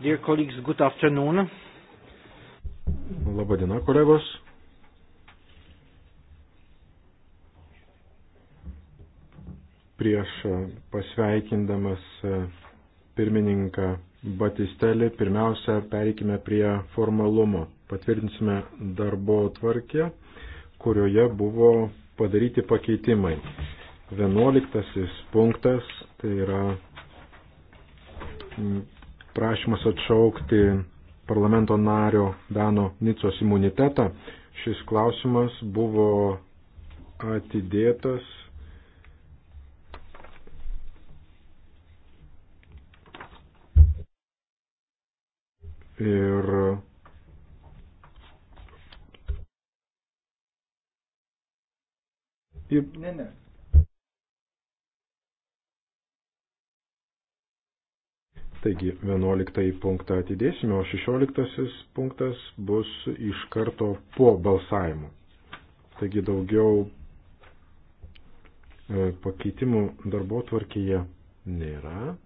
Dear colleagues, good afternoon. Labadiena, kolegos. Prieš e, pasveikindamas e, pirmininką Batistelį, pirmiausia, pereikime prie formalumo. Patvirtinsime darbo tvarkę, kurioje buvo padaryti pakeitimai. Vienuoliktasis punktas, tai yra prašymas atšaukti parlamento nario Dano Nicos imunitetą. Šis klausimas buvo atidėtas ir Ir... Ne, ne. Taigi 11 punktą atidėsime, o 16 punktas bus iš karto po balsavimu. Taigi daugiau e, pakeitimų darbo tvarkyje nėra.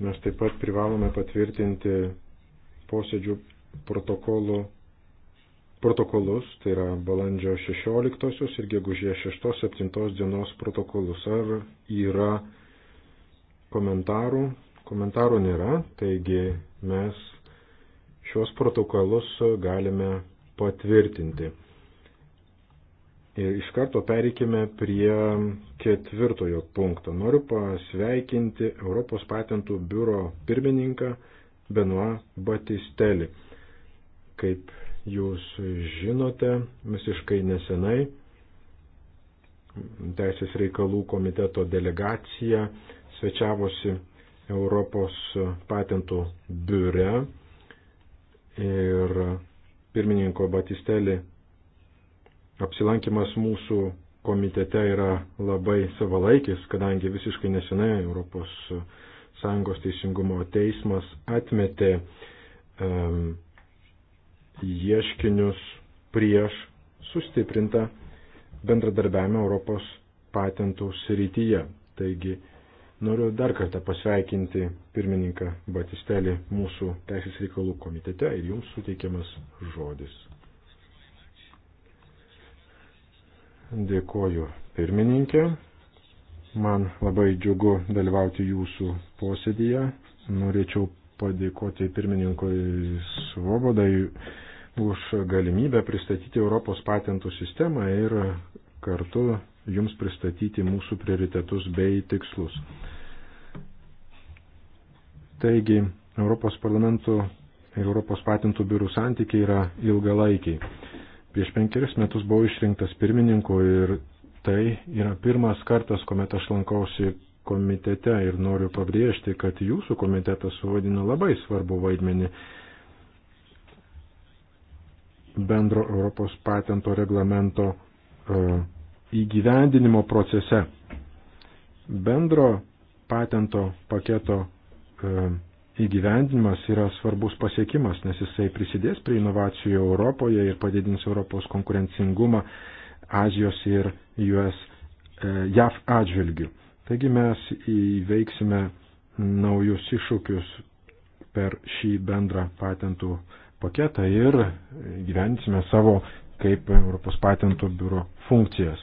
Mes taip pat privalome patvirtinti posėdžių protokolų protokolus, tai yra balandžio 16 ir gegužės 6-7 dienos protokolus. Ar yra komentarų? Komentarų nėra, taigi mes šios protokolus galime patvirtinti. Ir iš karto pereikime prie ketvirtojo punkto. Noriu pasveikinti Europos patentų biuro pirmininką Benoit Batistelį. Kaip Jūs žinote, visiškai nesenai Teisės reikalų komiteto delegacija svečiavosi Europos patentų biure ir pirmininko Batistelį apsilankimas mūsų komitete yra labai savalaikis, kadangi visiškai nesenai Europos Sąjungos teisingumo teismas atmetė um, ieškinius prieš sustiprintą bendradarbiavimą Europos patentų srityje. Taigi noriu dar kartą pasveikinti pirmininką Batistelį mūsų Teisės reikalų komitete ir jums suteikiamas žodis. Dėkoju pirmininkė. Man labai džiugu dalyvauti jūsų posėdėje. Norėčiau padėkoti pirmininkui Svobodai už galimybę pristatyti Europos patentų sistemą ir kartu jums pristatyti mūsų prioritetus bei tikslus. Taigi, Europos parlamento ir Europos patentų biurų santykiai yra ilgalaikiai. Prieš penkeris metus buvau išrinktas pirmininku ir tai yra pirmas kartas, kuomet aš lankausi komitete ir noriu pabrėžti, kad jūsų komitetas suvadino labai svarbu vaidmenį bendro Europos patento reglamento e, įgyvendinimo procese. Bendro patento paketo e, įgyvendinimas yra svarbus pasiekimas, nes jisai prisidės prie inovacijų Europoje ir padidins Europos konkurencingumą Azijos ir US, e, JAV atžvilgių. Taigi mes įveiksime naujus iššūkius per šį bendrą patentų paketą ir gyvensime savo kaip Europos patentų biuro funkcijas.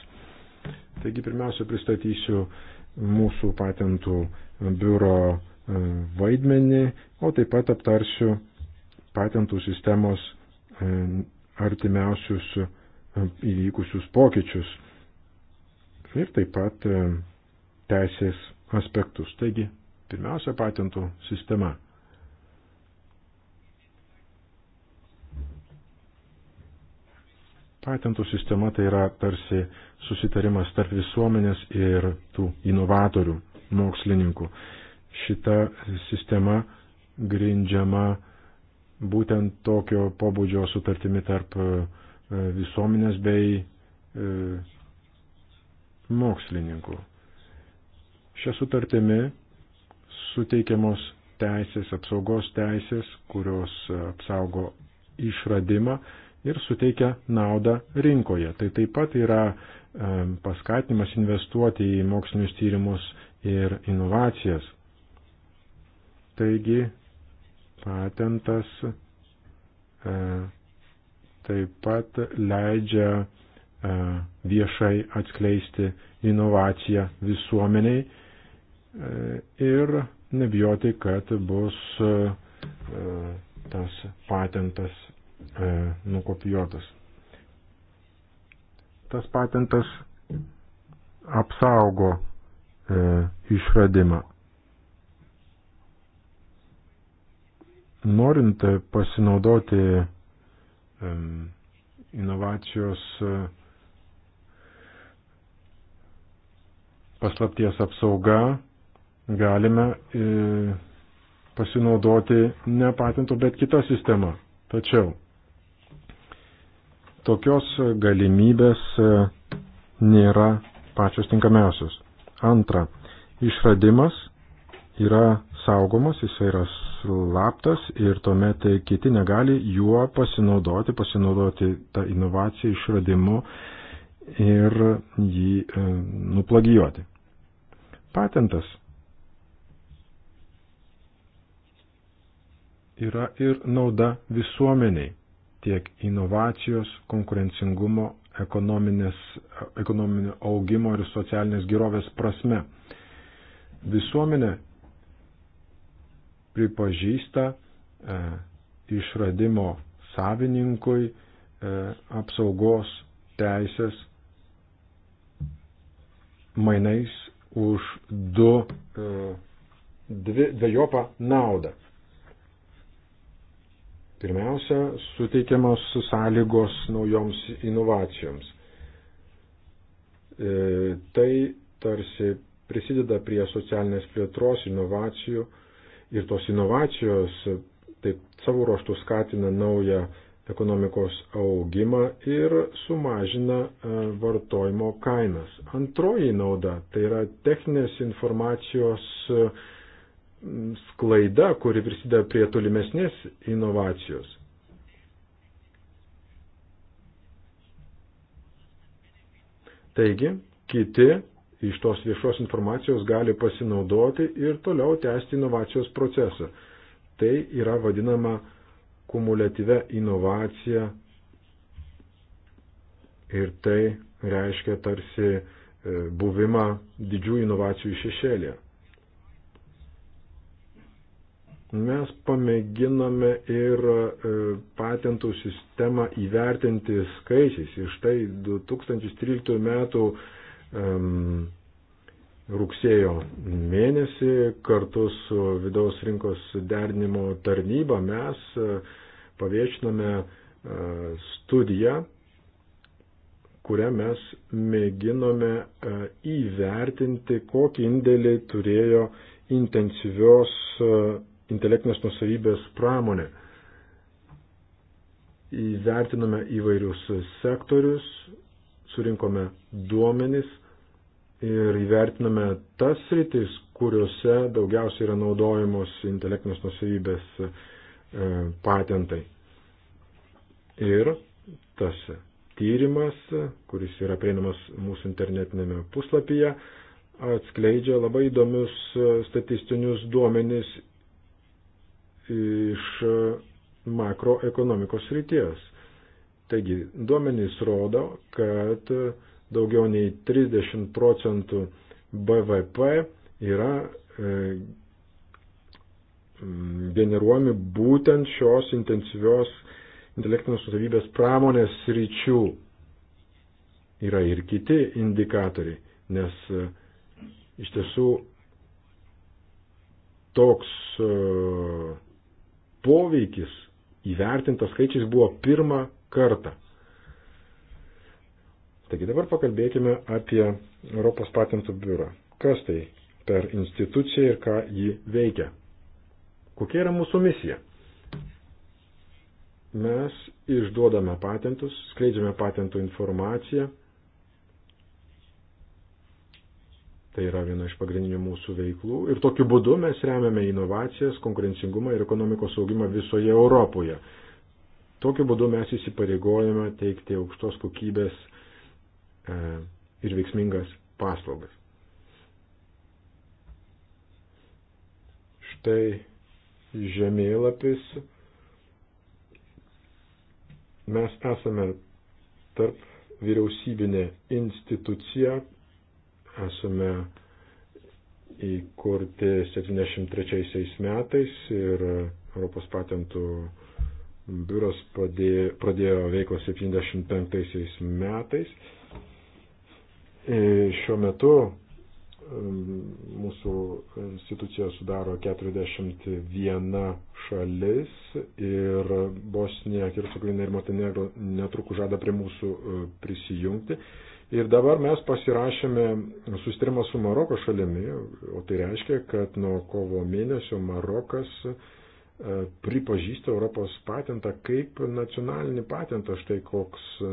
Taigi pirmiausia pristatysiu mūsų patentų biuro e, vaidmenį, o taip pat aptarsiu patentų sistemos e, artimiausius e, įvykusius pokyčius. Ir taip pat teisės aspektus. Taigi, pirmiausia, patentų sistema. Patentų sistema tai yra tarsi susitarimas tarp visuomenės ir tų inovatorių, mokslininkų. Šita sistema grindžiama būtent tokio pobūdžio sutartimi tarp e, visuomenės bei e, mokslininkų. Šią sutartimi suteikiamos teisės, apsaugos teisės, kurios apsaugo išradimą ir suteikia naudą rinkoje. Tai taip pat yra paskatinimas investuoti į mokslinius tyrimus ir inovacijas. Taigi, patentas e, taip pat leidžia e, viešai atskleisti inovaciją visuomeniai ir nebijoti, kad bus e, tas patentas e, nukopijuotas. Tas patentas apsaugo e, išradimą. Norint pasinaudoti inovacijos paslapties apsauga, galime e, pasinaudoti ne patentų, bet kitą sistemą. Tačiau tokios galimybės e, nėra pačios tinkamiausios. Antra, išradimas yra saugomas, jis yra slaptas ir tuomet kiti negali juo pasinaudoti, pasinaudoti tą inovaciją išradimu ir jį e, nuplagijuoti. Patentas yra ir nauda visuomeniai tiek inovacijos, konkurencingumo, ekonominio augimo ir socialinės gerovės prasme. Visuomenė pripažįsta e, išradimo savininkui e, apsaugos teisės mainais už du, e, dvi, dviejopą naudą. Pirmiausia, suteikiamos sąlygos naujoms inovacijoms. E, tai tarsi prisideda prie socialinės plėtros inovacijų ir tos inovacijos taip savo ruoštų skatina naują ekonomikos augimą ir sumažina e, vartojimo kainas. Antroji nauda tai yra techninės informacijos e, sklaida, kuri prisideda prie tolimesnės inovacijos. Taigi, kiti iš tos viešos informacijos gali pasinaudoti ir toliau tęsti inovacijos procesą. Tai yra vadinama kumuliatyve inovacija ir tai reiškia tarsi e, buvimą didžių inovacijų šešėlėje mes pamėginome ir e, patentų sistemą įvertinti skaičiais. Ir štai 2013 metų rugsėjo mėnesį kartu su vidaus rinkos derinimo tarnyba mes e, paviešiname studiją, kurią mes mėginome e, įvertinti, kokį indėlį turėjo intensyvios intelektinės nusavybės pramonę. Įvertinome įvairius sektorius, surinkome duomenis ir įvertinome tas sritis, kuriuose daugiausiai yra naudojamos intelektinės nusavybės e, patentai. Ir tas tyrimas, kuris yra prieinamas mūsų internetinėme puslapyje, atskleidžia labai įdomius e, statistinius duomenis iš makroekonomikos ryties. Taigi, duomenys rodo, kad daugiau nei 30 procentų BVP yra e, generuojami būtent šios intensyvios intelektinės nusavybės pramonės ryčių. Yra ir kiti indikatoriai, nes e, iš tiesų toks e, poveikis įvertintas skaičiais buvo pirmą kartą. Taigi dabar pakalbėkime apie Europos patentų biurą. Kas tai per instituciją ir ką ji veikia? Kokia yra mūsų misija? Mes išduodame patentus, skleidžiame patentų informaciją Tai yra viena iš pagrindinių mūsų veiklų. Ir tokiu būdu mes remiame inovacijas, konkurencingumą ir ekonomikos augimą visoje Europoje. Tokiu būdu mes įsipareigojame teikti aukštos kokybės e, ir veiksmingas paslaugas. Štai žemėlapis. Mes esame tarp vyriausybinė institucija, esame įkurti 73 metais ir Europos patentų biuras pradėjo, pradėjo veiklą 75 metais. E, šiuo metu mūsų institucija sudaro 41 šalis ir Bosnija, Kirsuklina ir Montenegro netrukus žada prie mūsų e, prisijungti. Ir dabar mes pasirašėme sustarimą su Maroko šalimi, o tai reiškia, kad nuo kovo mėnesio Marokas e, pripažįsta Europos patentą kaip nacionalinį patentą. Štai koks e,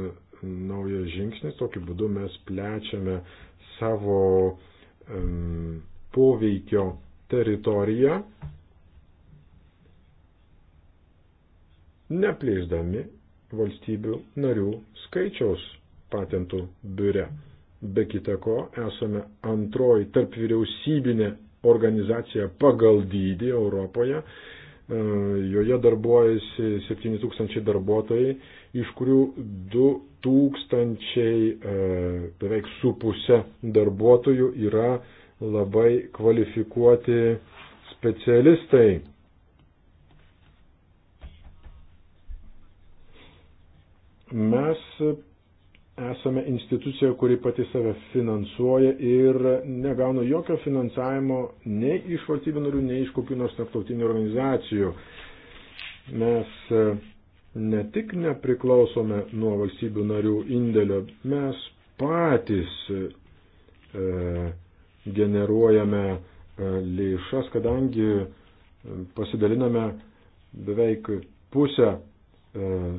naujas žingsnis, tokiu būdu mes plečiame savo um, poveikio teritoriją, neplėsdami valstybių narių skaičiaus patentų biure. Be kita ko, esame antroji tarp vyriausybinė organizacija pagal dydį Europoje. E, joje darbuojasi 7000 darbuotojai, iš kurių 2000 e, beveik su pusė darbuotojų yra labai kvalifikuoti specialistai. Mes esame institucija, kuri pati save finansuoja ir negauna jokio finansavimo nei iš valstybių narių, nei iš kokių nors tarptautinių organizacijų. Mes e, ne tik nepriklausome nuo valstybių narių indėlio, mes patys e, generuojame e, lėšas, kadangi e, pasidaliname beveik pusę e,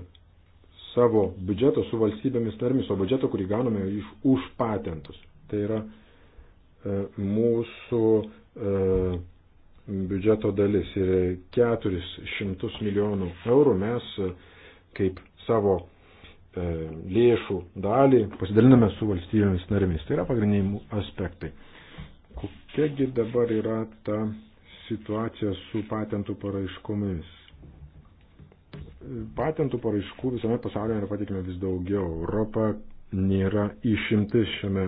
savo biudžeto su valstybėmis narėmis, o biudžeto, kurį gauname iš, už patentus. Tai yra e, mūsų e, biudžeto dalis ir 400 milijonų eurų mes e, kaip savo e, lėšų dalį pasidaliname su valstybėmis narėmis. Tai yra pagrindiniai aspektai. Kokiagi dabar yra ta situacija su patentų paraiškomis? Patentų paraiškų visame pasaulyje yra patikime vis daugiau. Europa nėra išimtis šiame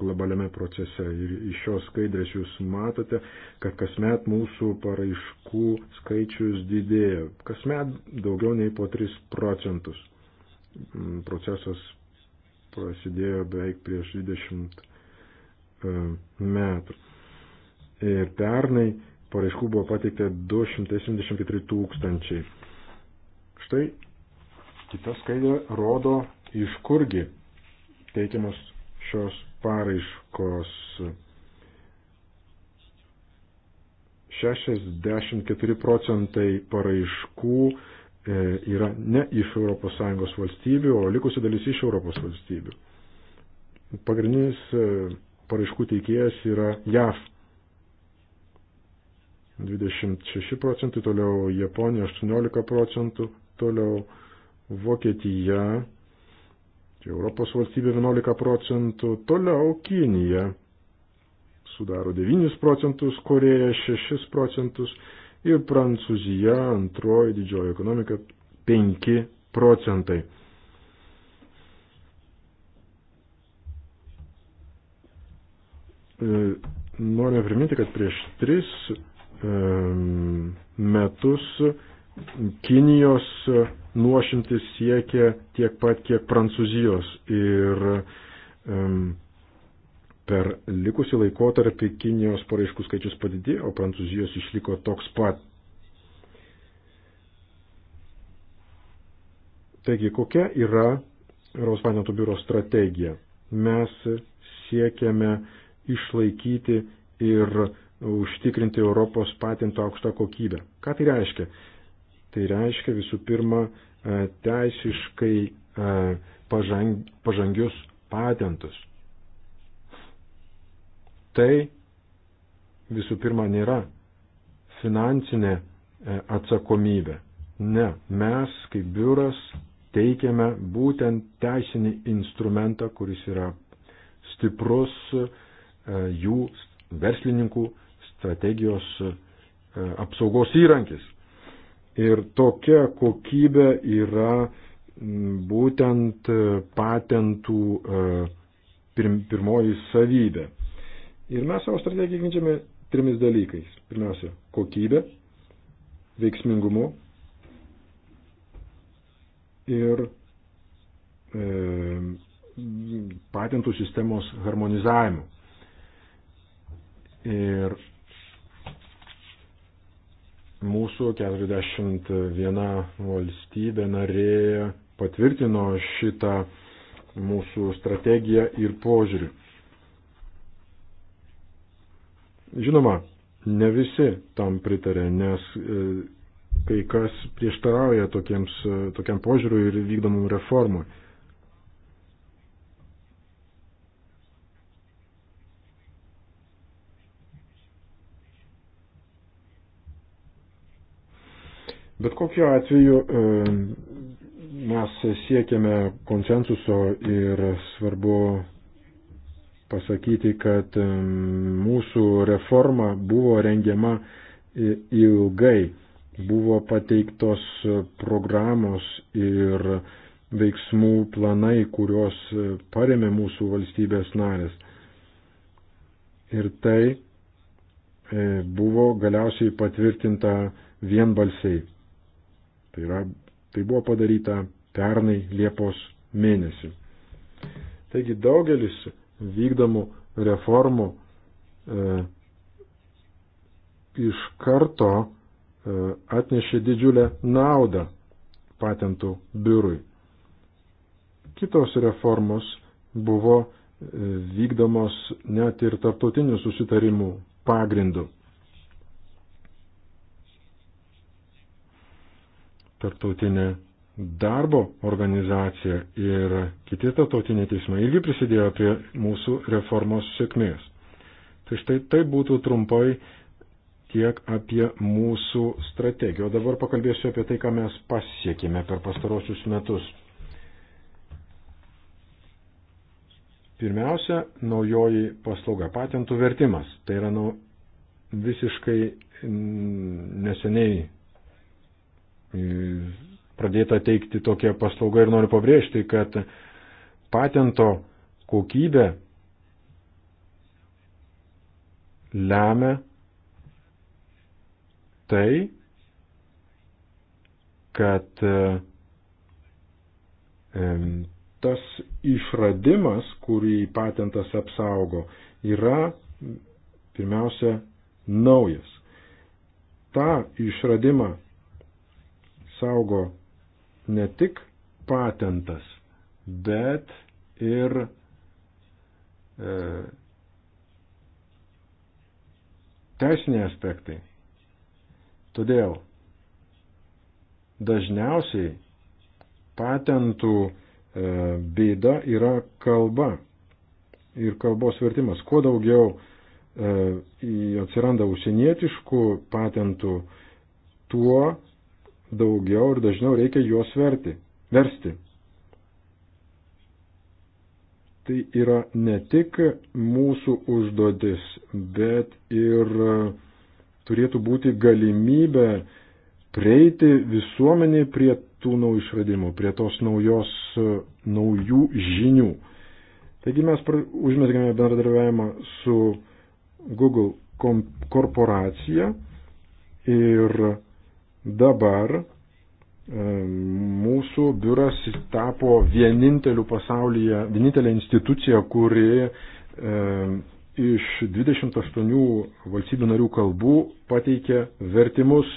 globaliame procese. Ir iš šios skaidrės jūs matote, kad kasmet mūsų paraiškų skaičius didėja. Kasmet daugiau nei po 3 procentus. Mm, procesas prasidėjo beveik prieš 20 e, metų. Ir pernai paraiškų buvo pateikta 274 tūkstančiai. Štai kita skaidrė rodo, iš kurgi teikiamos šios paraiškos. 64 procentai paraiškų e, yra ne iš ES valstybių, o likusi dalis iš ES valstybių. Pagrindinis e, paraiškų teikėjas yra JAV. 26 procentai, toliau Japonija 18 procentų, Toliau Vokietija, čia Europos valstybė 11 procentų, toliau Kinija sudaro 9 procentus, Koreja 6 procentus ir Prancūzija antroji didžioji ekonomika 5 procentai. E, Norime priminti, kad prieš 3 metus Kinijos nuošimtis siekia tiek pat, kiek Prancūzijos. Ir um, per likusį laikotarpį Kinijos paraiškų skaičius padidėjo, o Prancūzijos išliko toks pat. Taigi, kokia yra Europos patentų biuro strategija? Mes siekiame išlaikyti ir užtikrinti Europos patento aukštą kokybę. Ką tai reiškia? Tai reiškia visų pirma e, teisiškai e, pažangius patentus. Tai visų pirma nėra finansinė e, atsakomybė. Ne, mes kaip biuras teikiame būtent teisinį instrumentą, kuris yra stiprus jų verslininkų strategijos apsaugos įrankis. Ir tokia kokybė yra būtent e, patentų e, pirmoji savybė. Ir mes savo strategiją ginčiame trimis dalykais. Pirmiausia, kokybė, veiksmingumu ir e, patentų sistemos harmonizavimu. Ir mūsų 41 valstybė narė patvirtino šitą mūsų strategiją ir požiūrį. Žinoma, ne visi tam pritarė, nes e, kai kas prieštarauja tokiems, tokiam požiūriui ir vykdomam reformui. Bet kokiu atveju e, mes siekiame konsensuso ir svarbu pasakyti, kad e, mūsų reforma buvo rengiama e, ilgai, buvo pateiktos programos ir veiksmų planai, kuriuos paremė mūsų valstybės narės. Ir tai buvo galiausiai patvirtinta vienbalsiai. Tai, yra, tai buvo padaryta pernai Liepos mėnesį. Taigi daugelis vykdomų reformų e, iš karto e, atnešė didžiulę naudą patentų biurui. Kitos reformos buvo e, vykdomos net ir tarptautinių susitarimų pagrindu. tarptautinė darbo organizacija ir kiti tarptautiniai teismai irgi prisidėjo prie mūsų reformos sėkmės. Tai štai tai būtų trumpai tiek apie mūsų strategiją. O dabar pakalbėsiu apie tai, ką mes pasiekime per pastarosius metus. Pirmiausia, naujoji paslauga - patentų vertimas. Tai yra nu, visiškai neseniai pradėta teikti tokia paslauga ir noriu pabrėžti, kad patento kokybė lemia tai, kad tas išradimas, kurį patentas apsaugo, yra pirmiausia naujas. Ta išradimą saugo ne tik patentas, bet ir e, teisiniai aspektai. Todėl dažniausiai patentų e, bėda yra kalba ir kalbos vertimas. Kuo daugiau e, atsiranda užsienietiškų patentų, tuo daugiau ir dažniau reikia juos verti, versti. Tai yra ne tik mūsų užduotis, bet ir turėtų būti galimybė prieiti visuomenį prie tų naujų išradimų, prie tos naujos, naujų žinių. Taigi mes užmėsgame bendradarbiavimą su Google korporacija ir Dabar e, mūsų biuras tapo vieninteliu pasaulyje, vienintelė institucija, kuri e, iš 28 valstybių narių kalbų pateikė vertimus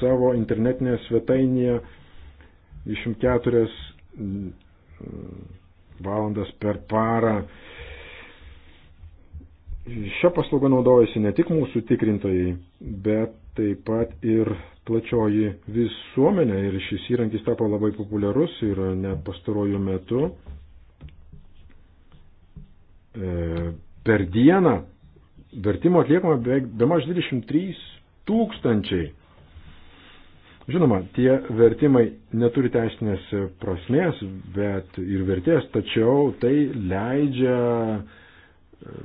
savo internetinėje svetainėje 24 mm, valandas per parą. Šią paslaugą naudojasi ne tik mūsų tikrintojai, bet taip pat ir plačioji visuomenė ir šis įrankis tapo labai populiarus ir net pastaruoju metu e, per dieną vertimo atliekama beveik be maž 23 tūkstančiai. Žinoma, tie vertimai neturi teisinės prasmės, bet ir vertės, tačiau tai leidžia e,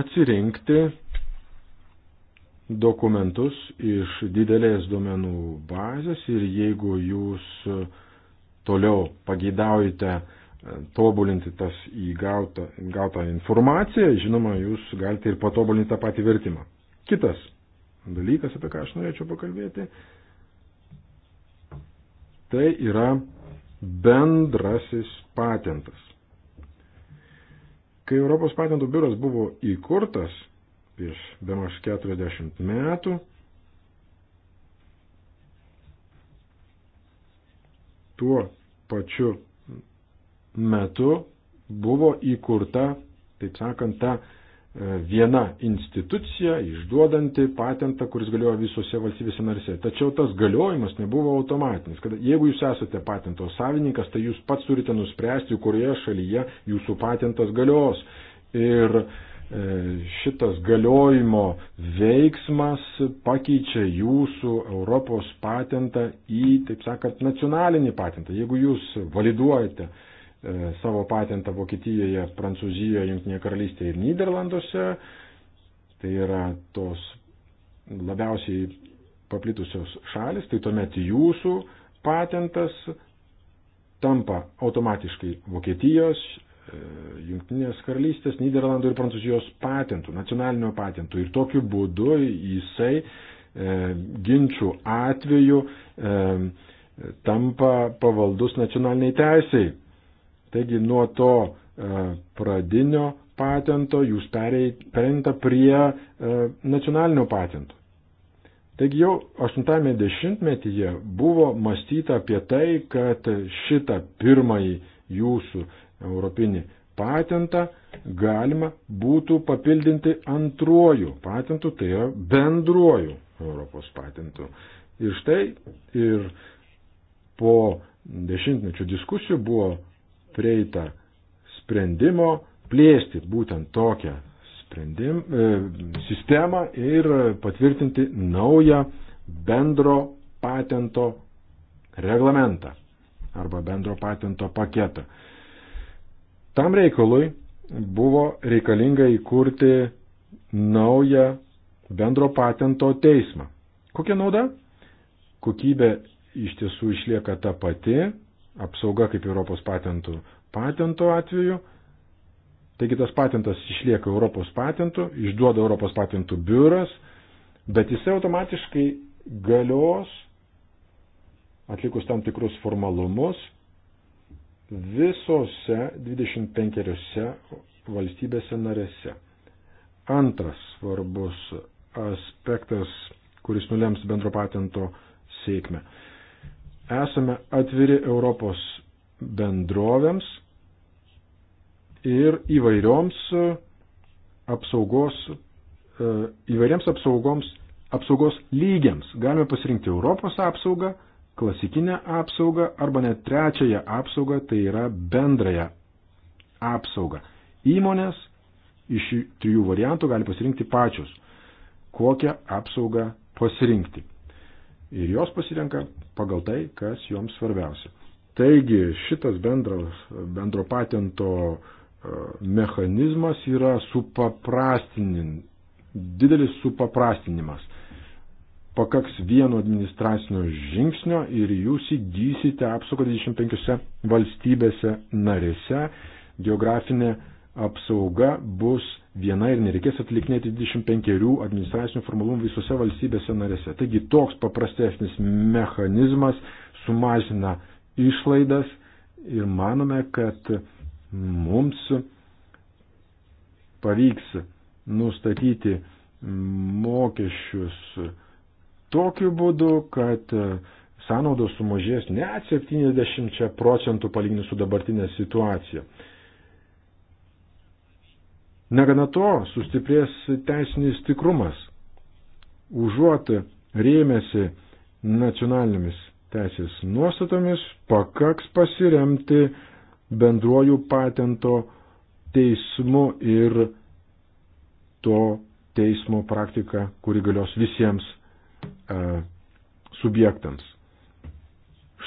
atsirinkti dokumentus iš didelės duomenų bazės ir jeigu jūs e, toliau pagidaujate e, tobulinti tas įgautą, gautą informaciją, žinoma, jūs galite ir patobulinti tą patį vertimą. Kitas dalykas, apie ką aš norėčiau pakalbėti, tai yra bendrasis patentas. Kai Europos patentų biuras buvo įkurtas, prieš bemaž 40 metų. Tuo pačiu metu buvo įkurta, taip sakant, ta e, viena institucija, išduodanti patentą, kuris galioja visose valstybėse narse. Tačiau tas galiojimas nebuvo automatinis. Kad jeigu jūs esate patento savininkas, tai jūs pats turite nuspręsti, kurioje šalyje jūsų patentas galios. Ir uh, E, šitas galiojimo veiksmas pakeičia jūsų Europos patentą į, taip sakant, nacionalinį patentą. Jeigu jūs validuojate e, savo patentą Vokietijoje, Prancūzijoje, Junktinėje karalystėje ir Niderlanduose, tai yra tos labiausiai paplitusios šalis, tai tuomet jūsų patentas tampa automatiškai Vokietijos, E, Junktinės karalystės, Niderlandų ir Prancūzijos patentų, nacionalinio patentų. Ir tokiu būdu jisai e, ginčių atveju e, tampa pavaldus nacionaliniai teisiai. Taigi nuo to e, pradinio patento jūs pereinta prie e, nacionalinio patento. Taigi jau 80-ame dešimtmetyje buvo mąstyta apie tai, kad šitą pirmąjį jūsų europinį patentą galima būtų papildinti antruoju patentu, tai yra bendruoju Europos patentu. Ir štai ir po dešimtmečių diskusijų buvo prieita sprendimo plėsti būtent tokią sprendim, e, sistemą ir patvirtinti naują bendro patento reglamentą arba bendro patento paketą. Tam reikalui buvo reikalinga įkurti naują bendro patento teismą. Kokia nauda? Kokybė iš tiesų išlieka ta pati, apsauga kaip Europos patentų patento atveju. Taigi tas patentas išlieka Europos patentų, išduoda Europos patentų biuras, bet jisai automatiškai galios atlikus tam tikrus formalumus visose 25 valstybėse narėse. Antras svarbus aspektas, kuris nulems bendro patento sėkmę. Esame atviri Europos bendrovėms ir įvairioms e, apsaugos, e, įvairiems apsaugoms, apsaugos lygiams. Galime pasirinkti Europos apsaugą klasikinę apsaugą arba net trečiąją apsaugą, tai yra bendrąją apsaugą. Įmonės iš trijų variantų gali pasirinkti pačios, kokią apsaugą pasirinkti. Ir jos pasirenka pagal tai, kas joms svarbiausia. Taigi šitas bendras, bendro patento e, mechanizmas yra supaprastinin, didelis supaprastinimas pakaks vieno administracinio žingsnio ir jūs įgysite apsaugą 25 valstybėse narėse. Geografinė apsauga bus viena ir nereikės atlikinėti 25 administracinių formalumų visose valstybėse narėse. Taigi toks paprastesnis mechanizmas sumažina išlaidas ir manome, kad mums pavyks nustatyti mokesčius tokiu būdu, kad e, sąnaudos sumažės net 70 procentų palyginus su dabartinė situacija. Negana to, sustiprės teisinis tikrumas, užuot rėmėsi nacionalinėmis teisės nuostatomis, pakaks pasiremti bendruoju patento teismu ir to teismo praktika, kuri galios visiems E, subjektams.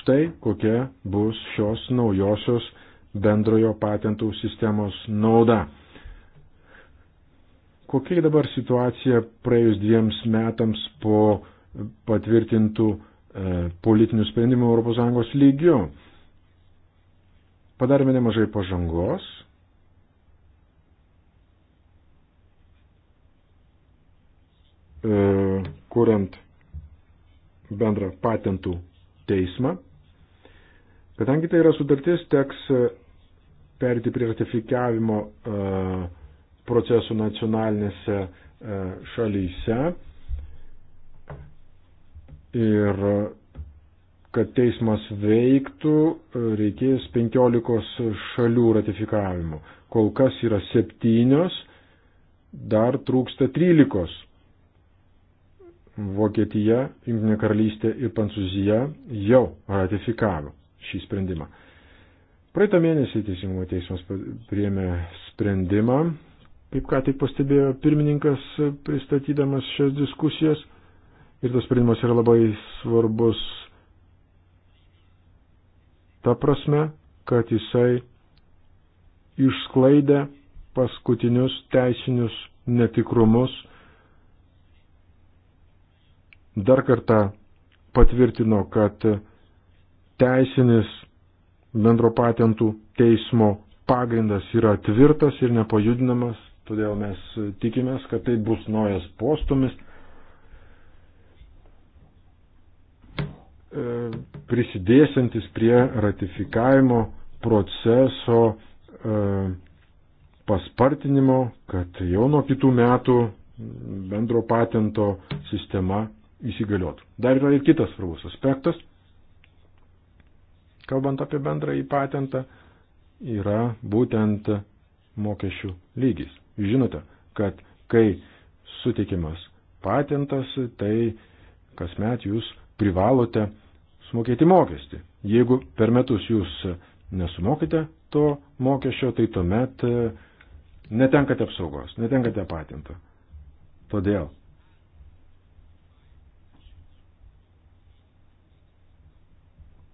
Štai kokia bus šios naujosios bendrojo patentų sistemos nauda. Kokia dabar situacija praėjus dviems metams po patvirtintų e, politinių sprendimų ES lygių? Padarėme nemažai pažangos. E, kuriant bendrą patentų teismą. Kadangi tai yra sutartis, teks e, perėti prie ratifikavimo e, procesų nacionalinėse e, šalyse ir kad teismas veiktų, reikės 15 šalių ratifikavimo. Kol kas yra 7, dar trūksta 13 Vokietija, Junktinė karalystė ir Prancūzija jau ratifikavo šį sprendimą. Praeitą mėnesį Teisingumo teismas priėmė sprendimą, kaip ką tik pastebėjo pirmininkas pristatydamas šias diskusijas. Ir tas sprendimas yra labai svarbus ta prasme, kad jisai išsklaidė paskutinius teisinius netikrumus dar kartą patvirtino, kad teisinis bendro patentų teismo pagrindas yra tvirtas ir nepajudinamas, todėl mes tikimės, kad tai bus naujas postumis e, prisidėsantis prie ratifikavimo proceso e, paspartinimo, kad jau nuo kitų metų bendro patento sistema įsigaliotų. Dar yra ir kitas svarbus aspektas, kalbant apie bendrąjį patentą, yra būtent mokesčių lygis. Žinote, kad kai sutikimas patentas, tai kasmet jūs privalote sumokėti mokestį. Jeigu per metus jūs nesumokite to mokesčio, tai tuomet netenkate apsaugos, netenkate patento. Todėl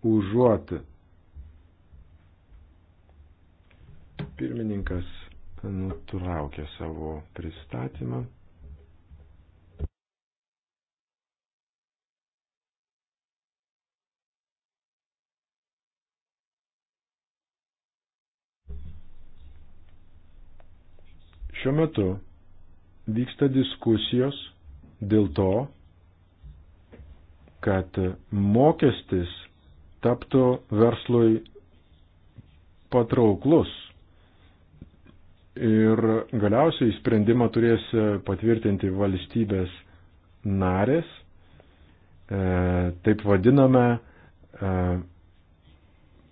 užuot pirmininkas nutraukė savo pristatymą. Šiuo metu vyksta diskusijos dėl to, kad mokestis taptų verslui patrauklus. Ir galiausiai sprendimą turės patvirtinti valstybės narės, e, taip vadiname e,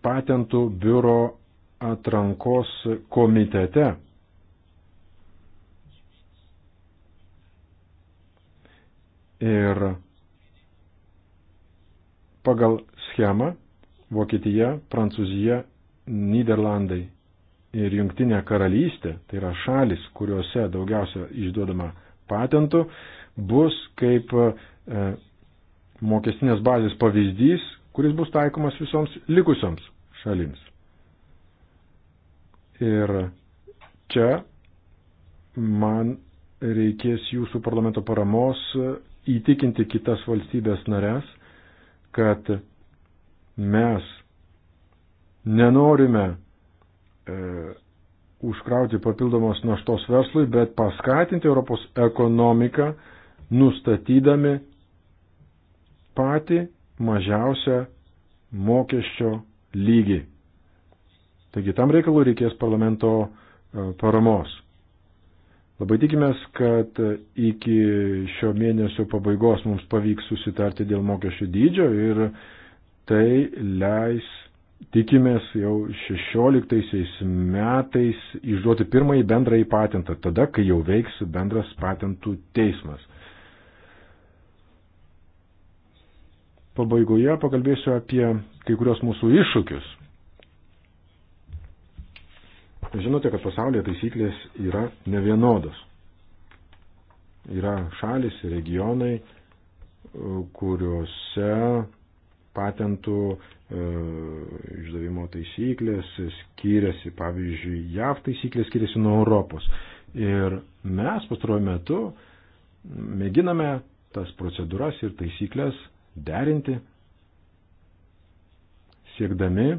patentų biuro atrankos komitete. Ir pagal schemą Vokietija, Prancūzija, Niderlandai ir Jungtinė karalystė, tai yra šalis, kuriuose daugiausia išduodama patentų, bus kaip e, mokestinės bazės pavyzdys, kuris bus taikomas visoms likusioms šalims. Ir čia man reikės jūsų parlamento paramos įtikinti kitas valstybės nares, kad mes nenorime e, užkrauti papildomos naštos verslui, bet paskatinti Europos ekonomiką, nustatydami patį mažiausią mokesčio lygį. Taigi tam reikalui reikės parlamento e, paramos. Labai tikimės, kad e, iki šio mėnesio pabaigos mums pavyks susitarti dėl mokesčių dydžio ir tai leis, tikimės, jau 16 metais išduoti pirmąjį bendrąjį patentą, tada, kai jau veiks bendras patentų teismas. Pabaigoje pakalbėsiu apie kai kurios mūsų iššūkius. Žinote, kad pasaulyje taisyklės yra nevienodos. Yra šalis, regionai, kuriuose patentų e, išdavimo taisyklės skiriasi, pavyzdžiui, JAV taisyklės skiriasi nuo Europos. Ir mes pastaruoju metu mėginame tas procedūras ir taisyklės derinti, siekdami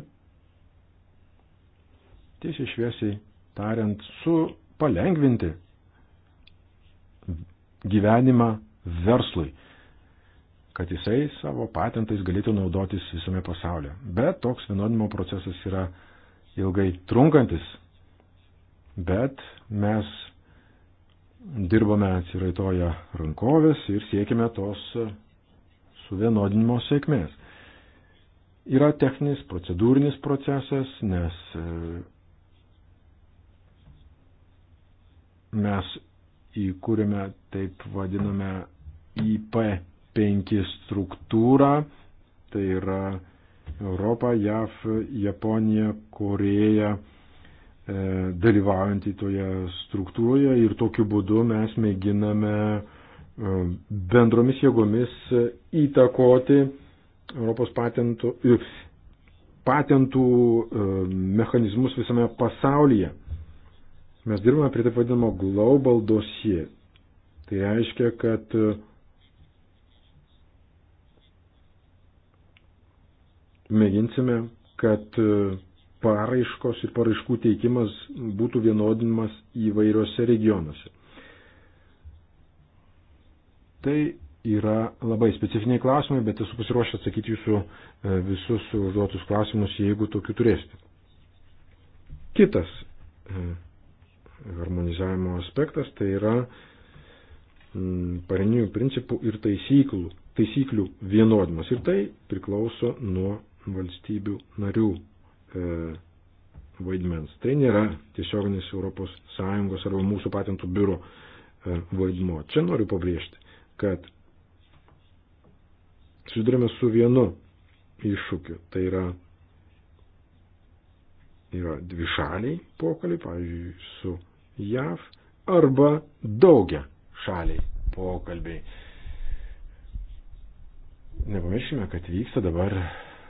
tiesiai šviesiai tariant, su palengvinti gyvenimą verslui, kad jisai savo patentais galėtų naudotis visame pasaulyje. Bet toks vienodinimo procesas yra ilgai trunkantis, bet mes dirbame atsiraitoje rankovės ir siekime tos suvienodinimo sėkmės. Yra techninis, procedūrinis procesas, nes mes įkūrėme taip vadinamą IP5 struktūrą, tai yra Europa, JAV, Japonija, Koreja e, dalyvaujantį toje struktūroje ir tokiu būdu mes mėginame e, bendromis jėgomis įtakoti Europos patentų, e, patentų mechanizmus visame pasaulyje. Mes dirbame prie taip vadinamo global dosie. Tai reiškia, kad e, mėginsime, kad e, paraiškos ir paraiškų teikimas būtų vienodinimas įvairiose regionuose. Tai yra labai specifiniai klausimai, bet esu pasiruošęs atsakyti jūsų e, visus užduotus klausimus, jeigu tokių turėsite. Kitas harmonizavimo aspektas, tai yra mm, pareinių principų ir taisyklų, taisyklių vienodimas. Ir tai priklauso nuo valstybių narių e, vaidmens. Tai nėra tiesioginis ES arba mūsų patentų biuro e, vaidmo. Čia noriu pabrėžti, kad susidurime su vienu iššūkiu. Tai yra, yra dvišaliai pokalį, pavyzdžiui, su JAV arba daugia šaliai pokalbiai. Nepamirškime, kad vyksta dabar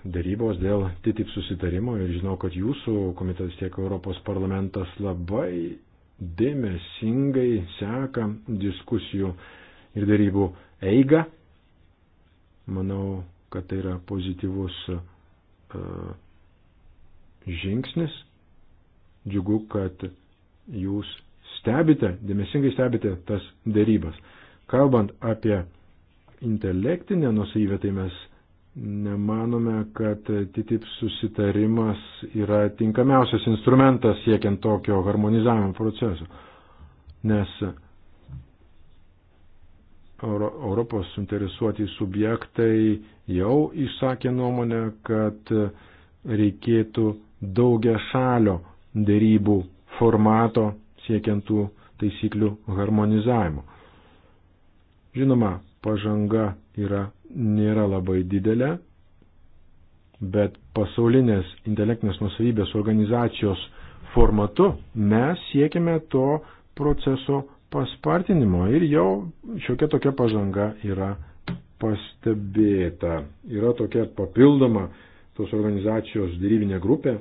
darybos dėl TTIP susitarimo ir žinau, kad jūsų komitetas tiek Europos parlamentas labai dėmesingai seka diskusijų ir darybų eigą. Manau, kad tai yra pozityvus uh, žingsnis. Džiugu, kad jūs stebite, dėmesingai stebite tas dėrybas. Kalbant apie intelektinę nusavybę, tai mes nemanome, kad TTIP susitarimas yra tinkamiausias instrumentas siekiant tokio harmonizavimo proceso. Nes Euro, Europos suinteresuoti subjektai jau išsakė nuomonę, kad reikėtų daugia šalio dėrybų formato siekiantų taisyklių harmonizavimo. Žinoma, pažanga yra, nėra labai didelė, bet pasaulinės intelektinės nusavybės organizacijos formatu mes siekime to proceso paspartinimo ir jau šiokia tokia pažanga yra pastebėta. Yra tokia papildoma tos organizacijos dėrybinė grupė,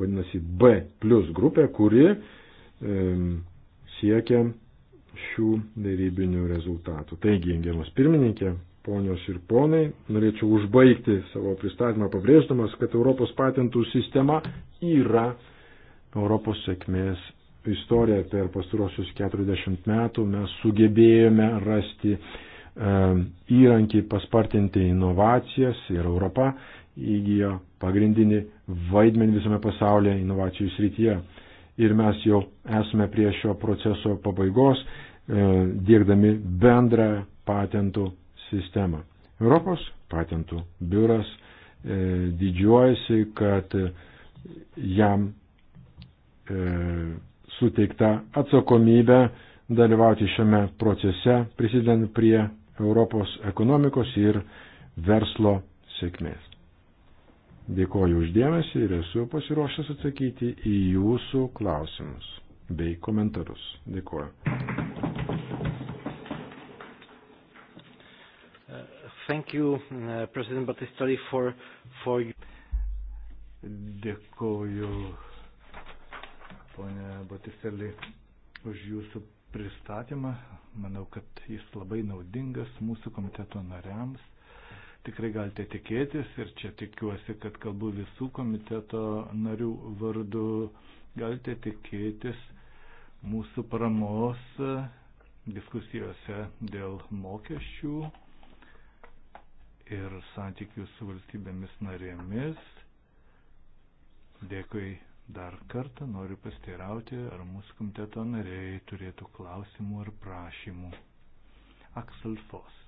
vadinasi B plus grupė, kuri e, siekia šių dėrybinių rezultatų. Taigi, gerbiamas pirmininkė, ponios ir ponai, norėčiau užbaigti savo pristatymą pabrėždamas, kad Europos patentų sistema yra Europos sėkmės istorija. Per pastarosius 40 metų mes sugebėjome rasti e, įrankį paspartinti inovacijas ir Europa įgyjo pagrindinį vaidmenį visame pasaulyje inovacijų srityje. Ir mes jau esame prie šio proceso pabaigos, e, dėkdami bendrą patentų sistemą. Europos patentų biuras e, didžiuojasi, kad jam e, suteikta atsakomybė dalyvauti šiame procese, prisidedant prie Europos ekonomikos ir verslo sėkmės. Dėkoju uždėmesi ir esu pasiruošęs atsakyti į jūsų klausimus bei komentarus. Dėkoju. Thank you, uh, President Battistari, for, for you. Dėkoju, ponė Battistari, už jūsų pristatymą. Manau, kad jis labai naudingas mūsų komiteto nariams tikrai galite tikėtis ir čia tikiuosi, kad kalbu visų komiteto narių vardu, galite tikėtis mūsų paramos diskusijose dėl mokesčių ir santykių su valstybėmis narėmis. Dėkui dar kartą, noriu pasteirauti, ar mūsų komiteto nariai turėtų klausimų ar prašymų. Aksel Fos.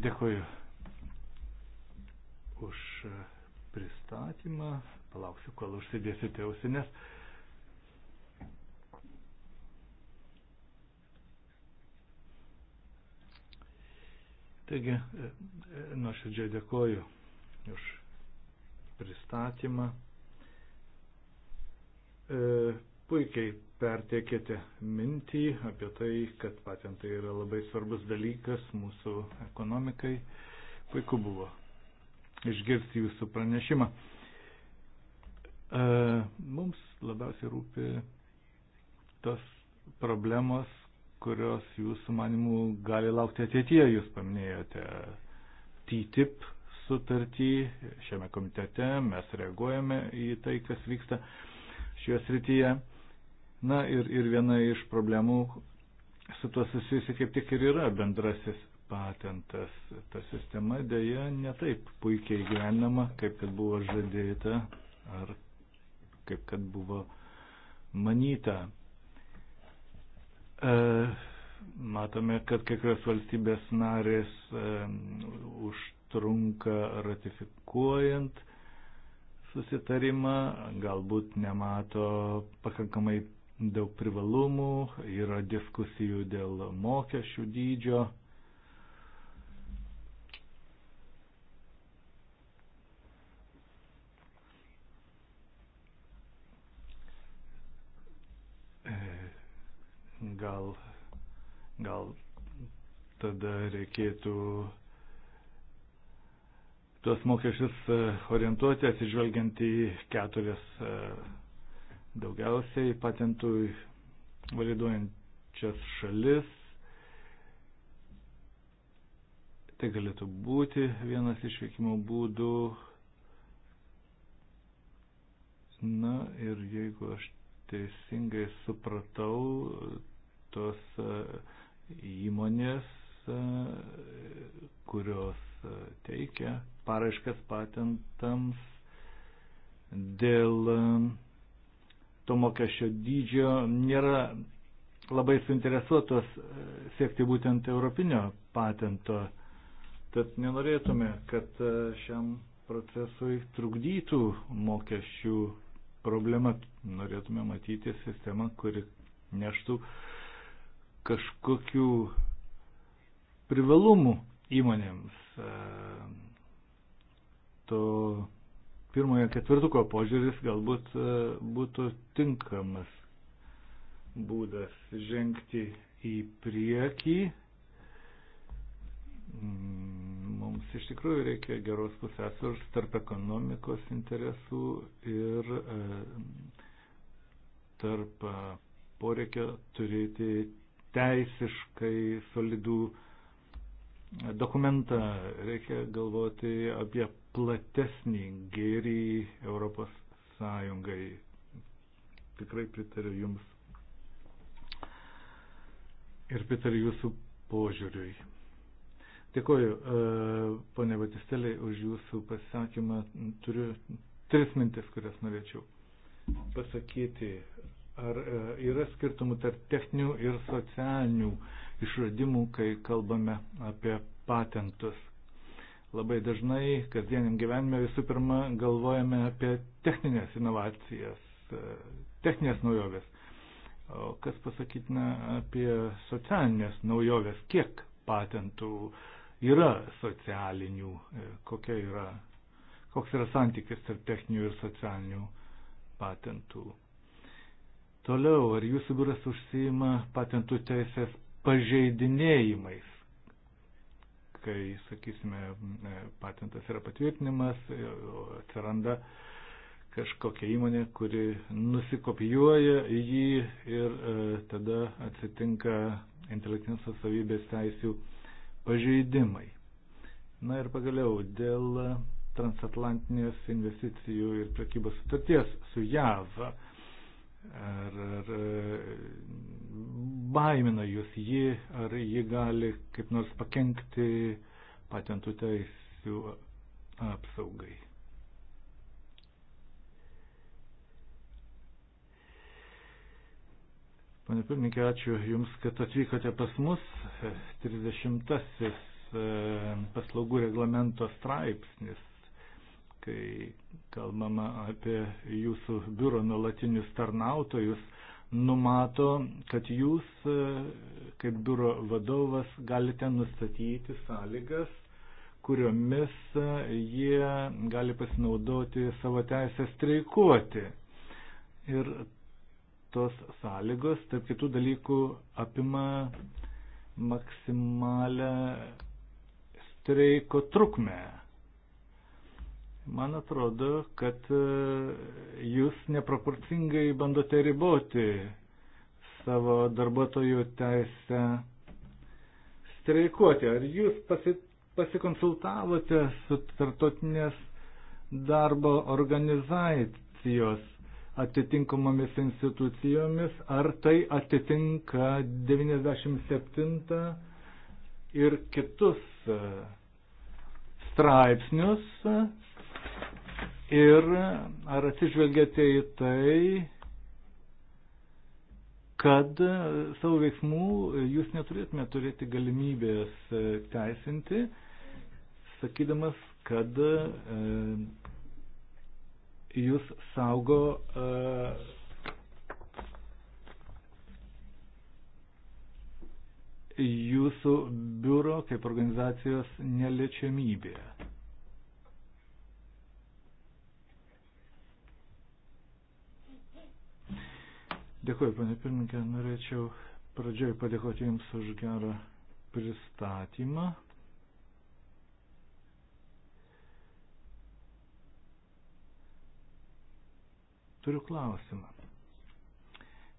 Dėkuoju už e, pristatymą. Palauksiu, kol užsidėsite ausinės. Taigi, e, e, nuoširdžiai dėkoju už pristatymą. E, puikiai perteikėte mintį apie tai, kad patentai yra labai svarbus dalykas mūsų ekonomikai. Puiku buvo išgirsti jūsų pranešimą. E, mums labiausiai rūpi tos problemos, kurios jūsų manimų gali laukti ateityje. Jūs paminėjote TTIP sutartį šiame komitete, mes reaguojame į tai, kas vyksta šioje srityje. Na ir, ir viena iš problemų su tuo susijusi kaip tik ir yra bendrasis patentas. Ta sistema dėja netaip puikiai gyvenama, kaip kad buvo žadėta ar kaip kad buvo manyta. E, matome, kad kai kurios valstybės narės e, užtrunka ratifikuojant susitarimą, galbūt nemato pakankamai daug privalumų, yra diskusijų dėl mokesčių dydžio. E, gal, gal tada reikėtų tuos mokesčius e, orientuoti atsižvelgiant į keturias e, Daugiausiai patentų validuojančias šalis. Tai galėtų būti vienas iš veikimo būdų. Na ir jeigu aš teisingai supratau, tos e, įmonės, e, kurios e, teikia paraiškas patentams dėl to mokesčio dydžio nėra labai suinteresuotos e, siekti būtent europinio patento. Tad nenorėtume, kad e, šiam procesui trukdytų mokesčių problema. Norėtume matyti sistemą, kuri neštų kažkokių privalumų įmonėms. E, to pirmojo ketvirtuko požiūris galbūt e, būtų tinkamas būdas žengti į priekį. Mm, mums iš tikrųjų reikia geros pusėsvars tarp ekonomikos interesų ir e, tarp e, poreikio turėti teisiškai solidų dokumentą reikia galvoti apie platesnį gėrį Europos Sąjungai. Tikrai pritariu Jums ir pritariu Jūsų požiūriui. Dėkuoju, e, ponė Batistelė, už Jūsų pasisakymą. Turiu tris mintis, kurias norėčiau pasakyti. Ar e, yra skirtumų tarp techninių ir socialinių uh, išradimų, kai kalbame apie patentus. Labai dažnai kasdieniam gyvenime visų pirma galvojame apie techninės inovacijas, e, techninės naujovės. O kas pasakytina apie socialinės naujovės, kiek patentų yra socialinių, e, kokia yra, koks yra santykis tarp techninių ir socialinių patentų. Toliau, ar jūsų biuras užsijima patentų teisės pažeidinėjimais, kai, sakysime, e, patentas yra patvirtinimas, e, atsiranda kažkokia įmonė, kuri nusikopijuoja jį ir e, tada atsitinka intelektinės atsavybės teisių pažeidimai. Na ir pagaliau dėl transatlantinės investicijų ir prekybos sutarties su JAV. E, ar, ar e, baimina jūs ji, ar ji gali kaip nors pakengti patentų teisų apsaugai. Pane pirmininkė, ačiū Jums, kad atvykote pas mus. 30-asis e, paslaugų reglamento straipsnis kai kalbama apie jūsų biuro nulatinius tarnautojus, numato, kad jūs e, kaip biuro vadovas galite nustatyti sąlygas, kuriomis e, jie gali pasinaudoti savo teisę streikuoti. Ir tos sąlygos, tarp kitų dalykų, apima maksimalę streiko trukmę Man atrodo, kad e, jūs neproporcingai bandote riboti savo darbuotojų teisę streikuoti. Ar jūs pasi, pasikonsultavote su tartotinės darbo organizacijos atitinkamomis institucijomis, ar tai atitinka 97 ir kitus e, straipsnius Ir ar atsižvelgiate į tai, kad savo veiksmų jūs neturėtume turėti galimybės e, teisinti, sakydamas, kad e, jūs saugo e, jūsų biuro kaip organizacijos neliečiamybė. Dėkuoju, panė pirmininkė, norėčiau pradžioj padėkoti Jums už gerą pristatymą. Turiu klausimą.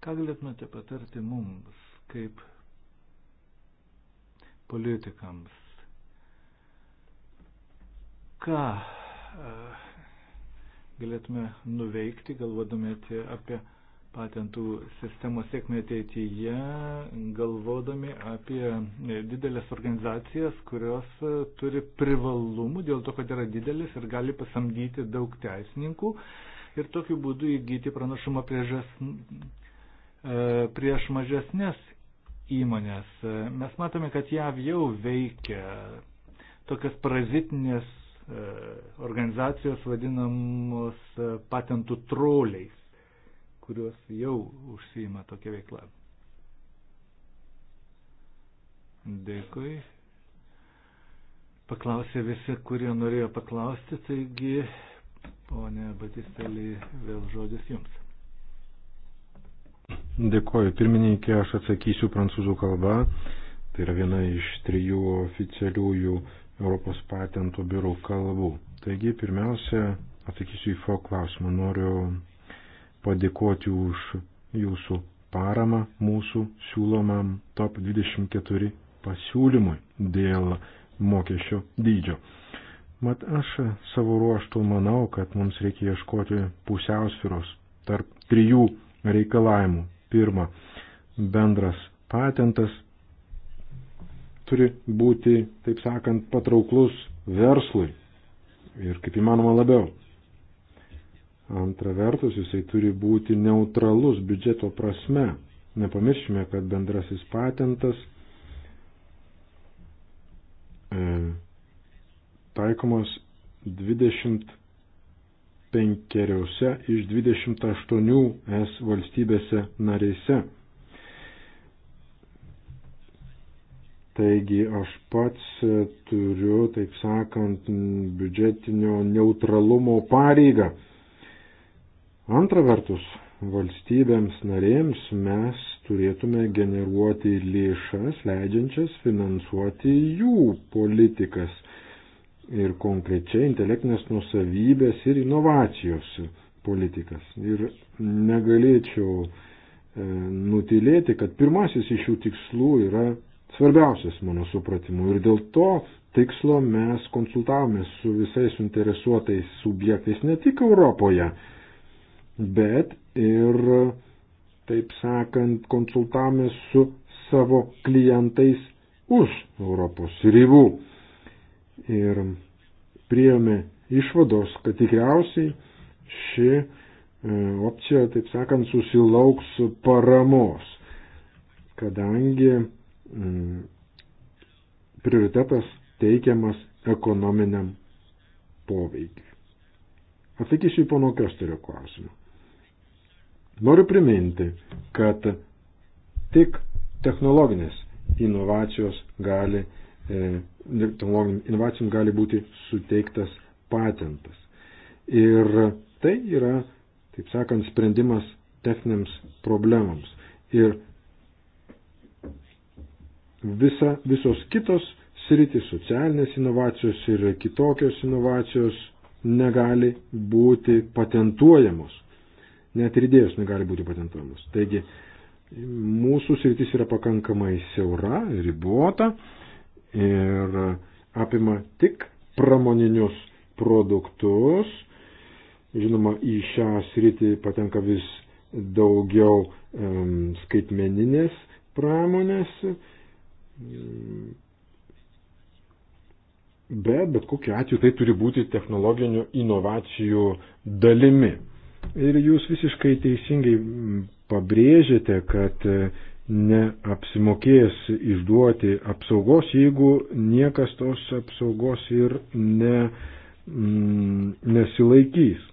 Ką galėtumėte patarti mums, kaip politikams? Ką e, galėtume nuveikti, galvodami apie patentų sistemos sėkmę ateityje, galvodami apie didelės organizacijas, kurios turi privalumų dėl to, kad yra didelis ir gali pasamdyti daug teisininkų ir tokiu būdu įgyti pranašumą priežas, e, prieš mažesnės įmonės. Mes matome, kad JAV jau veikia tokias parazitinės e, organizacijos vadinamos e, patentų troliais kurios jau užsijima tokia veikla. Dėkui. Paklausė visi, kurie norėjo paklausti, taigi, ponė Batistelį, vėl žodis jums. Dėkoju, pirmininkė, aš atsakysiu prancūzų kalbą. Tai yra viena iš trijų oficialiųjų Europos patentų biurų kalbų. Taigi, pirmiausia, atsakysiu į FO klausimą. Noriu padėkoti už jūsų paramą mūsų siūlomam top 24 pasiūlymui dėl mokesčio dydžio. Mat aš savo ruoštų manau, kad mums reikia ieškoti pusiausviros tarp trijų reikalavimų. Pirma, bendras patentas turi būti, taip sakant, patrauklus verslui ir kaip įmanoma labiau. Antra vertus, jisai turi būti neutralus biudžeto prasme. Nepamirškime, kad bendrasis patentas e, taikomas 25 iš 28 es valstybėse narėse. Taigi aš pats turiu, taip sakant, biudžetinio neutralumo pareigą Antra vertus, valstybėms narėms mes turėtume generuoti lėšas, leidžiančias finansuoti jų politikas ir konkrečiai intelektinės nusavybės ir inovacijos politikas. Ir negalėčiau e, nutilėti, kad pirmasis iš šių tikslų yra svarbiausias mano supratimu. Ir dėl to tikslo mes konsultavome su visais suinteresuotais subjektais ne tik Europoje, bet ir, taip sakant, konsultavomės su savo klientais už Europos ribų. Ir priėmė išvados, kad tikriausiai ši e, opcija, taip sakant, susilauks paramos, kadangi mm, prioritetas teikiamas ekonominiam poveikiu. Atsakysiu į pono Kesterio klausimą. Noriu priminti, kad tik technologinės inovacijos gali, e, inovacijom gali būti suteiktas patentas. Ir tai yra, taip sakant, sprendimas techniniams problemams. Ir visa, visos kitos sritis, socialinės inovacijos ir kitokios inovacijos negali būti patentuojamos net ir idėjos negali būti patentuojamos. Taigi, mūsų sritis yra pakankamai siaura, ribota ir apima tik pramoninius produktus. Žinoma, į šią sritį patenka vis daugiau um, skaitmeninės pramonės, bet bet kokiu atveju tai turi būti technologinių inovacijų dalimi. Ir jūs visiškai teisingai pabrėžėte, kad e, neapsimokės išduoti apsaugos, jeigu niekas tos apsaugos ir ne, mm, nesilaikys.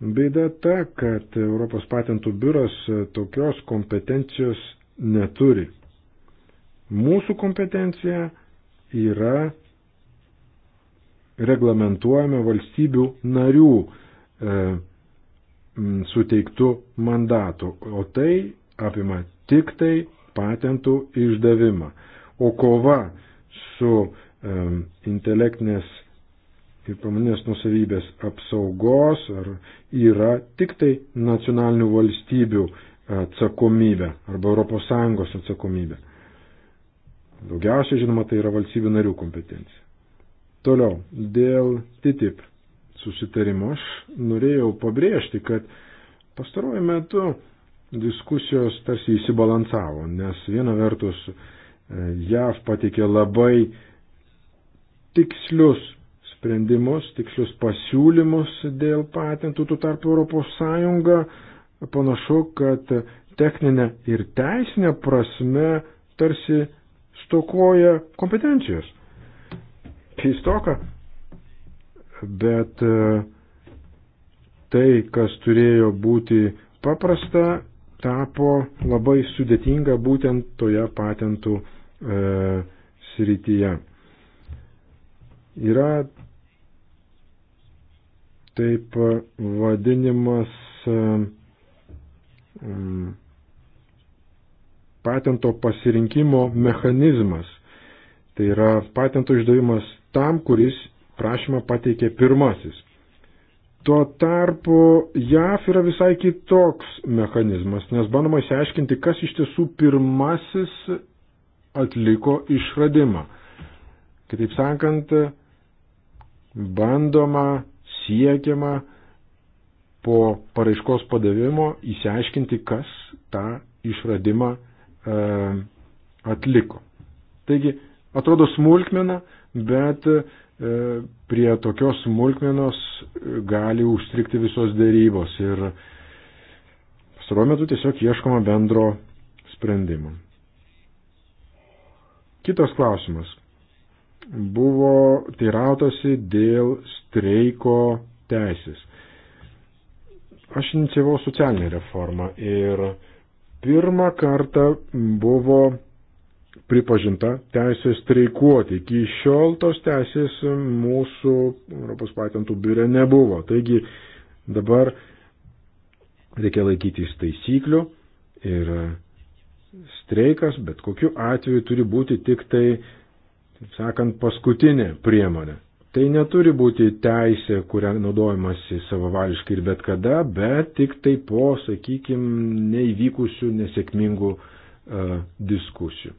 Beida ta, kad Europos patentų biuras e, tokios kompetencijos neturi. Mūsų kompetencija yra reglamentuojama valstybių narių E, suteiktų mandatų, o tai apima tik tai patentų išdavimą. O kova su e, intelektinės ir pamanės nusavybės apsaugos ar yra tik tai nacionalinių valstybių atsakomybė arba ES atsakomybė. Daugiausiai, žinoma, tai yra valstybių narių kompetencija. Toliau, dėl TTIP susitarimu. Aš norėjau pabrėžti, kad pastaruoju metu diskusijos tarsi įsibalansavo, nes viena vertus e, JAV patikė labai tikslius sprendimus, tikslius pasiūlymus dėl patentų, tuo tarpu ES panašu, kad techninė ir teisinė prasme tarsi stokoja kompetencijos. Keistoka, bet e, tai, kas turėjo būti paprasta, tapo labai sudėtinga būtent toje patentų e, srityje. Yra taip vadinimas e, patento pasirinkimo mechanizmas. Tai yra patento išdavimas tam, kuris prašymą pateikė pirmasis. Tuo tarpu JAF yra visai kitoks mechanizmas, nes bandoma įsiaiškinti, kas iš tiesų pirmasis atliko išradimą. Kitaip sakant, bandoma, siekiama po paraiškos padavimo įsiaiškinti, kas tą išradimą e, atliko. Taigi, atrodo smulkmena, bet E, prie tokios smulkmenos gali užstrikti visos dėrybos ir pastaruoju metu tiesiog ieškoma bendro sprendimo. Kitas klausimas. Buvo teirautasi dėl streiko teisės. Aš inicijavau socialinę reformą ir pirmą kartą buvo pripažinta teisė streikuoti. Iki šiol tos teisės mūsų Europos patentų biure nebuvo. Taigi dabar reikia laikytis taisyklių ir streikas bet kokiu atveju turi būti tik tai, taip sakant, paskutinė priemonė. Tai neturi būti teisė, kurią naudojamasi savavališkai ir bet kada, bet tik tai po, sakykime, neįvykusių nesėkmingų uh, diskusijų.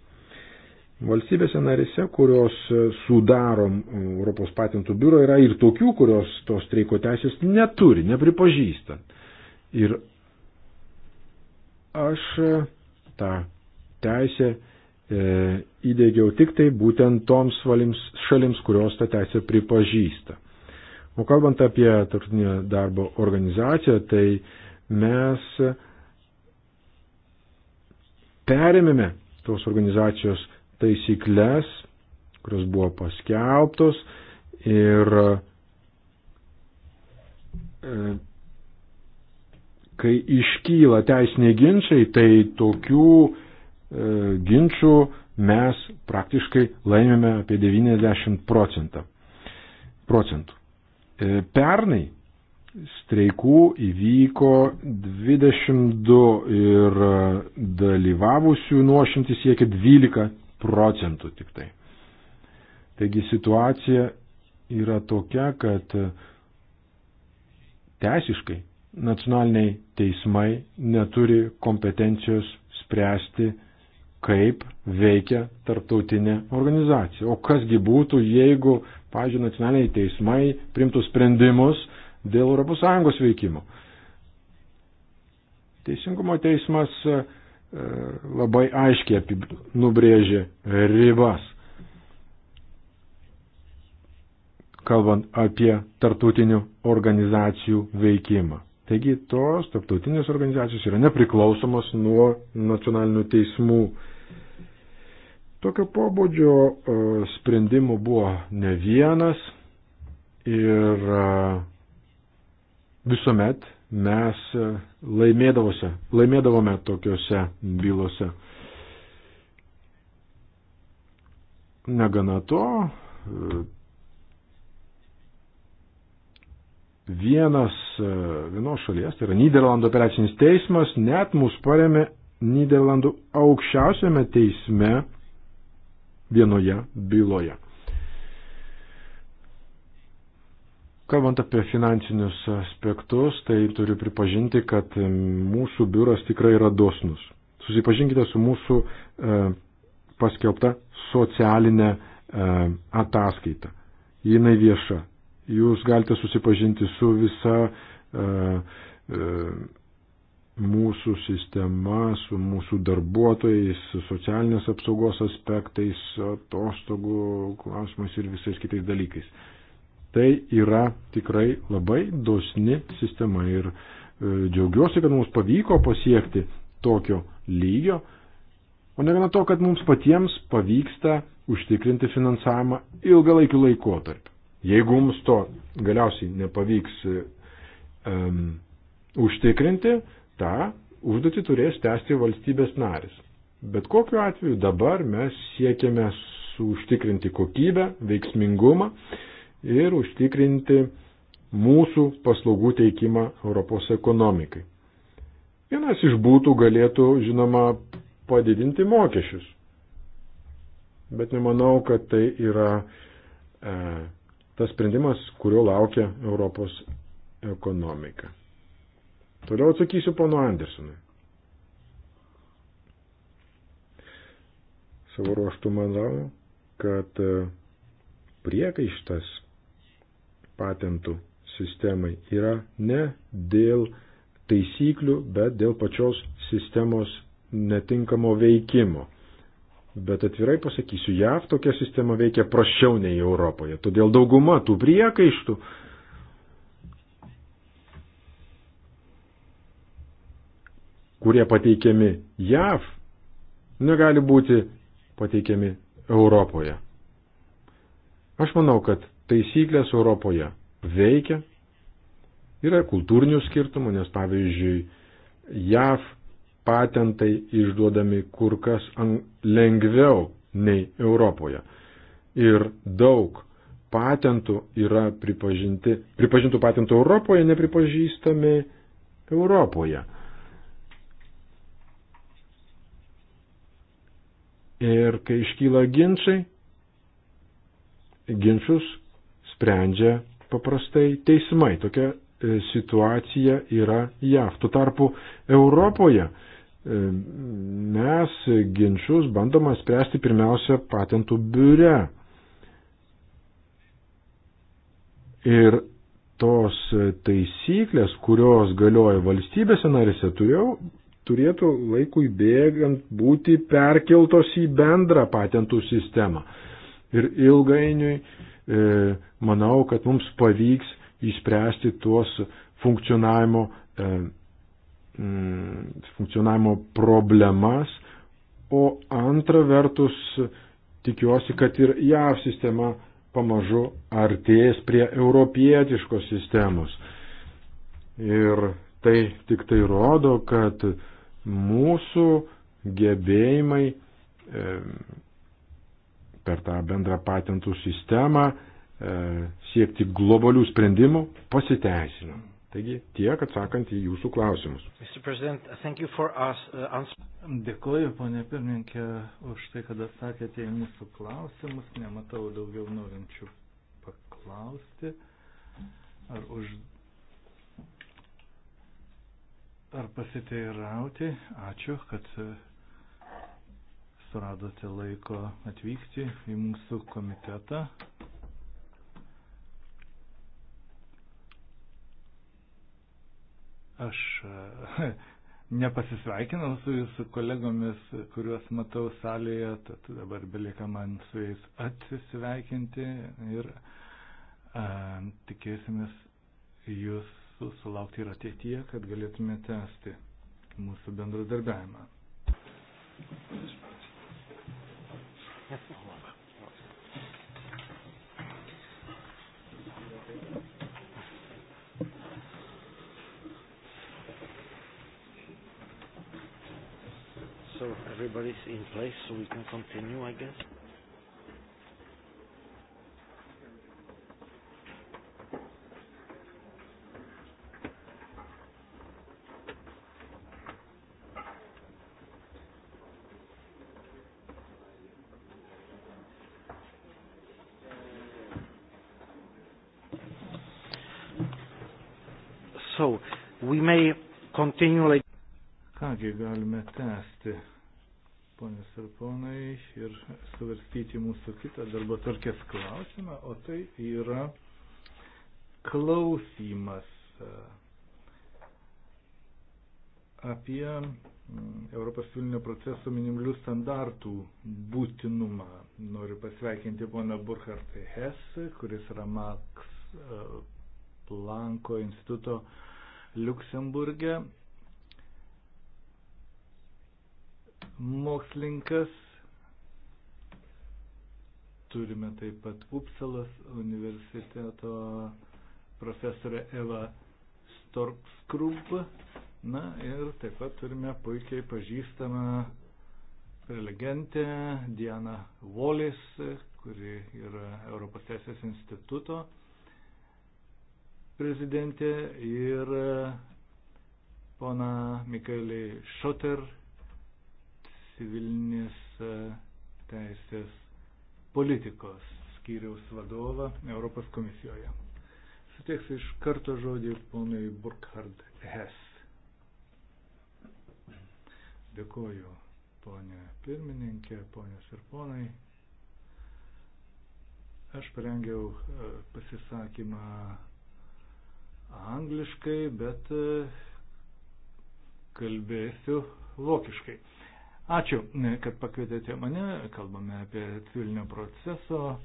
Valstybėse narise, kurios e, sudaro Europos patentų biuro, yra ir tokių, kurios tos streiko teisės neturi, nepripažįsta. Ir aš e, tą teisę e, įdėgiau tik tai būtent toms valims, šalims, kurios tą teisę pripažįsta. O kalbant apie tarptautinę darbo organizaciją, tai mes perėmėme tos organizacijos taisyklės, kurios buvo paskelbtos ir e, kai iškyla teisiniai ginčiai, tai tokių e, ginčių mes praktiškai laimėme apie 90 procentą. procentų. E, pernai streikų įvyko 22 ir dalyvavusių nuošimtis siekia 12 procentų tik tai. Taigi situacija yra tokia, kad teisiškai nacionaliniai teismai neturi kompetencijos spręsti, kaip veikia tarptautinė organizacija. O kasgi būtų, jeigu, pavyzdžiui, nacionaliniai teismai primtų sprendimus dėl ES veikimo. Teisingumo teismas E, labai aiškiai nubrėžė ribas. kalbant apie tartutinių organizacijų veikimą. Taigi tos tarptautinės organizacijos yra nepriklausomos nuo nacionalinių teismų. Tokio pobūdžio e, sprendimų buvo ne vienas ir e, visuomet mes laimėdavome tokiuose bylose. Negana to, vienas vienos šalies, tai yra Niderlandų operacinis teismas, net mus paremė Niderlandų aukščiausiame teisme vienoje byloje. Kalbant apie finansinius aspektus, tai turiu pripažinti, kad mūsų biuras tikrai yra dosnus. Susipažinkite su mūsų e, paskelbta socialinė e, ataskaita. Jinai vieša. Jūs galite susipažinti su visa e, e, mūsų sistema, su mūsų darbuotojais, su socialinės apsaugos aspektais, atostogų klausimais ir visais kitais dalykais. Tai yra tikrai labai dosni sistema ir e, džiaugiuosi, kad mums pavyko pasiekti tokio lygio, o negana to, kad mums patiems pavyksta užtikrinti finansavimą ilgalaikiu laikotarpiu. Jeigu mums to galiausiai nepavyks um, užtikrinti, tą užduotį turės tęsti valstybės narės. Bet kokiu atveju dabar mes siekiame užtikrinti kokybę, veiksmingumą ir užtikrinti mūsų paslaugų teikimą Europos ekonomikai. Vienas iš būtų galėtų, žinoma, padidinti mokesčius. Bet nemanau, kad tai yra e, tas sprendimas, kurio laukia Europos ekonomika. Toliau atsakysiu pono Andersonui. Savo ruoštų manau, kad e, priekaištas patentų sistemai yra ne dėl taisyklių, bet dėl pačios sistemos netinkamo veikimo. Bet atvirai pasakysiu, JAV tokia sistema veikia prašiau nei Europoje. Todėl dauguma tų priekaištų kurie pateikiami JAV, negali būti pateikiami Europoje. Aš manau, kad taisyklės Europoje veikia. Yra kultūrinių skirtumų, nes pavyzdžiui, JAV patentai išduodami kur kas lengviau nei Europoje. Ir daug patentų yra pripažinti, pripažintų patentų Europoje nepripažįstami Europoje. Ir kai iškyla ginčiai, ginčius sprendžia paprastai teismai. Tokia e, situacija yra JAV. Tuo tarpu Europoje e, mes ginčius bandoma spręsti pirmiausia patentų biure. Ir tos taisyklės, kurios galioja valstybėse narėse, turėjau, turėtų laikui bėgant būti perkeltos į bendrą patentų sistemą. Ir ilgainiui e, manau, kad mums pavyks išspręsti tuos funkcionavimo, e, mm, funkcionavimo problemas, o antra vertus tikiuosi, kad ir JAV sistema pamažu artės prie europietiškos sistemos. Ir tai tik tai rodo, kad mūsų gebėjimai e, per tą bendrą patentų sistemą E, siekti globalių sprendimų pasiteisino. Taigi tiek atsakant į jūsų klausimus. Uh, Dėkuoju, ponė pirmininkė, už tai, kad atsakėte į mūsų klausimus. Nematau daugiau norinčių paklausti. Ar, už... ar pasiteirauti? Ačiū, kad e, suradote laiko atvykti į mūsų komitetą. Aš e, nepasisveikinau su jūsų kolegomis, kuriuos matau salėje, tad dabar belieka man su jais atsisveikinti ir a, e, tikėsimės jūsų sulaukti ir ateityje, kad galėtume tęsti mūsų bendradarbiavimą. Yes, So everybody's in place, so we can continue, I guess. So we may continue like kurį galime tęsti, ponės ir ponai, ir svarstyti mūsų kitą darbo tvarkės klausimą, o tai yra klausimas e, apie mm, Europos civilinio proceso minimalių standartų būtinumą. Noriu pasveikinti poną Burkhartą Hesse, kuris yra Max e, Planko instituto Luksemburgė mokslininkas. Turime taip pat Upsalas universiteto profesorė Eva Storpskrub. Na ir taip pat turime puikiai pažįstamą prelegentę Dianą Volis, kuri yra Europos Teisės instituto prezidentė ir pona Mikaelį Šoter civilinės e, teisės politikos skyriaus vadovą Europos komisijoje. Suteiksiu iš karto žodį ponui Burkhard Hess. Dėkoju, ponė pirmininkė, ponės ir ponai. Aš parengiau e, pasisakymą angliškai, bet e, kalbėsiu vokiškai. Ačiū, kad pakvietėte mane. Kalbame apie civilinio proceso e,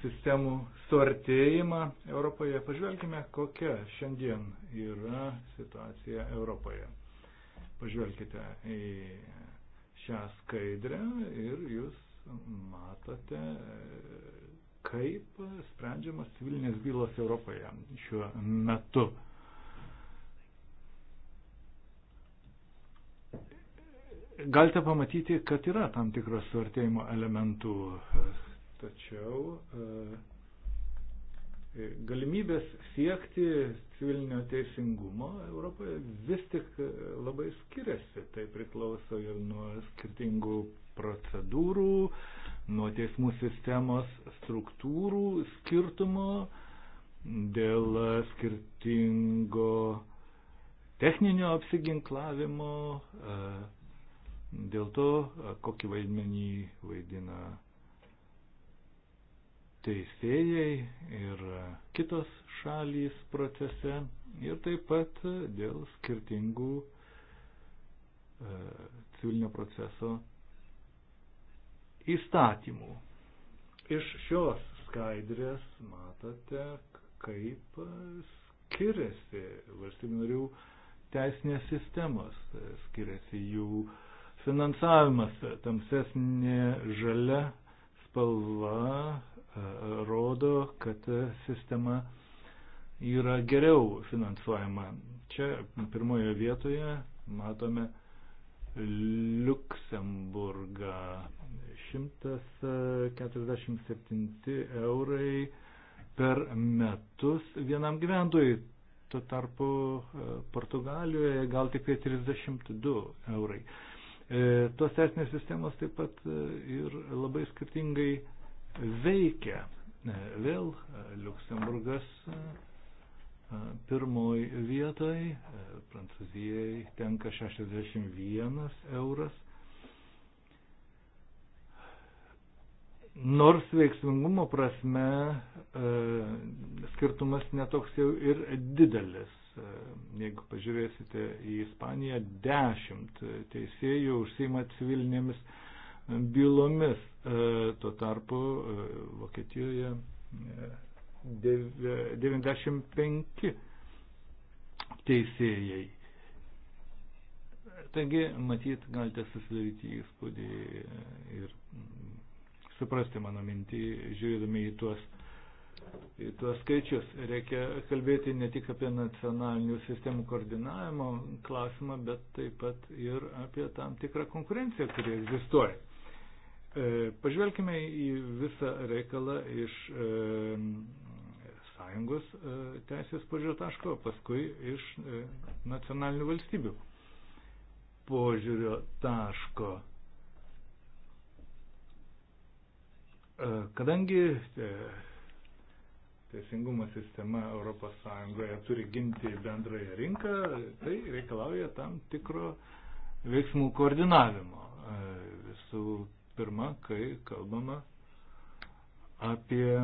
sistemų suartėjimą Europoje. Pažvelkime, kokia šiandien yra situacija Europoje. Pažvelkite į šią skaidrę ir jūs matote, e, kaip sprendžiamas civilinės bylos Europoje šiuo metu. galite pamatyti, kad yra tam tikros suartėjimo elementų. Tačiau e, galimybės siekti civilinio teisingumo Europoje vis tik e, labai skiriasi. Tai priklauso ir nuo skirtingų procedūrų, nuo teismų sistemos struktūrų skirtumo, dėl skirtingo techninio apsiginklavimo. E, Dėl to, kokį vaidmenį vaidina teisėjai ir kitos šalys procese ir taip pat dėl skirtingų civilinio proceso įstatymų. Iš šios skaidrės matote, kaip skiriasi valstybių narių teisinės sistemos, skiriasi jų uh, Finansavimas tamsesnė žalia spalva e, rodo, kad sistema yra geriau finansuojama. Čia pirmoje vietoje matome Luksemburgą. 147 e, eurai per metus vienam gyventojui. Tuo tarpu e, Portugalijoje gal tik 32 tai eurai. E, tos teisinės sistemos taip pat e, ir labai skirtingai veikia. E, vėl Luksemburgas pirmoji vietoj, Prancūzijai tenka 61 euras. Nors veiksmingumo prasme skirtumas netoks jau ir didelis. E, jeigu pažiūrėsite į Ispaniją, dešimt teisėjų užsima civilinėmis bylomis. E, tuo tarpu e, Vokietijoje 95 teisėjai. Taigi, matyt, galite susidaryti įspūdį ir mm, suprasti mano mintį, žiūrėdami į tuos į tuos skaičius. Reikia kalbėti ne tik apie nacionalinių sistemų koordinavimo klausimą, bet taip pat ir apie tam tikrą konkurenciją, kuri egzistuoja. E, pažvelkime į visą reikalą iš e, sąjungos e, teisės požiūrio taško, paskui iš nacionalinių valstybių požiūrio taško. Kadangi teisingumo sistema ES turi ginti bendrąją rinką, tai reikalauja tam tikro veiksmų koordinavimo. E, visų pirma, kai kalbama apie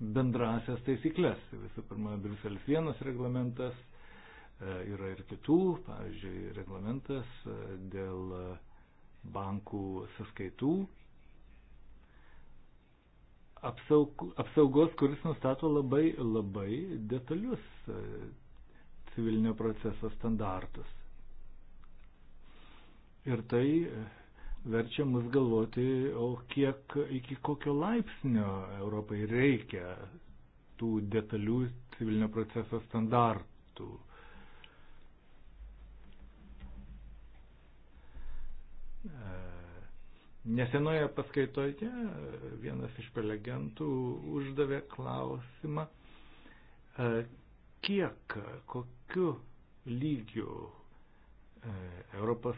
bendrasias taisyklės. Visų pirma, Briselis vienas reglamentas e, yra ir kitų, pavyzdžiui, reglamentas e, dėl bankų sąskaitų apsaug, apsaugos, kuris nustato labai, labai detalius e, civilinio proceso standartus. Ir tai e, verčia mus galvoti, o kiek iki kokio laipsnio Europai reikia tų detalių civilinio proceso standartų. Nesenoje paskaitoje vienas iš prelegentų uždavė klausimą, e, kiek, kokiu lygiu e, Europos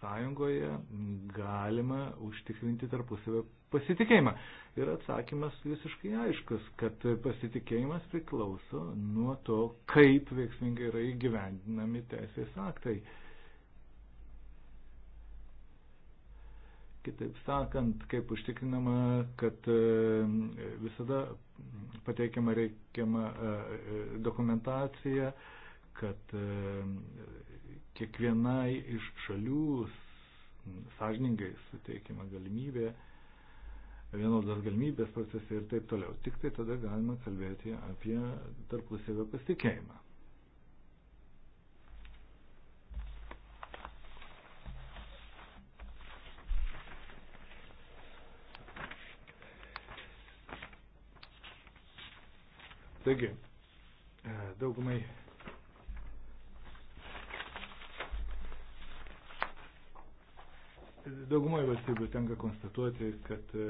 Sąjungoje galima užtikrinti tarpusavio pasitikėjimą. Ir atsakymas visiškai aiškus, kad pasitikėjimas priklauso nuo to, kaip veiksmingai yra įgyvendinami teisės aktai. E, Kitaip sakant, kaip užtikrinama, kad e, visada pateikiama reikiama e, e, dokumentacija, kad kiekvienai iš šalių sąžiningai suteikiama galimybė, vienodas galimybės procesai ir taip toliau. Tik tai tada galima kalbėti apie tarpusavio pasitikėjimą. Taigi, e, daugumai Daugumoje valstybių tenka konstatuoti, kad e,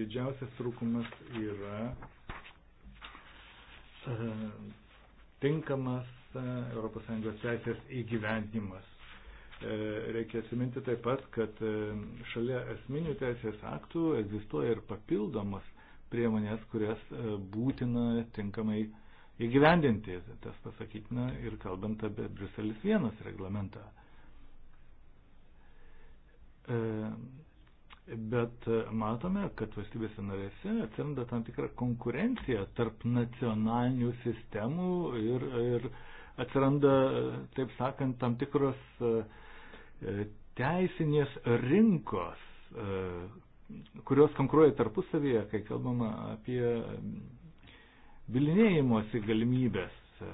didžiausias trūkumas yra e, tinkamas ES teisės įgyvendinimas. Reikia atsiminti taip pat, kad šalia esminių teisės aktų egzistuoja ir papildomas priemonės, kurias e, būtina tinkamai įgyvendinti. Tas pasakytina ir kalbant apie Bruselis vienas reglamentą. E, bet matome, kad valstybėse narėse atsiranda tam tikra konkurencija tarp nacionalinių sistemų ir, ir atsiranda, taip sakant, tam tikros e, teisinės rinkos, kurios konkuruoja tarpusavyje, kai kalbama apie bilinėjimosi galimybės, e,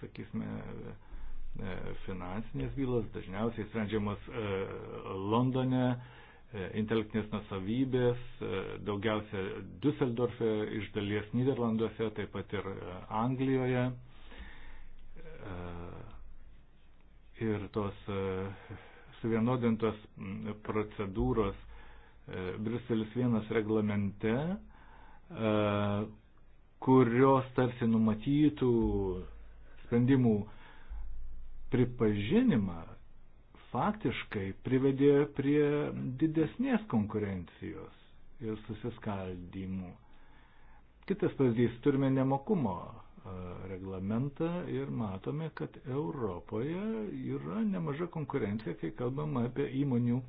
sakysime, e, finansinės bylos dažniausiai sprendžiamas e, Londone, intelektinės nusavybės, daugiausia Düsseldorfe, iš dalies Niderlanduose, taip pat ir Anglijoje. Ir tos suvienodintos procedūros E, Briuselis vienas reglamente, e, kurios tarsi numatytų sprendimų pripažinimą, faktiškai privedė prie didesnės konkurencijos ir susiskaldimų. Kitas pavyzdys, turime nemokumo e, reglamentą ir matome, kad Europoje yra nemaža konkurencija, kai kalbama apie įmonių uh,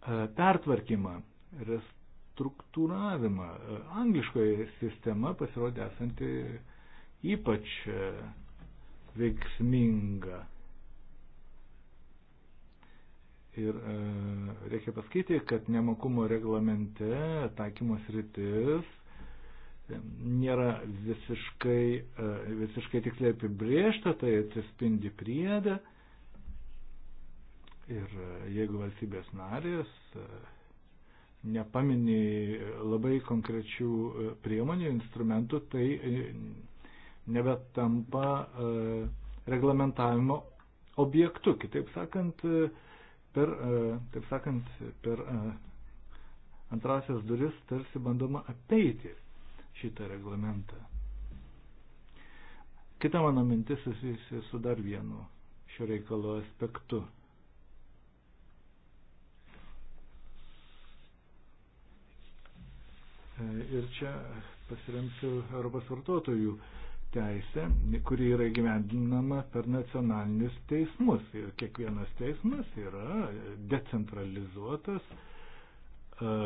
E, pertvarkymą, restruktūravimą. E, Angliškoji sistema pasirodė esanti ypač e, veiksminga. Ir e, reikia pasakyti, kad nemokumo reglamente taikymos rytis nėra visiškai, e, visiškai tiksliai apibriešta, tai atsispindi priedą. E, Ir e, jeigu valstybės narės e, nepamini labai konkrečių e, priemonių, instrumentų, tai nebetampa reglamentavimo objektu. Kitaip sakant, per, taip sakant, per antrasias duris tarsi bandoma apeiti šitą reglamentą. Kita mano mintis susijusi su dar vienu šio reikalo aspektu. E, ir čia pasiremsiu Europos vartotojų teisę, kuri yra įgyvendinama per nacionalinius teismus. Ir kiekvienas teismas yra decentralizuotas e,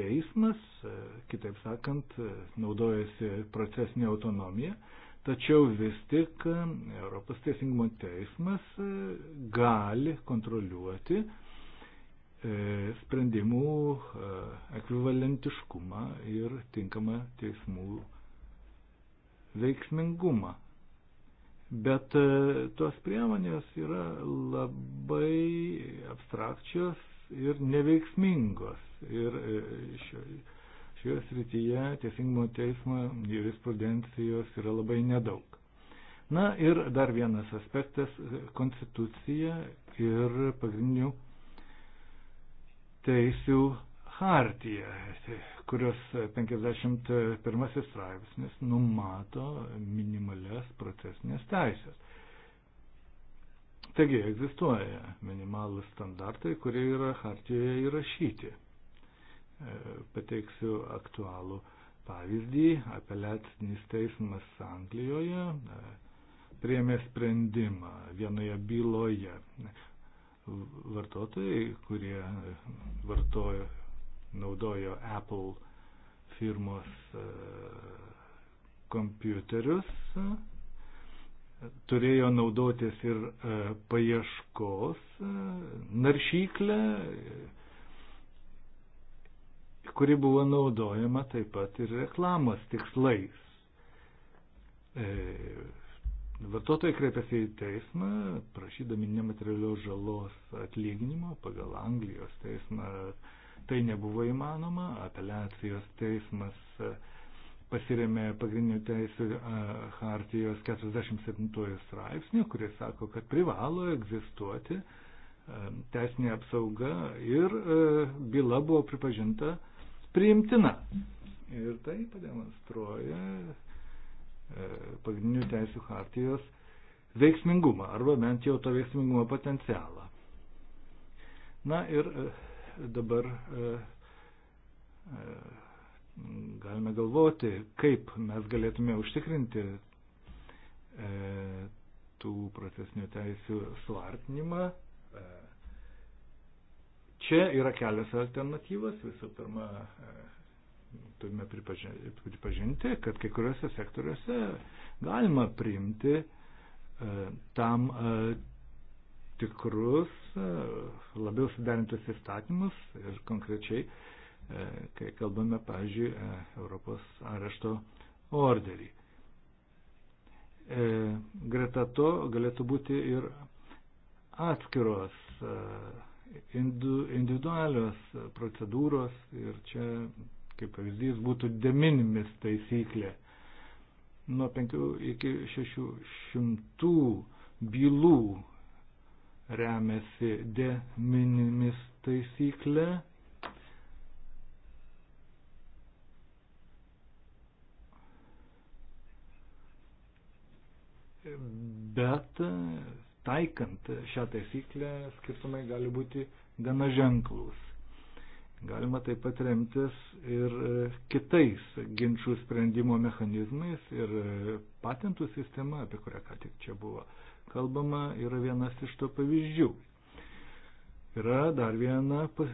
teismas, e, kitaip sakant, naudojasi procesinė autonomija, tačiau vis tik Europos teisingumo teismas gali kontroliuoti E, sprendimų e, ekvivalentiškumą ir tinkamą teismų veiksmingumą. Bet e, tos priemonės yra labai abstrakčios ir neveiksmingos. Ir šioje, šioje srityje teisingumo teismo jurisprudencijos yra labai nedaug. Na ir dar vienas aspektas - konstitucija ir pagrindinių teisių hartiją, kurios 51 straipsnis numato minimalias procesinės teisės. Taigi egzistuoja minimalus standartai, kurie yra hartijoje įrašyti. E, pateiksiu aktualų pavyzdį. Apeliacinis teismas Anglijoje e, priemė sprendimą vienoje byloje vartotojai, kurie vartojo, naudojo Apple firmos e, kompiuterius, turėjo naudotis ir e, paieškos e, naršyklę, kuri buvo naudojama taip pat ir reklamos tikslais Vartotojai kreipiasi į teismą, prašydami nematerialios žalos atlyginimo pagal Anglijos teismą. Tai nebuvo įmanoma, apeliacijos teismas e, pasiremė pagrindinių teisų e, hartijos 47 straipsnių, kuris sako, kad privalo egzistuoti e, teisinė apsauga ir byla buvo pripažinta priimtina. Ir tai pademonstruoja E, pagrindinių teisų hartijos veiksmingumą arba bent jau to veiksmingumo potencialą. Na ir e, dabar e, galime galvoti, kaip mes galėtume užtikrinti tų procesinių teisių suartinimą. Čia yra kelios alternatyvas. Visų pirma, turime pripažinti, kad kai kuriuose sektoriuose galima priimti e, tam e, tikrus e, labiau sudarintus įstatymus ir konkrečiai, kai kalbame, pavyzdžiui, Europos arešto orderį. Greta to galėtų būti ir atskiros individualios procedūros ir čia Kaip pavyzdys būtų deminimis taisyklė. Nuo 5 iki 600 bylų remiasi deminimis taisyklė. bet taikant šią taisyklę skirtumai gali būti gana ženklus. Galima taip pat remtis ir e, kitais ginčių sprendimo mechanizmais ir e, patentų sistema, apie kurią ką tik čia buvo kalbama, yra vienas iš to pavyzdžių. Yra dar viena e,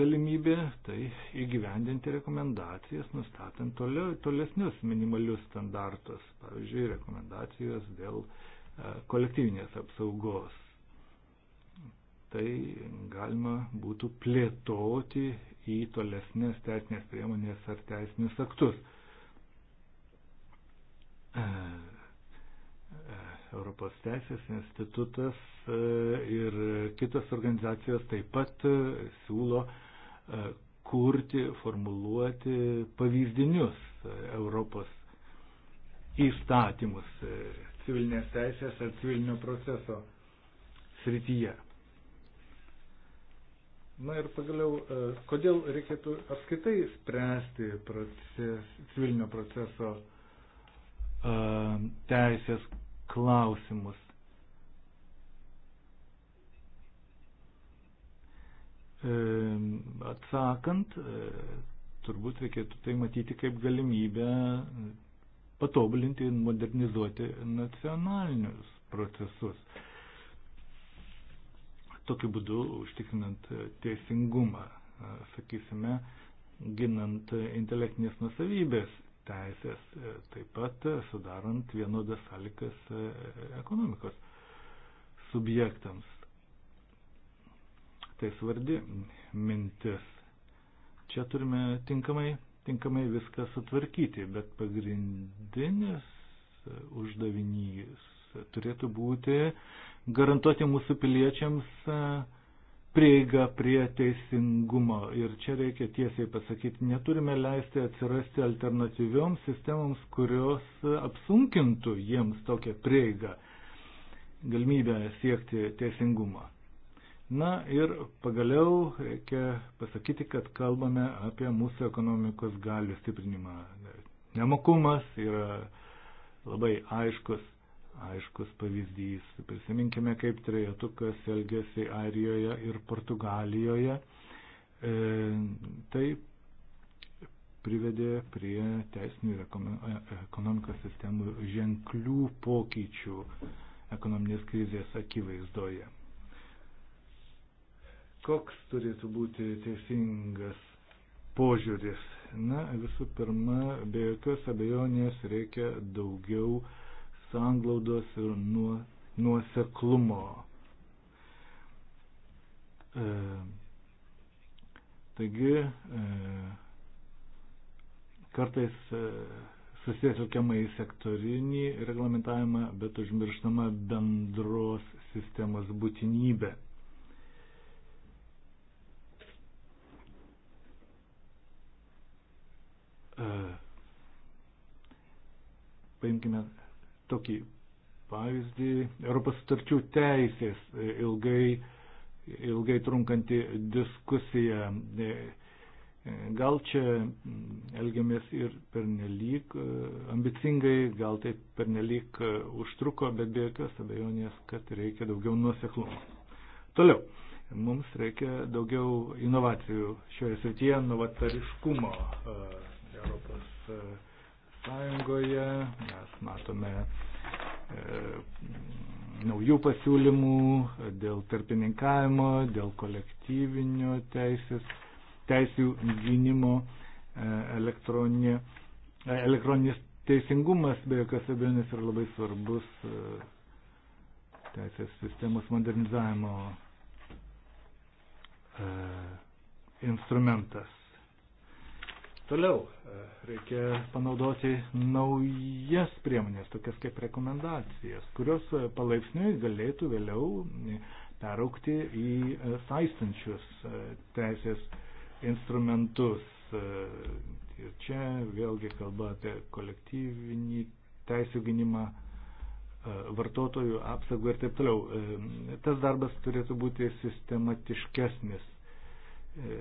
galimybė, tai įgyvendinti rekomendacijas, nustatant tolesnius minimalius standartus, pavyzdžiui, rekomendacijos dėl kolektyvinės apsaugos tai galima būtų plėtoti į tolesnės teisinės priemonės ar teisinius aktus. E, e, Europos teisės institutas e, ir kitos organizacijos taip pat siūlo kurti, formuluoti pavyzdinius Europos įstatymus civilinės teisės ar civilinio proceso srityje. Na ir pagaliau, e, kodėl reikėtų apskaitai spręsti proces, civilinio proceso e, teisės klausimus. E, atsakant, turbūt reikėtų tai matyti kaip galimybę patobulinti ir modernizuoti nacionalinius procesus tokiu būdu užtikrinant e, teisingumą, e, sakysime, ginant e, intelektinės nusavybės teisės, taip pat sudarant vienodas sąlygas ekonomikos subjektams. Tai svarbi mintis. Čia turime tinkamai, tinkamai viską sutvarkyti, bet pagrindinis uždavinys turėtų būti garantuoti mūsų piliečiams e, prieigą prie teisingumo. Ir čia reikia tiesiai pasakyti, neturime leisti atsirasti alternatyvioms sistemoms, kurios apsunkintų jiems tokią prieigą, galimybę siekti teisingumą. Na ir pagaliau reikia pasakyti, kad kalbame apie mūsų ekonomikos galių stiprinimą. Nemokumas yra labai aiškus aiškus pavyzdys. Prisiminkime, kaip trejetukas elgėsi Airijoje ir Portugalijoje. E, tai privedė prie teisinių ir e, ekonomikos sistemų ženklių pokyčių ekonominės krizės akivaizdoje. Koks turėtų būti teisingas požiūris? Na, visų pirma, be jokios abejonės reikia daugiau uh, sanglaudos ir nuo, nuoseklumo. E, taigi, e, kartais e, susitelkiama į sektorinį reglamentavimą, bet užmirštama bendros sistemos būtinybė. E, paimkime tokį pavyzdį. Europos sutarčių teisės e, ilgai, ilgai trunkanti diskusija. E, e, gal čia mm, elgiamės ir pernelyg ambicingai, gal tai pernelyg užtruko, bet be jokios abejonės, kad reikia daugiau nuoseklumo. Toliau, mums reikia daugiau inovacijų šioje srityje, novatariškumo Europos Sąjungoje mes matome e, naujų pasiūlymų dėl tarpininkavimo, dėl kolektyvinio teisės, teisių gynimo, e, elektroninė, e, elektroninis teisingumas be jokios abejonės yra labai svarbus teisės sistemos modernizavimo instrumentas. Toliau e, reikia panaudoti naujas priemonės, tokias kaip rekomendacijas, kurios e, palaipsniui galėtų vėliau e, peraukti į saistančius teisės instrumentus. Ir čia vėlgi kalba apie kolektyvinį teisų gynimą, vartotojų apsaugą ir taip toliau. Tas darbas turėtų būti sistematiškesnis E,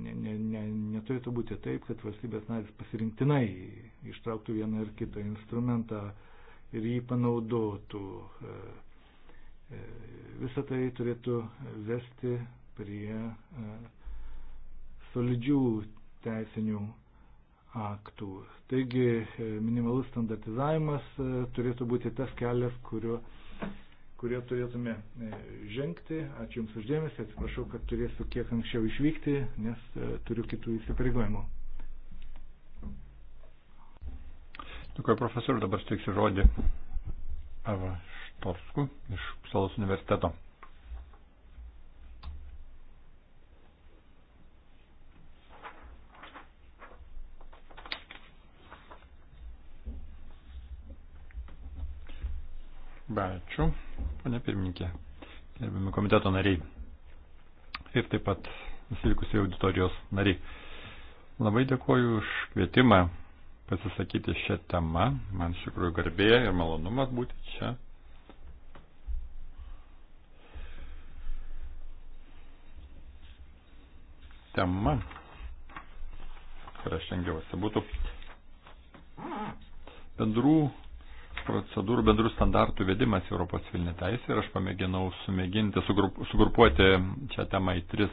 ne, ne, ne, neturėtų būti taip, kad valstybės narės pasirinktinai ištrauktų vieną ar kitą instrumentą ir jį panaudotų. E, e, Visą tai turėtų vesti prie solidžių teisinių aktų. Taigi minimalus standartizavimas turėtų būti tas kelias, kuriuo kurie turėtume e, žengti. Ačiū Jums uždėmesi, atsiprašau, kad turėsiu kiek anksčiau išvykti, nes e, turiu kitų įsipareigojimų. Dėkuoju profesoriu, dabar steiksiu žodį Eva Štorsku iš Salos universiteto. Ačiū ponė pirmininkė, gerbiami komiteto nariai ir taip pat visi likusiai auditorijos nariai. Labai dėkuoju už kvietimą pasisakyti šią temą. Man iš tikrųjų garbė ir malonumas būti čia. Tema, kurią aš rengiausi, būtų bendrų procedūrų bendrų standartų vedimas Europos civilinė teisė ir aš pamėginau sumėginti, sugrup, sugrupuoti čia temą į tris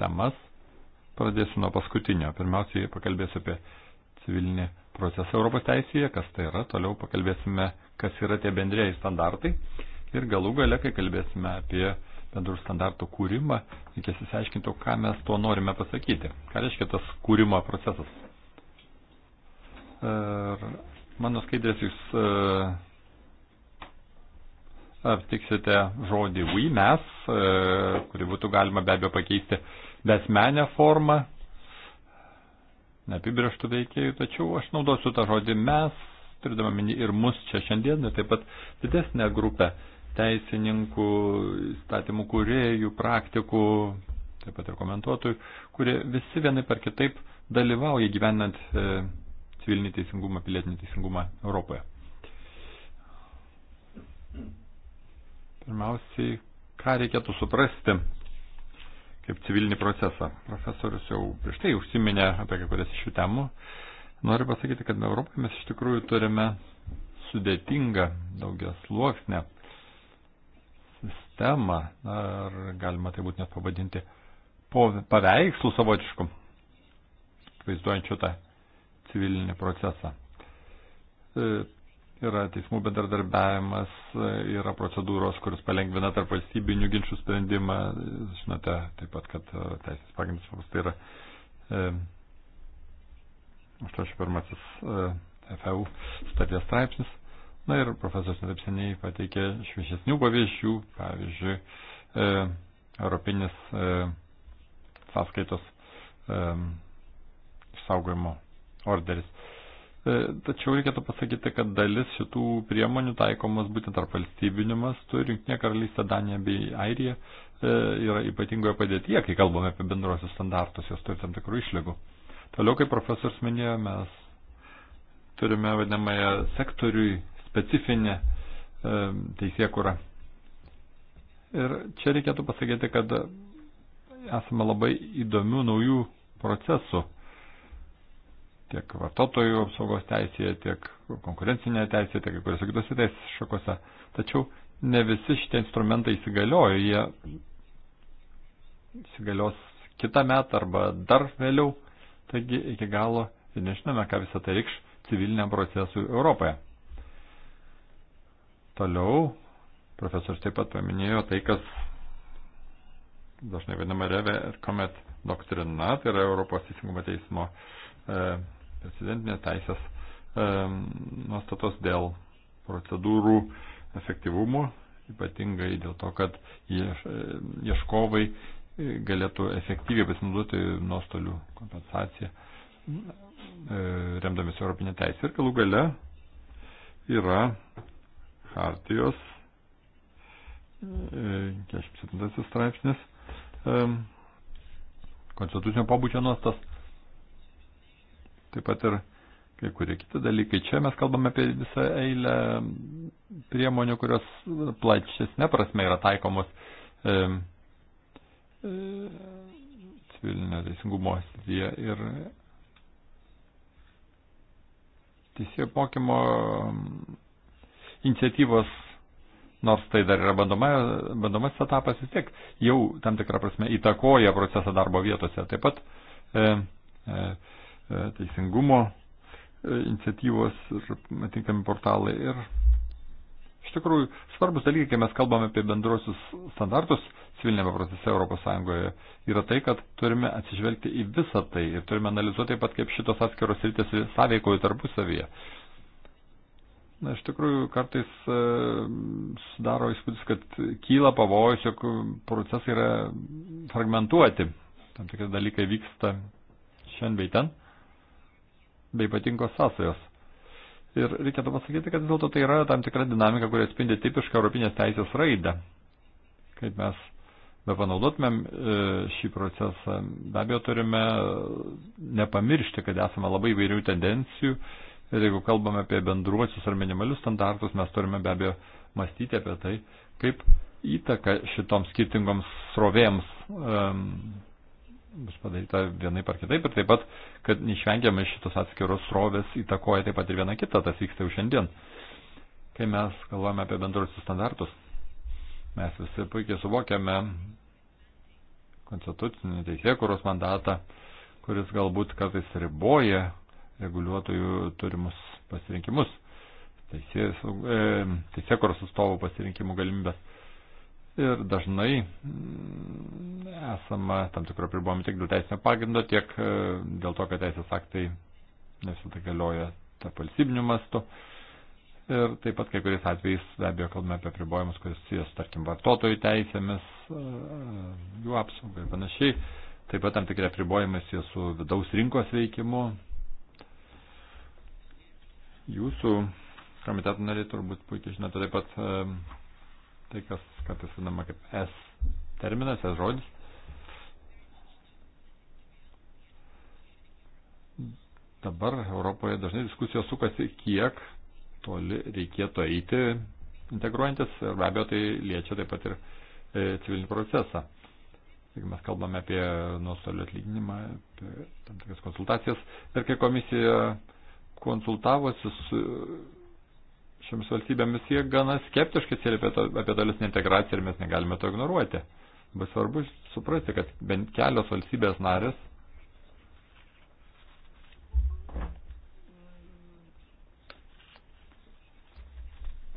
temas. Pradėsiu nuo paskutinio. Pirmiausiai pakalbėsiu apie civilinį procesą Europos teisėje, kas tai yra, toliau pakalbėsime, kas yra tie bendrėjai standartai ir galų gale, kai kalbėsime apie bendrų standartų kūrimą, reikės įsiaiškinti, ką mes tuo norime pasakyti. Ką reiškia tas kūrimo procesas? Ir Mano skaidrės jūs uh, e, aptiksite žodį we, mes, uh, e, kurį būtų galima be abejo pakeisti besmenę formą, neapibrieštų veikėjų, tačiau aš naudosiu tą žodį mes, turėdama minį ir mus čia šiandien, taip pat didesnę grupę teisininkų, statymų kūrėjų, praktikų, taip pat ir komentuotojų, kurie visi vienai per kitaip dalyvauja gyvenant e, civilinį teisingumą, pilietinį teisingumą Europoje. Pirmiausiai, ką reikėtų suprasti kaip civilinį procesą. Profesorius jau prieš tai užsiminė apie kai kurias iš šių temų. Noriu pasakyti, kad Europoje mes iš tikrųjų turime sudėtingą daugias luoksnę sistemą, ar galima tai būtų net pavadinti paveikslu savotišku, vaizduojančiu tą civilinį procesą. E, yra teismų bendradarbiavimas, e, yra procedūros, kuris palengvina tarp valstybinių ginčių sprendimą. Žinote, taip pat, kad e, teisės pagrindas paprastai yra 81 FEU starties straipsnis. Na ir profesorius netaip seniai pateikė šviesesnių pavyzdžių, pavyzdžiui, e, europinis e, sąskaitos e, išsaugojimo orderis. E, tačiau reikėtų pasakyti, kad dalis šitų priemonių taikomas būtent tarp valstybinių mastų ir Junktinė karalystė, Danija bei Airija e, yra ypatingoje padėtyje, kai kalbame apie bendruosius standartus, jos turi tam tikrų išlygų. Toliau, kaip profesorius minėjo, mes turime vadinamąją sektoriui specifinę e, teisėkurą. Ir čia reikėtų pasakyti, kad esame labai įdomių naujų procesų tiek vartotojų apsaugos teisėje, tiek konkurencinėje teisėje, tiek kai kuriuose kitose teisės šakose. Tačiau ne visi šitie instrumentai įsigaliojo, jie įsigalios kitą metą arba dar vėliau, taigi iki galo ir nežinome, ką visą tai reikš civiliniam procesui Europoje. Toliau profesorius taip pat paminėjo tai, kas dažnai vadinama revė ir komet doktrina, tai yra Europos teisingumo teismo e, precedentinės teisės e, nuostatos dėl procedūrų efektyvumo, ypatingai dėl to, kad ieš, e, ieškovai e, galėtų efektyviai pasinaudoti nuostolių kompensaciją e, remdamis Europinė teisė. Ir galų gale yra Hartijos 47 e, straipsnis konstitucinio pabūdžio nuostas, taip pat ir kai kurie kiti dalykai. Čia mes kalbame apie visą eilę priemonių, kurios plačesnė prasme yra taikomos e, e, civilinio teisingumo srityje ir teisėjo mokymo iniciatyvos nors tai dar yra bandoma, bandomas etapas vis tiek jau tam tikrą prasme įtakoja procesą darbo vietose. Taip pat e, e, E, teisingumo e, iniciatyvos ir atitinkami portalai. Ir iš tikrųjų svarbus dalykai, kai mes kalbame apie bendruosius standartus civilinėme procese ES, yra tai, kad turime atsižvelgti į visą tai ir turime analizuoti taip pat, kaip šitos atskiros rytis sąveikoja tarpusavyje. Na, iš tikrųjų, kartais e, sudaro įspūdis, kad kyla pavojus, jog procesai yra fragmentuoti. Tam tikri dalykai vyksta šiandien bei ten. E, bei ypatingos sąsajos. Ir reikėtų pasakyti, kad vis dėlto tai yra tam tikra dinamika, kuria atspindi tipišką europinės teisės raidą. Kaip mes be panaudotumėm e, šį procesą, be abejo turime nepamiršti, kad esame labai įvairių tendencijų. Ir jeigu kalbame apie bendruosius ar minimalius standartus, mes turime be abejo mąstyti apie tai, kaip įtaka šitoms skirtingoms srovėms um, bus padaryta vienai par kitaip ir taip pat, kad neišvengiamai šitos atskiros srovės įtakoja taip pat ir viena kitą, tas vyksta jau šiandien. Kai mes kalbame apie bendruosius standartus, mes visi puikiai suvokiame konstitucinį teisėkuros mandatą, kuris galbūt kartais riboja reguliuotojų turimus pasirinkimus, e, teisėkuros atstovų pasirinkimų galimybės. Ir dažnai mm, esama tam tikro pribojimo tiek dėl teisinio pagrindo, tiek e, dėl to, kad teisės aktai ne visada galioja tarp valstybinių mastų. Ir taip pat kai kuriais atvejais be abejo kalbame apie pribojimus, kuris susijęs, tarkim, vartotojų teisėmis, e, e, jų apsaugai ir panašiai. Taip pat tam tikri apribojimai susijęs su vidaus rinkos veikimu. Jūsų komiteto nariai turbūt puikiai žinote taip pat tai kas kartais vadinama kaip S terminas, S žodis. Dabar Europoje dažnai diskusijos sukasi, kiek toli reikėtų eiti integruojantis ir be abejo tai liečia taip pat ir e, civilinį procesą. Taigi mes kalbame apie nuostolių atlyginimą, apie tam tikras konsultacijas ir kai komisija konsultavosi su šiomis valstybėmis, jie gana skeptiškai atsiliepia apie tolesnį integraciją ir mes negalime to ignoruoti. Bet svarbu suprasti, kad bent kelios valstybės narės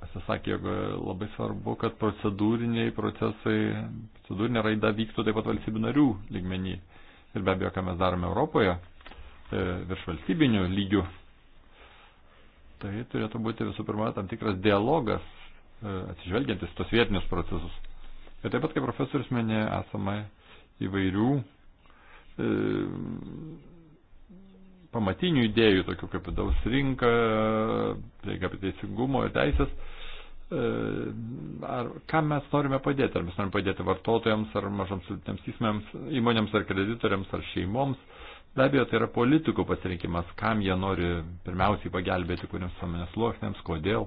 pasisakė, jog labai svarbu, kad procedūriniai procesai, procedūrinė raida vyktų taip pat valstybių narių lygmenį. Ir be abejo, ką mes darome Europoje, e, virš valstybinių lygių, tai turėtų būti visų pirma tam tikras dialogas e, atsižvelgiantis tos vietinius procesus. Ir taip pat, kaip profesorius minėjo, esame įvairių e, pamatinių idėjų, tokių kaip vidaus rinka, reikia apie teisingumo ir teisės. E, ar kam mes norime padėti? Ar mes norime padėti vartotojams, ar mažoms silpnėms įmonėms, ar kreditoriams, ar šeimoms? Be abejo, tai yra politikų pasirinkimas, kam jie nori pirmiausiai pagelbėti kuriems visuomenės sluoksnėms, kodėl.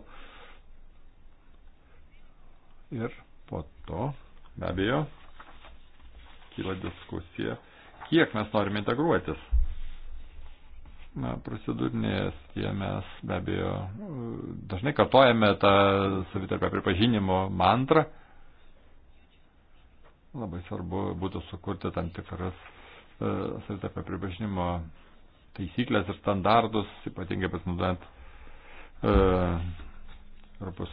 Ir po to, be abejo, kyla diskusija, kiek mes norime integruotis. Na, procedūrinėje srityje mes be abejo dažnai kartojame tą savitarpę pripažinimo mantrą. Labai svarbu būtų sukurti tam tikras E, savitarpio pripažinimo taisyklės ir standartus, ypatingai pasinaudojant e, Europos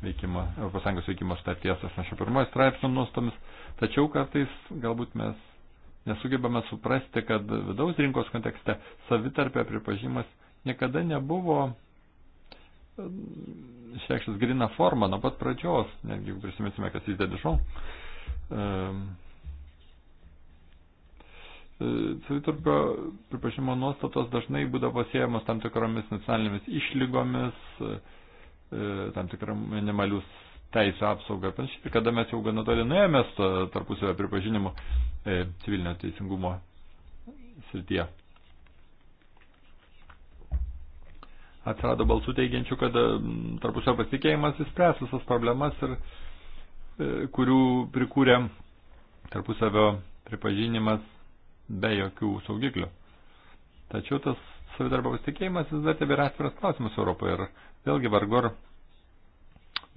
veikimo, Europos Sąjungos veikimo starties 81 straipsnio nuostomis, tačiau kartais galbūt mes nesugebame suprasti, kad vidaus rinkos kontekste savitarpio pripažinimas niekada nebuvo e, išreikštas grina forma nuo pat pradžios, netgi jeigu prisiminsime, kas įdėdė šau. E, Savitarpio pripažimo nuostatos dažnai būdavo siejamos tam tikromis nacionalinėmis išlygomis, e, tam tikram minimalius teisų apsaugą ir panašiai. Ir kada mes jau gana toli nuėjome su tarpusavio pripažinimu e, civilinio teisingumo srityje. Atsirado balsų teigiančių, kad tarpusavio pasitikėjimas įspręs visas problemas ir e, kurių prikūrė tarpusavio pripažinimas be jokių saugiklių. Tačiau tas savidarbo pasitikėjimas vis dar tebėra atviras klausimas Europoje ir vėlgi vargu ar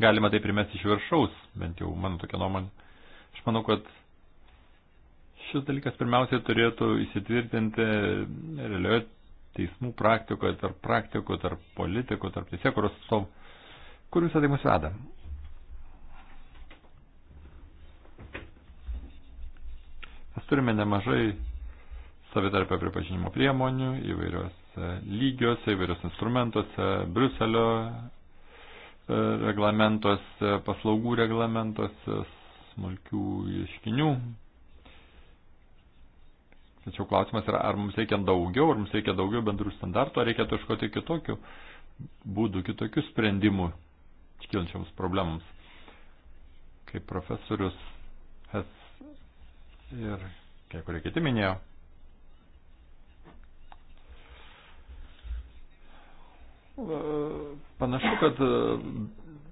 galima tai primesti iš viršaus, bent jau mano tokia nuomonė. Aš manau, kad šis dalykas pirmiausiai turėtų įsitvirtinti realioje teismų praktikoje, tarp praktikų, tarp politikų, tarp teisėkuros atstovų. Kur visą tai mus veda? Mes turime nemažai savitarpio pripažinimo priemonių įvairiuose lygiuose, įvairiuose instrumentuose, Bruselio e, reglamentuose, paslaugų reglamentuose, smulkių ieškinių. Tačiau klausimas yra, ar mums reikia daugiau, ar mums reikia daugiau bendrų standartų, ar reikėtų iškoti kitokių būdų, kitokių sprendimų iškilančiams problemams. Kaip profesorius Hes ir kai kurie kiti minėjo, Panašu, kad e,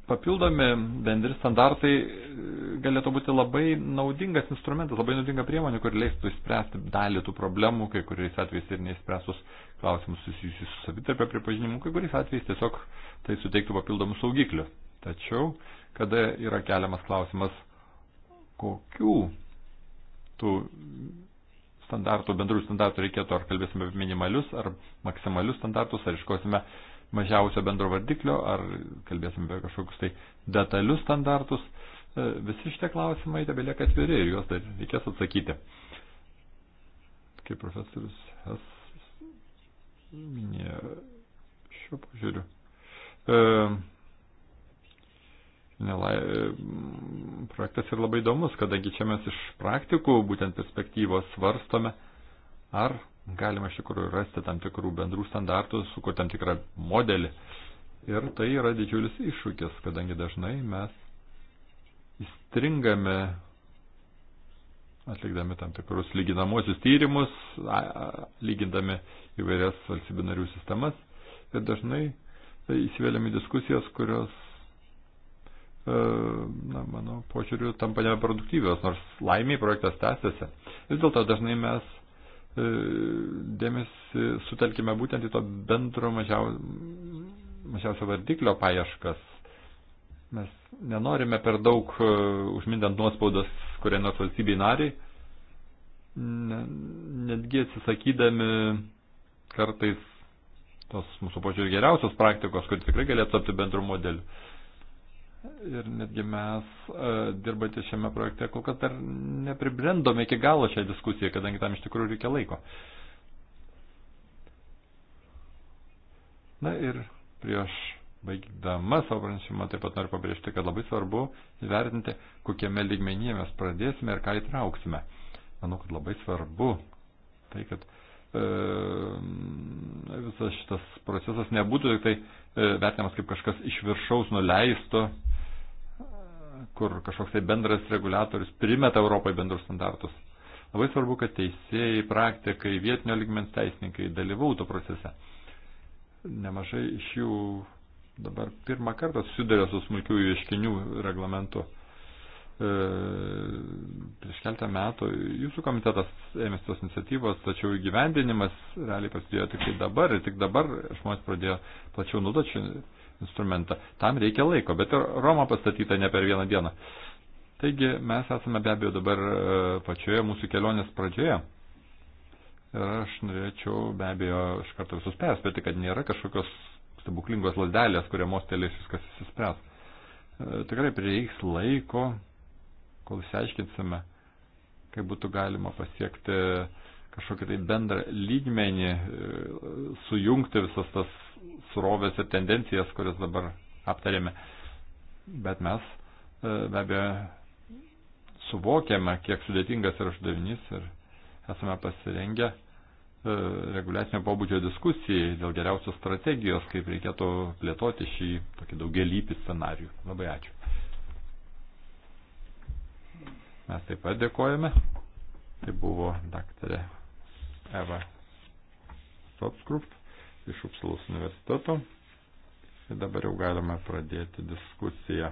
papildomi bendri standartai e, galėtų būti labai naudingas instrumentas, labai naudinga priemonė, kuri leistų išspręsti dalį tų problemų, kai kuriais atvejais ir neįspręstus klausimus susijusius su savitarpio pripažinimu, kai kuriais atvejais tiesiog tai suteiktų papildomų saugiklių. Tačiau, kada yra keliamas klausimas, kokių tų standartų, bendrų standartų reikėtų, ar kalbėsime apie minimalius, ar maksimalius standartus, ar iškosime uh, mažiausio bendro vardiklio, ar kalbėsim apie kažkokius tai detalius standartus. E, visi šitie klausimai tebelieka atviri ir juos dar reikės atsakyti. Kaip profesorius S. minėjo šiuo požiūriu. E, Nelai, e, projektas ir labai įdomus, kadangi čia mes iš praktikų būtent perspektyvos svarstome, ar galima iš tikrųjų rasti tam tikrų bendrų standartų, sukurti tam tikrą modelį. Ir tai yra didžiulis iššūkis, kadangi dažnai mes įstringame atlikdami tam tikrus lyginamosius tyrimus, lygindami įvairias valstybių narių sistemas ir dažnai tai įsivėlėme diskusijas, kurios, e, na, mano požiūriu, tampa neproduktyvios, nors laimiai projektas tęsiasi. Vis dėlto dažnai mes E, dėmesį sutelkime būtent į to bendro mažiau, mažiausio vardiklio paieškas. Mes nenorime per daug e, užmindant nuospaudas kurie nors valstybei nariai, netgi atsisakydami kartais tos mūsų požiūrį geriausios praktikos, kur tikrai galėtų tapti bendru modeliu. Ir netgi mes, e, dirbantys šiame projekte, kol kas dar nepribrendome iki galo šią diskusiją, kadangi tam iš tikrųjų reikia laiko. Na ir prieš baigdama savo pranešimą taip pat noriu pabrėžti, kad labai svarbu įvertinti, kokiame lygmenyje mes pradėsime ir ką įtrauksime. Manau, kad labai svarbu tai, kad e, visas šitas procesas nebūtų tik tai e, vertinamas kaip kažkas iš viršaus nuleisto kur kažkoks tai bendras reguliatorius primeta Europai bendrus standartus. Labai svarbu, kad teisėjai, praktikai, vietinio ligmens teisininkai dalyvautų procese. Nemažai iš jų dabar pirmą kartą susiduria su smulkiųjų ieškinių reglamentu. E, prieš keltą metų jūsų komitetas ėmėsi tos iniciatyvos, tačiau įgyvendinimas realiai prasidėjo tik tai dabar ir tik dabar žmonės pradėjo plačiau nudačių instrumentą. Tam reikia laiko, bet ir Roma pastatyta ne per vieną dieną. Taigi mes esame be abejo dabar e, pačioje mūsų kelionės pradžioje. Ir aš norėčiau be abejo iš karto visus perspėti, kad nėra kažkokios stebuklingos lasdelės, kurie mostelės viskas įsispręs. E, tikrai prireiks laiko, kol išsiaiškinsime, kaip būtų galima pasiekti kažkokį tai bendrą lygmenį, e, sujungti visas tas surovės ir tendencijas, kurias dabar aptarėme. Bet mes e, be abejo suvokiame, kiek sudėtingas yra uždavinys ir esame pasirengę e, reguliacinio pobūdžio diskusijai dėl geriausios strategijos, kaip reikėtų plėtoti šį tokį daugelįpį scenarių. Labai ačiū. Mes taip pat dėkojame. Tai buvo daktarė Eva Sopskrup iš Upsalos universiteto. Ir dabar jau galime pradėti diskusiją.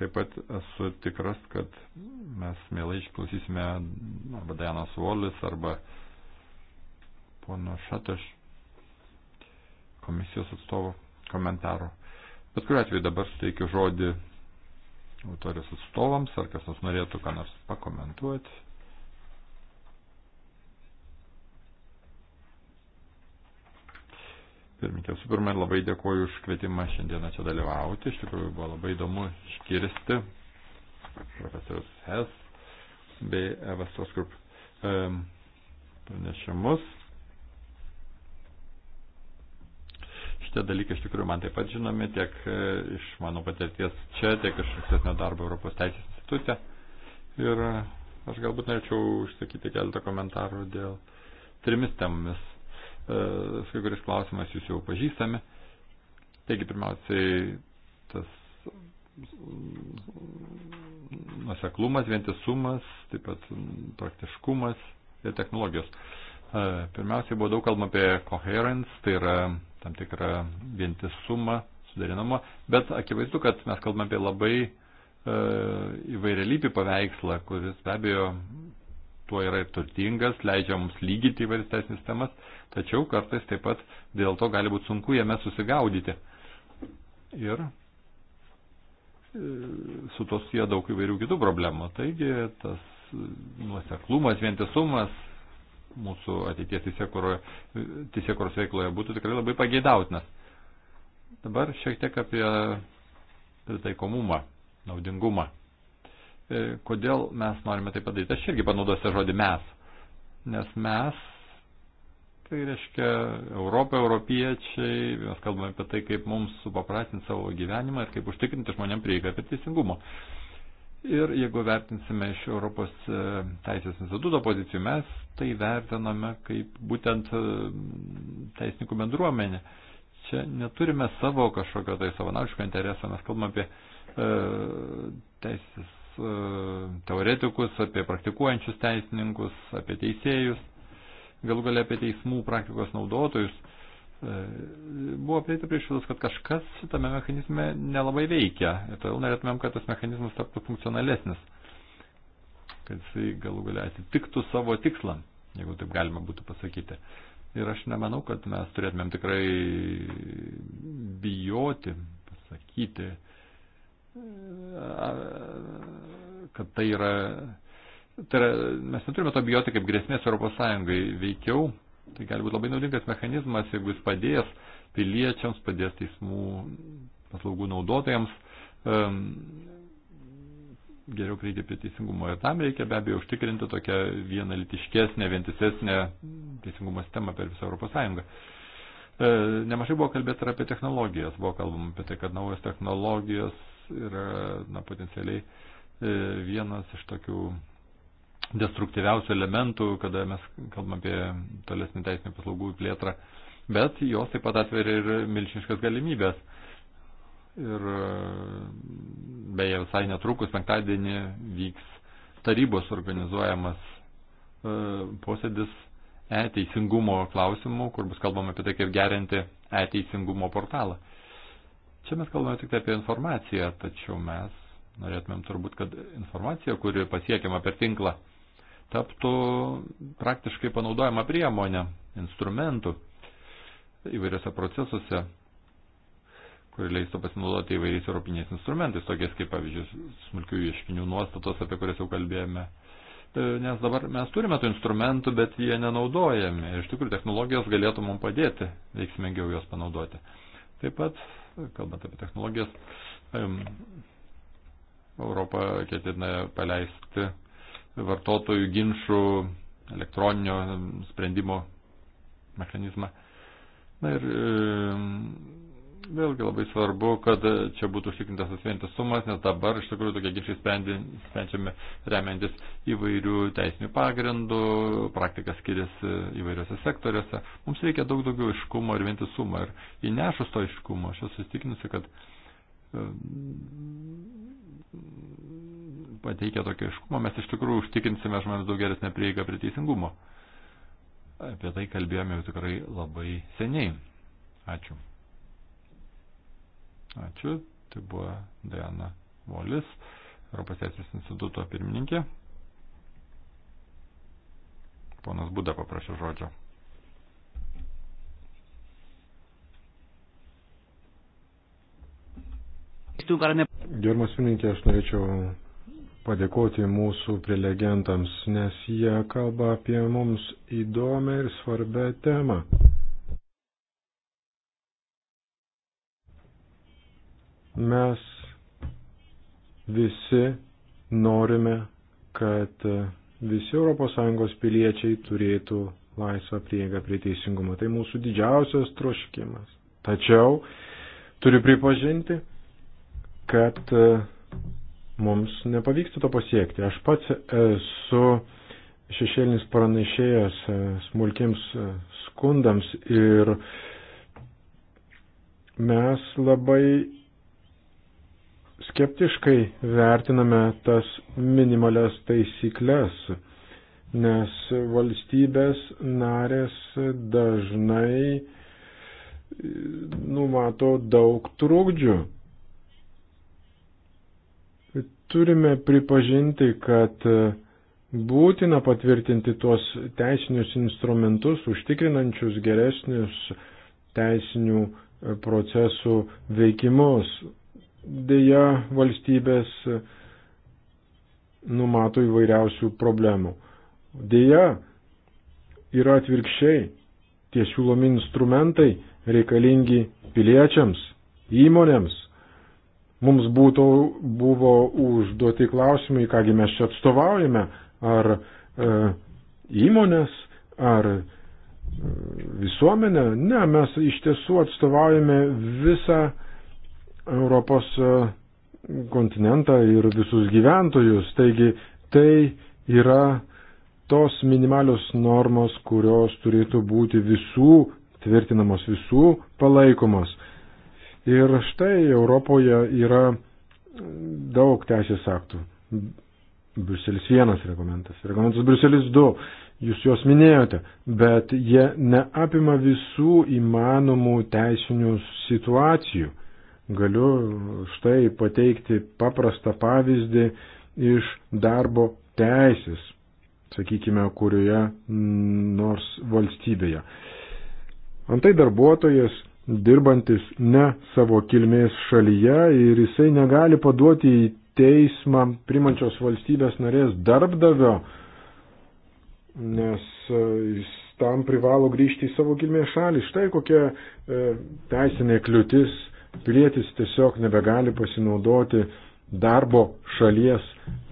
Taip pat esu tikras, kad mes mielai išklausysime arba Dajanas Volis arba pono Šataš komisijos atstovo komentaro. Bet kuriuo atveju dabar suteikiu žodį autorijos atstovams, ar kas nors norėtų ką nors pakomentuoti. pirmininkė. Su pirma, labai dėkuoju už kvietimą šiandieną čia dalyvauti. Iš tikrųjų buvo labai įdomu iškirsti profesorius Hes bei Evastos Group pranešimus. Šitie dalykai iš tikrųjų man taip pat žinomi tiek e, iš mano patirties čia, tiek iš ankstesnio darbo Europos teisės institute. Ir e, aš galbūt norėčiau užsakyti keletą komentarų dėl trimis temomis E, su kai kuriais klausimais jūs jau pažįstami. Taigi, pirmiausiai, tas nuseklumas, vientisumas, taip pat praktiškumas ir technologijos. E, pirmiausiai buvo daug kalbama apie coherence, tai yra tam tikrą vientisumą, suderinamą, bet akivaizdu, kad mes kalbame apie labai e, įvairialypį paveikslą, kuris be abejo tuo yra ir turtingas, leidžia mums lygyti įvairias teisinės temas, tačiau kartais taip pat dėl to gali būti sunku jame susigaudyti. Ir e, su to susiję daug įvairių kitų problemų. Taigi tas e, nuoseklumas, vientisumas mūsų ateities e, teisėkuros veikloje būtų tikrai labai pageidautinas. Dabar šiek tiek apie pritaikomumą, naudingumą. E, kodėl mes norime tai padaryti. Aš irgi panaudosiu žodį mes, nes mes, tai reiškia Europą, europiečiai, mes kalbame apie tai, kaip mums supapratinti savo gyvenimą ir kaip užtikrinti žmonėm prieigą apie teisingumą. Ir jeigu vertinsime iš Europos e, teisės instituto pozicijų, mes tai vertiname kaip būtent e, teisininkų bendruomenė. Čia neturime savo kažkokio tai savanoriško intereso, mes kalbame apie e, teisės E, teoretikus, apie praktikuojančius teisininkus, apie teisėjus, galų galia apie teismų praktikos naudotojus. E, buvo prieita prie išvados, kad kažkas šitame mechanizme nelabai veikia ir todėl norėtumėm, kad tas mechanizmas taptų funkcionalesnis, kad jisai galų galia atitiktų savo tikslą, jeigu taip galima būtų pasakyti. Ir aš nemanau, kad mes turėtumėm tikrai bijoti, pasakyti, kad tai yra, tai yra mes neturime to bijoti kaip grėsmės Europos Sąjungai veikiau, tai gali būti labai naudingas mechanizmas, jeigu jis padės piliečiams, padės teismų paslaugų naudotojams um, geriau kreiti prie teisingumo. Ir tam reikia be abejo užtikrinti tokią vienalitiškesnę, vientisesnę teisingumo sistemą per visą Europos Sąjungą. Ehm, nemažai buvo kalbėta apie technologijas, buvo kalbama apie tai, kad naujos technologijos yra na, potencialiai e, vienas iš tokių destruktyviausių elementų, kada mes kalbam apie tolesnį teisinių paslaugų plėtrą, bet jos taip pat atveria ir milšiniškas galimybės. Ir e, beje, visai netrukus penktadienį vyks tarybos organizuojamas e, posėdis e-teisingumo klausimų, kur bus kalbama apie tai, kaip gerinti e-teisingumo portalą. Čia mes kalbame tik apie informaciją, tačiau mes norėtumėm turbūt, kad informacija, kuri pasiekiama per tinklą, taptų praktiškai panaudojama priemonė, instrumentų įvairiose procesuose, kuri leistų pasinaudoti įvairiais europiniais instrumentais, tokiais kaip, pavyzdžiui, smulkių ieškinių nuostatos, apie kurias jau kalbėjome. E, nes dabar mes turime tų instrumentų, bet jie nenaudojami. Iš tikrųjų, technologijos galėtų mums padėti veiksmingiau juos panaudoti. Taip pat kalbant apie technologijas. Europą ketina paleisti vartotojų ginčių elektroninio sprendimo mechanizmą. Na ir vėlgi labai svarbu, kad čia būtų užtikrintas asvientisumas, nes dabar iš tikrųjų tokie ginčiai sprendžiami remiantis įvairių teisinių pagrindų, praktika skiriasi įvairiose sektoriuose. Mums reikia daug daugiau iškumo ir vientisumo ir įnešus to iškumo, aš esu įstikinusi, kad pateikia tokio iškumo, mes iš tikrųjų užtikrinsime žmonėms daug geresnę prieigą prie teisingumo. Apie tai kalbėjome jau tikrai labai seniai. Ačiū. Ačiū. Tai buvo Diana Volis, Europos teisės instituto pirmininkė. Ponas Buda paprašė žodžio. Gerbiamas pirmininkė, aš norėčiau padėkoti mūsų prelegentams, nes jie kalba apie mums įdomią ir svarbę temą. Mes visi norime, kad visi ES piliečiai turėtų laisvą prieigą prie teisingumo. Tai mūsų didžiausias troškimas. Tačiau turiu pripažinti, kad e, mums nepavyksta to pasiekti. Aš pats esu šešėlinis pranešėjas e, smulkiams e, skundams ir mes labai skeptiškai vertiname tas minimalias taisyklės, nes valstybės narės dažnai e, numato daug trūkdžių. Turime pripažinti, kad e, būtina patvirtinti tuos teisinius instrumentus, užtikrinančius geresnius teisinių e, procesų veikimus, dėja valstybės numato įvairiausių problemų. Dėja yra atvirkščiai, tie siūlomi instrumentai reikalingi piliečiams, įmonėms. Mums būtų, buvo užduoti klausimai, kągi mes čia atstovaujame, ar e, įmonės, ar e, visuomenę. Ne, mes iš tiesų atstovaujame visą e, Europos e, kontinentą ir visus gyventojus. Taigi tai yra tos minimalios normos, kurios turėtų būti visų tvirtinamos, visų palaikomos. Ir štai Europoje yra daug teisės aktų. Bruselis 1 reglamentas, reglamentas Bruselis 2, jūs juos minėjote, bet jie neapima visų įmanomų teisinių situacijų. Galiu štai pateikti paprastą pavyzdį iš darbo teisės, sakykime, kurioje nors valstybėje. Antai darbuotojas dirbantis ne savo kilmės šalyje ir jisai negali paduoti į teismą primančios valstybės narės darbdavio, nes e, jis tam privalo grįžti į savo kilmės šalį. Štai kokia e, teisinė kliūtis pilietis tiesiog nebegali pasinaudoti darbo šalies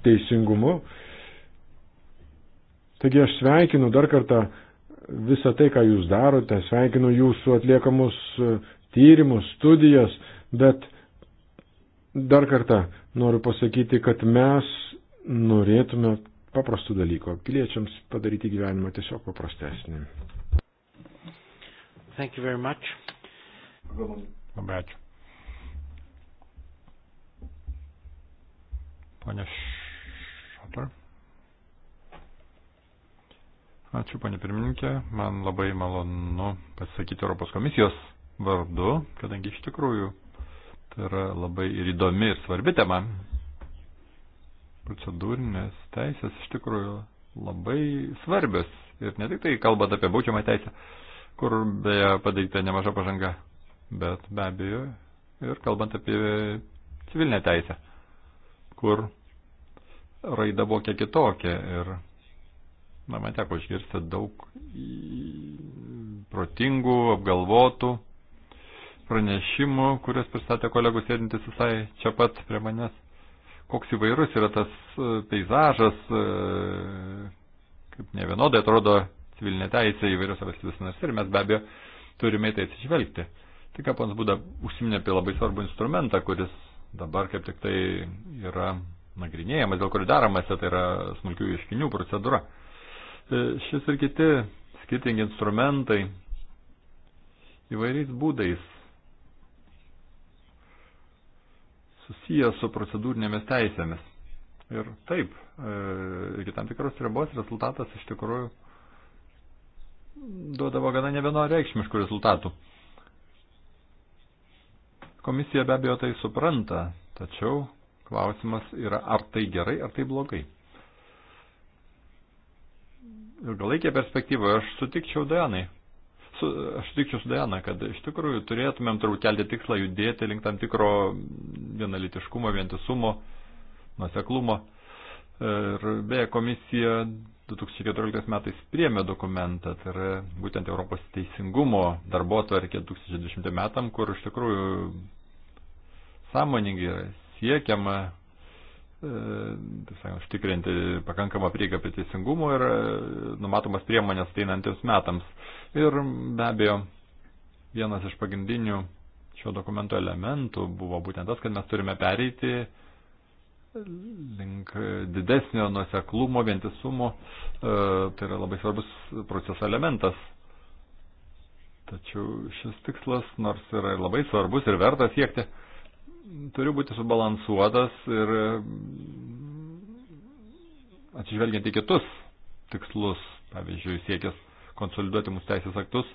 teisingumu. Taigi aš sveikinu dar kartą visą tai, ką jūs darote, sveikinu jūsų atliekamus e, tyrimus, studijas, bet dar kartą noriu pasakyti, kad mes norėtume paprastų dalykų, piliečiams padaryti gyvenimą tiesiog paprastesnį. Thank you very much. Labai ačiū. Pone Šopar. Ačiū, ponė pirmininkė. Man labai malonu pasakyti Europos komisijos vardu, kadangi iš tikrųjų tai yra labai ir įdomi ir svarbi tema. Procedūrinės teisės iš tikrųjų labai svarbios ir ne tik tai kalbant apie baudžiamą teisę, kur beje padaryta nemaža pažanga, bet be abejo ir kalbant apie civilinę teisę kur raida buvo kiek kitokia ir na, man teko išgirsti daug protingų, apgalvotų pranešimų, kurias pristatė kolegų sėdintis visai čia pat prie manęs. Koks įvairus yra tas e, peizažas, e, kaip ne vienodai atrodo civilinė teisė įvairiose valstybės narėse ir mes be abejo turime į tai atsižvelgti. Tik ką pons būda užsiminė apie labai svarbų instrumentą, kuris dabar kaip tik tai yra nagrinėjama, dėl kurių daromasi, tai yra smulkių ieškinių procedūra. E, šis ir kiti skirtingi instrumentai įvairiais būdais susijęs su procedūrinėmis teisėmis. Ir taip, e, iki tam tikros ribos rezultatas iš tikrųjų duodavo gana nevienoreikšmiškų rezultatų. Komisija be abejo tai supranta, tačiau klausimas yra, ar tai gerai, ar tai blogai. Ilgalaikė perspektyvoje aš sutikčiau Dajanai. Su, aš sutikčiau su Dajana, kad iš tikrųjų turėtumėm turbūt kelti tikslą judėti link tam tikro vienalitiškumo, vientisumo, nuseklumo. Ir beje, komisija 2014 metais priemė dokumentą, tai yra būtent Europos teisingumo darbo atvarkė 2020 metam, kur iš tikrųjų sąmoningai yra siekiama e, užtikrinti pakankamą prieigą prie teisingumo ir e, numatomas priemonės teinantiems metams. Ir be abejo, vienas iš pagrindinių šio dokumento elementų buvo būtent tas, kad mes turime pereiti link didesnio nuseklumo, vientisumo. E, tai yra labai svarbus proceso elementas. Tačiau šis tikslas, nors yra labai svarbus ir verta siekti, turi būti subalansuotas ir atsižvelgiant į kitus tikslus, pavyzdžiui, siekis konsoliduoti mūsų teisės aktus,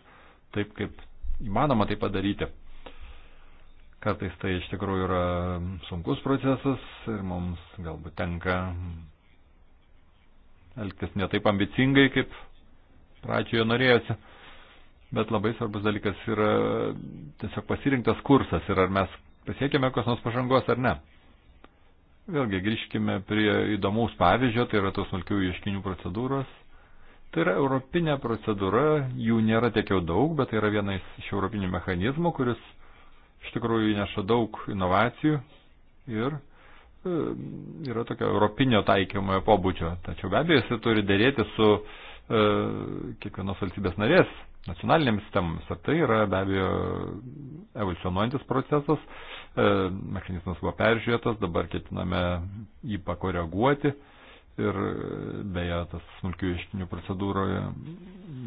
taip kaip įmanoma tai padaryti. Kartais tai iš tikrųjų yra sunkus procesas ir mums galbūt tenka elgtis netaip ambicingai, kaip pradžioje norėjosi. Bet labai svarbus dalykas yra tiesiog pasirinktas kursas ir ar mes pasiekėme kos nors pažangos ar ne. Vėlgi grįžkime prie įdomaus pavyzdžio, tai yra tos smulkių ieškinių procedūros. Tai yra europinė procedūra, jų nėra tiek jau daug, bet tai yra viena iš europinių mechanizmų, kuris iš tikrųjų neša daug inovacijų ir e, yra tokio europinio taikymojo pobūdžio. Tačiau be abejo, jis turi dėrėti su e, kiekvienos valstybės narės nacionalinėms sistemomis. Ir tai yra be abejo evoliucionuojantis procesas, e, mechanizmas buvo peržiūrėtas, dabar ketiname jį pakoreguoti. Ir e, beje, tas smulkių ištinių procedūroje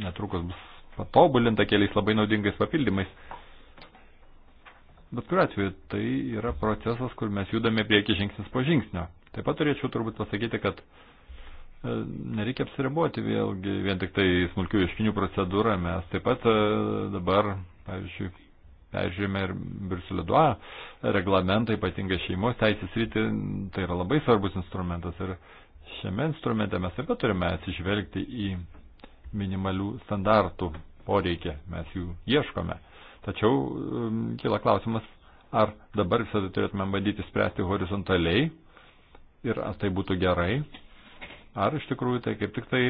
netrukus bus patobulinta keliais labai naudingais papildymais. Bet kuriu atveju tai yra procesas, kur mes judame prieki žingsnis po žingsnio. Taip pat turėčiau turbūt pasakyti, kad e, nereikia apsiriboti vėlgi vien tik tai smulkių iškinių procedūrą. Mes taip pat e, dabar, pavyzdžiui, peržiūrime ir Briuselio 2 reglamentą, ypatingai šeimos teisės rytį, tai yra labai svarbus instrumentas. Ir šiame instrumente mes taip pat turime atsižvelgti į minimalių standartų poreikia, mes jų ieškome. Tačiau um, kyla klausimas, ar dabar visada turėtume bandyti spręsti horizontaliai ir ar tai būtų gerai, ar iš tikrųjų tai kaip tik tai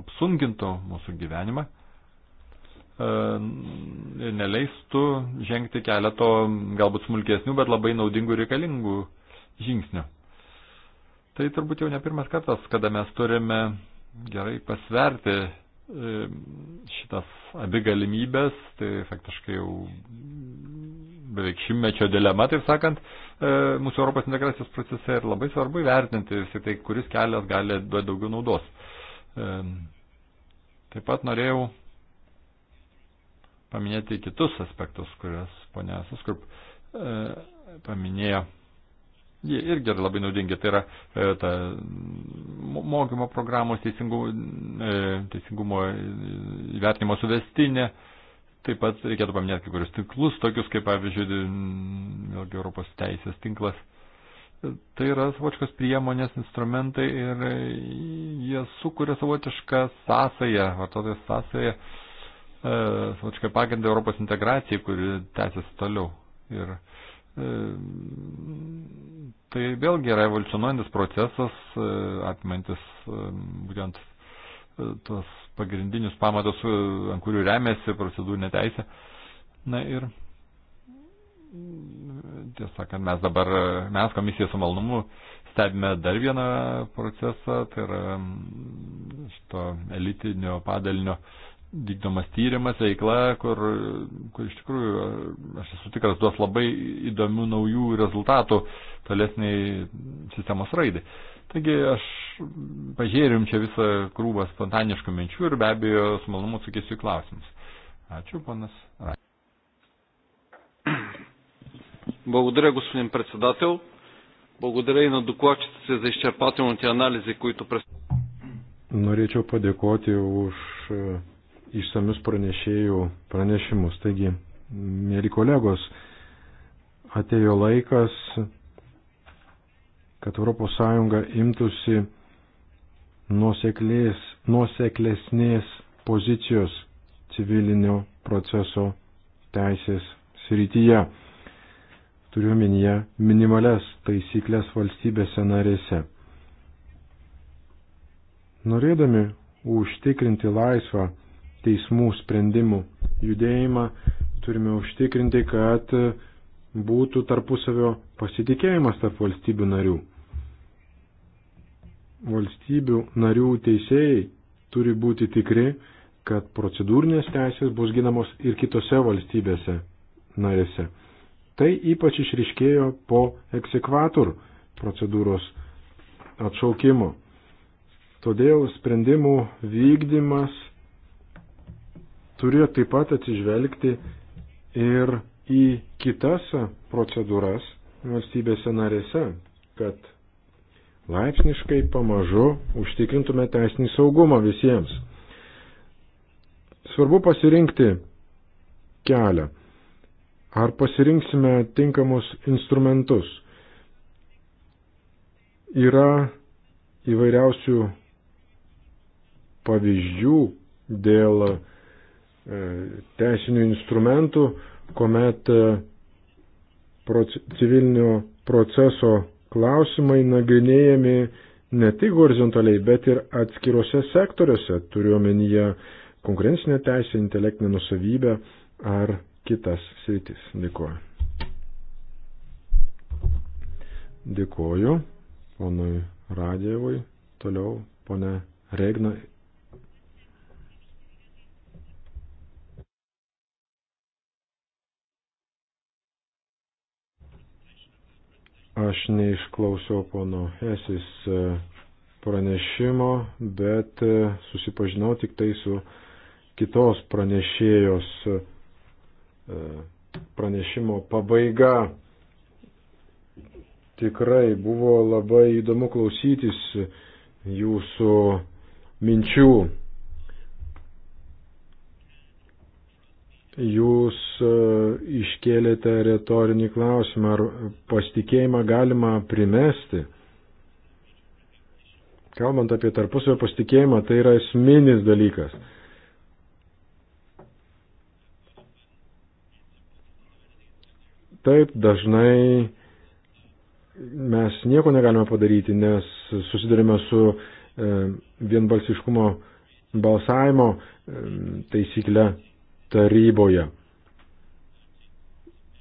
apsunkintų mūsų gyvenimą ir e, neleistų žengti keleto galbūt smulkesnių, bet labai naudingų ir reikalingų žingsnių. Tai turbūt jau ne pirmas kartas, kada mes turime gerai pasverti Ehm, šitas abi galimybės, tai faktiškai jau beveik šimmečio dilema, taip sakant, ehm, mūsų Europos integracijos procese ir labai svarbu įvertinti visai tai, kuris kelias gali duoti daugiau naudos. Ehm, taip pat norėjau paminėti kitus aspektus, kurias ponia Suskurp paminėjo. Jie irgi yra labai naudingi. Tai yra e, ta mokymo programos, teisingumo, e, teisingumo įvertinimo suvestinė. Taip pat reikėtų paminėti kai kurios tinklus, tokius kaip, pavyzdžiui, vėlgi Europos teisės tinklas. Tai yra savotiškos priemonės, instrumentai ir jie sukuria savotišką sąsąją, vartotojas sąsąją, e, savotišką pagrindą Europos integracijai, kuri tęsiasi toliau. Ir uh, Ehm, tai vėlgi yra evoliucionuojantis procesas, ehm, atmantis ehm, būtent e, tos pagrindinius pamatus, e, ant kurių remiasi procedūrinė teisė. Na ir mm, tiesą sakant, mes dabar, e, mes komisija su malnumu stebime dar vieną procesą, tai yra mm, šito elitinio padalinio uh, vykdomas tyrimas, veikla, kur, kur iš tikrųjų, e, aš esu tikras, duos labai įdomių naujų rezultatų tolesniai sistemos raidai. Taigi aš pažiūrėjom čia visą krūvą spontaniškų minčių ir be abejo su malonumu atsakysiu į klausimus. Ačiū, ponas. Благодаря, господин председател. Благодаря и на докладчиците за изчерпателните анализи, които през... Norėčiau padėkoti už išsamius pranešėjų pranešimus. Taigi, mėly kolegos, atėjo laikas, kad ES imtųsi nuoseklės, nuoseklesnės pozicijos civilinio proceso teisės srityje. Turiu minyje minimales taisyklės valstybėse narėse. Norėdami užtikrinti laisvą teismų sprendimų judėjimą, turime užtikrinti, kad būtų tarpusavio pasitikėjimas tarp valstybių narių. Valstybių narių teisėjai turi būti tikri, kad procedūrinės teisės bus ginamos ir kitose valstybėse narėse. Tai ypač išriškėjo po eksekvatur procedūros atšaukimo. Todėl sprendimų vykdymas turėjo taip pat atsižvelgti ir į kitas procedūras valstybėse narėse, kad laipsniškai pamažu užtikrintume teisinį saugumą visiems. Svarbu pasirinkti kelią. Ar pasirinksime tinkamus instrumentus? Yra įvairiausių pavyzdžių dėl E, teisinių instrumentų, kuomet e, civilinio proceso klausimai nagrinėjami ne tik horizontaliai, bet ir atskiruose sektoriuose, turiuomenyje konkurencinę teisę, intelektinę nusavybę ar kitas sritis. Dėkuoju. Dėkuoju ponui Radėvui, toliau ponė Regna Aš neišklausiau pono Esis e, pranešimo, bet e, susipažinau tik tai su kitos pranešėjos e, pranešimo pabaiga. Tikrai buvo labai įdomu klausytis jūsų minčių. Jūs e, iškėlėte retorinį klausimą, ar pasitikėjimą galima primesti. Kalbant apie tarpusavio pasitikėjimą, tai yra esminis dalykas. Taip, dažnai mes nieko negalime padaryti, nes susidurime su e, vienbalsiškumo balsavimo e, taisyklę taryboje.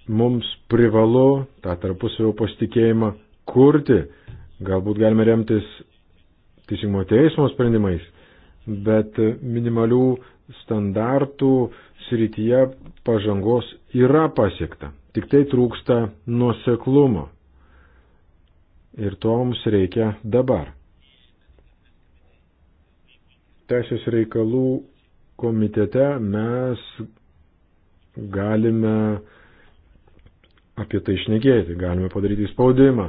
Mums privalu tą tarpusavio pasitikėjimą kurti. Galbūt galime remtis teisingumo teismo sprendimais, bet minimalių standartų srityje pažangos yra pasiekta. Tik tai trūksta nuseklumo. Ir to mums reikia dabar. Teisės reikalų komitete mes galime apie tai šnekėti, galime padaryti spaudimą.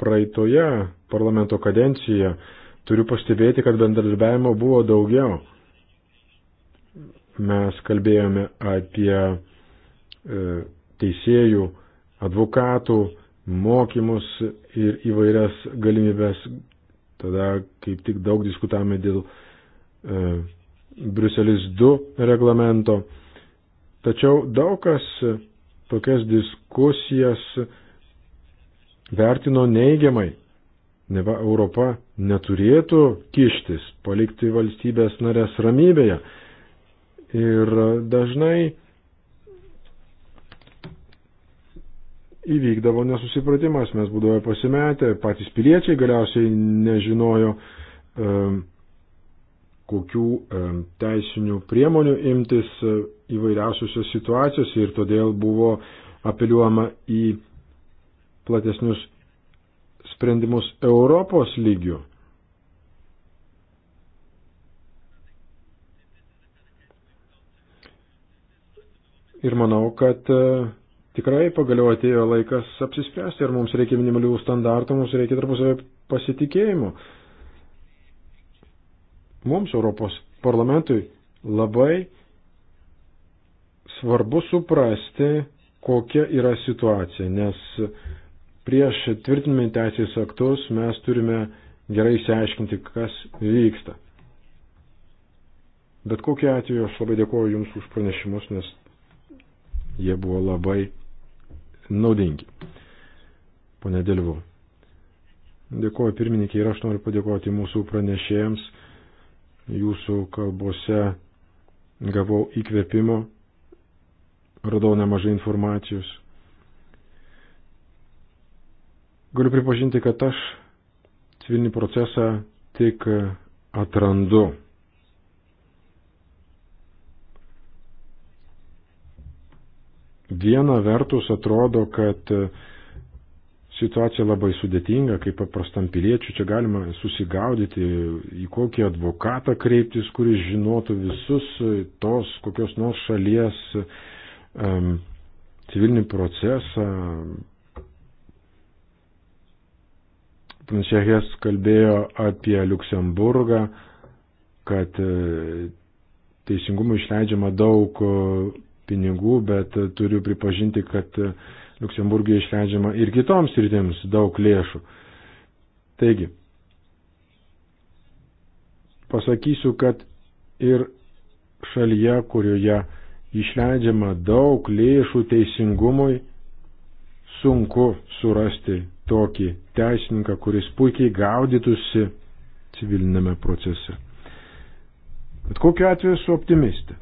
Praeitoje parlamento kadencijoje turiu pastebėti, kad bendradarbiavimo buvo daugiau. Mes kalbėjome apie e, teisėjų, advokatų mokymus ir įvairias galimybės. Tada kaip tik daug diskutavome dėl e, Bruselis 2 reglamento. Tačiau daug kas e, tokias diskusijas vertino neigiamai. Neva Europa neturėtų kištis, palikti valstybės narės ramybėje. Ir dažnai įvykdavo nesusipratimas, mes būdavo pasimetę, patys piliečiai galiausiai nežinojo, kokių teisinių priemonių imtis e, įvairiausiose situacijose ir todėl buvo apeliuojama į platesnius sprendimus Europos lygių. Ir manau, kad e, Tikrai pagaliau atėjo laikas apsispręsti, ar mums reikia minimalių standartų, mums reikia tarpusavio pasitikėjimo. Mums Europos parlamentui labai svarbu suprasti, kokia yra situacija, nes prieš tvirtinimą teisės aktus mes turime gerai išsiaiškinti, kas vyksta. Bet kokiu atveju aš labai dėkuoju Jums už pranešimus, nes jie buvo labai naudingi. Pone Dėlvu. Dėkuoju pirmininkai ir aš noriu padėkoti mūsų pranešėjams. Jūsų kalbose gavau įkvėpimo, radau nemažai informacijos. Galiu pripažinti, kad aš civilinį procesą tik atrandu. Viena vertus atrodo, kad e, situacija labai sudėtinga, kaip paprastam piliečiu čia galima susigaudyti, į kokį advokatą kreiptis, kuris žinotų visus tos kokios nors šalies um, civilinį procesą. Pranšėhės kalbėjo apie Luksemburgą, kad e, teisingumui išleidžiama daug pinigų, bet turiu pripažinti, kad Luksemburgija išleidžiama ir kitoms rytims daug lėšų. Taigi, pasakysiu, kad ir šalyje, kurioje išleidžiama daug lėšų teisingumui, sunku surasti tokį teisininką, kuris puikiai gaudytųsi civilinėme procese. Bet kokiu atveju esu optimistė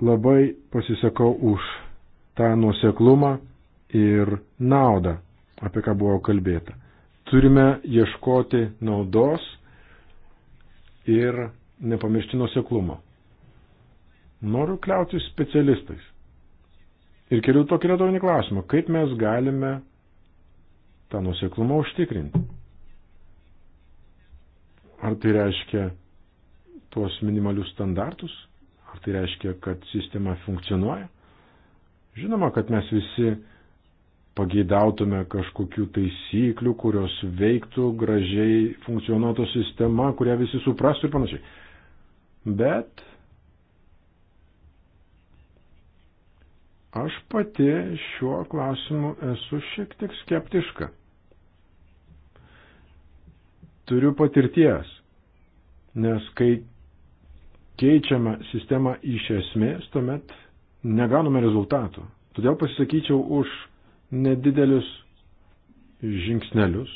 labai pasisakau už tą nuoseklumą ir naudą, apie ką buvo kalbėta. Turime ieškoti naudos ir nepamiršti nuoseklumo. Noriu kliautis specialistais. Ir keliu tokį retorinį klausimą, kaip mes galime tą nuoseklumą užtikrinti. Ar tai reiškia tuos minimalius standartus, Tai reiškia, kad sistema funkcionuoja. Žinoma, kad mes visi pageidautume kažkokių taisyklių, kurios veiktų gražiai funkcionuotų sistema, kurią visi suprastų ir panašiai. Bet aš pati šiuo klausimu esu šiek tiek skeptiška. Turiu patirties, nes kai keičiame sistemą iš esmės, tuomet negauname rezultatų. Todėl pasisakyčiau už nedidelius žingsnelius,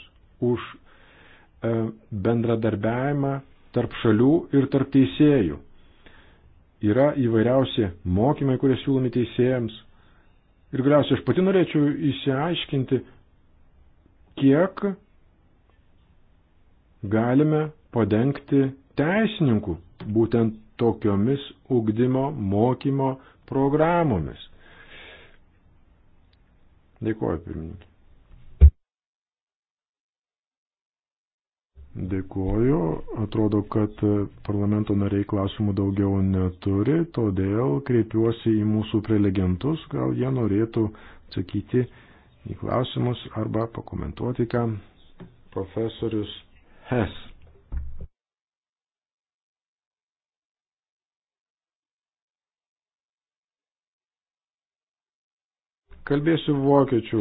už e, bendradarbiavimą tarp šalių ir tarp teisėjų. Yra įvairiausi mokymai, kurie siūlomi teisėjams. Ir galiausiai aš pati norėčiau įsiaiškinti, kiek galime padengti teisininkų būtent tokiomis ugdymo, mokymo programomis. Dėkuoju, pirmininkė. Dėkuoju. Atrodo, kad parlamento nariai klausimų daugiau neturi, todėl kreipiuosi į mūsų prelegentus, gal jie norėtų atsakyti į klausimus arba pakomentuoti, ką profesorius Hess. Kalbėsiu vokiečių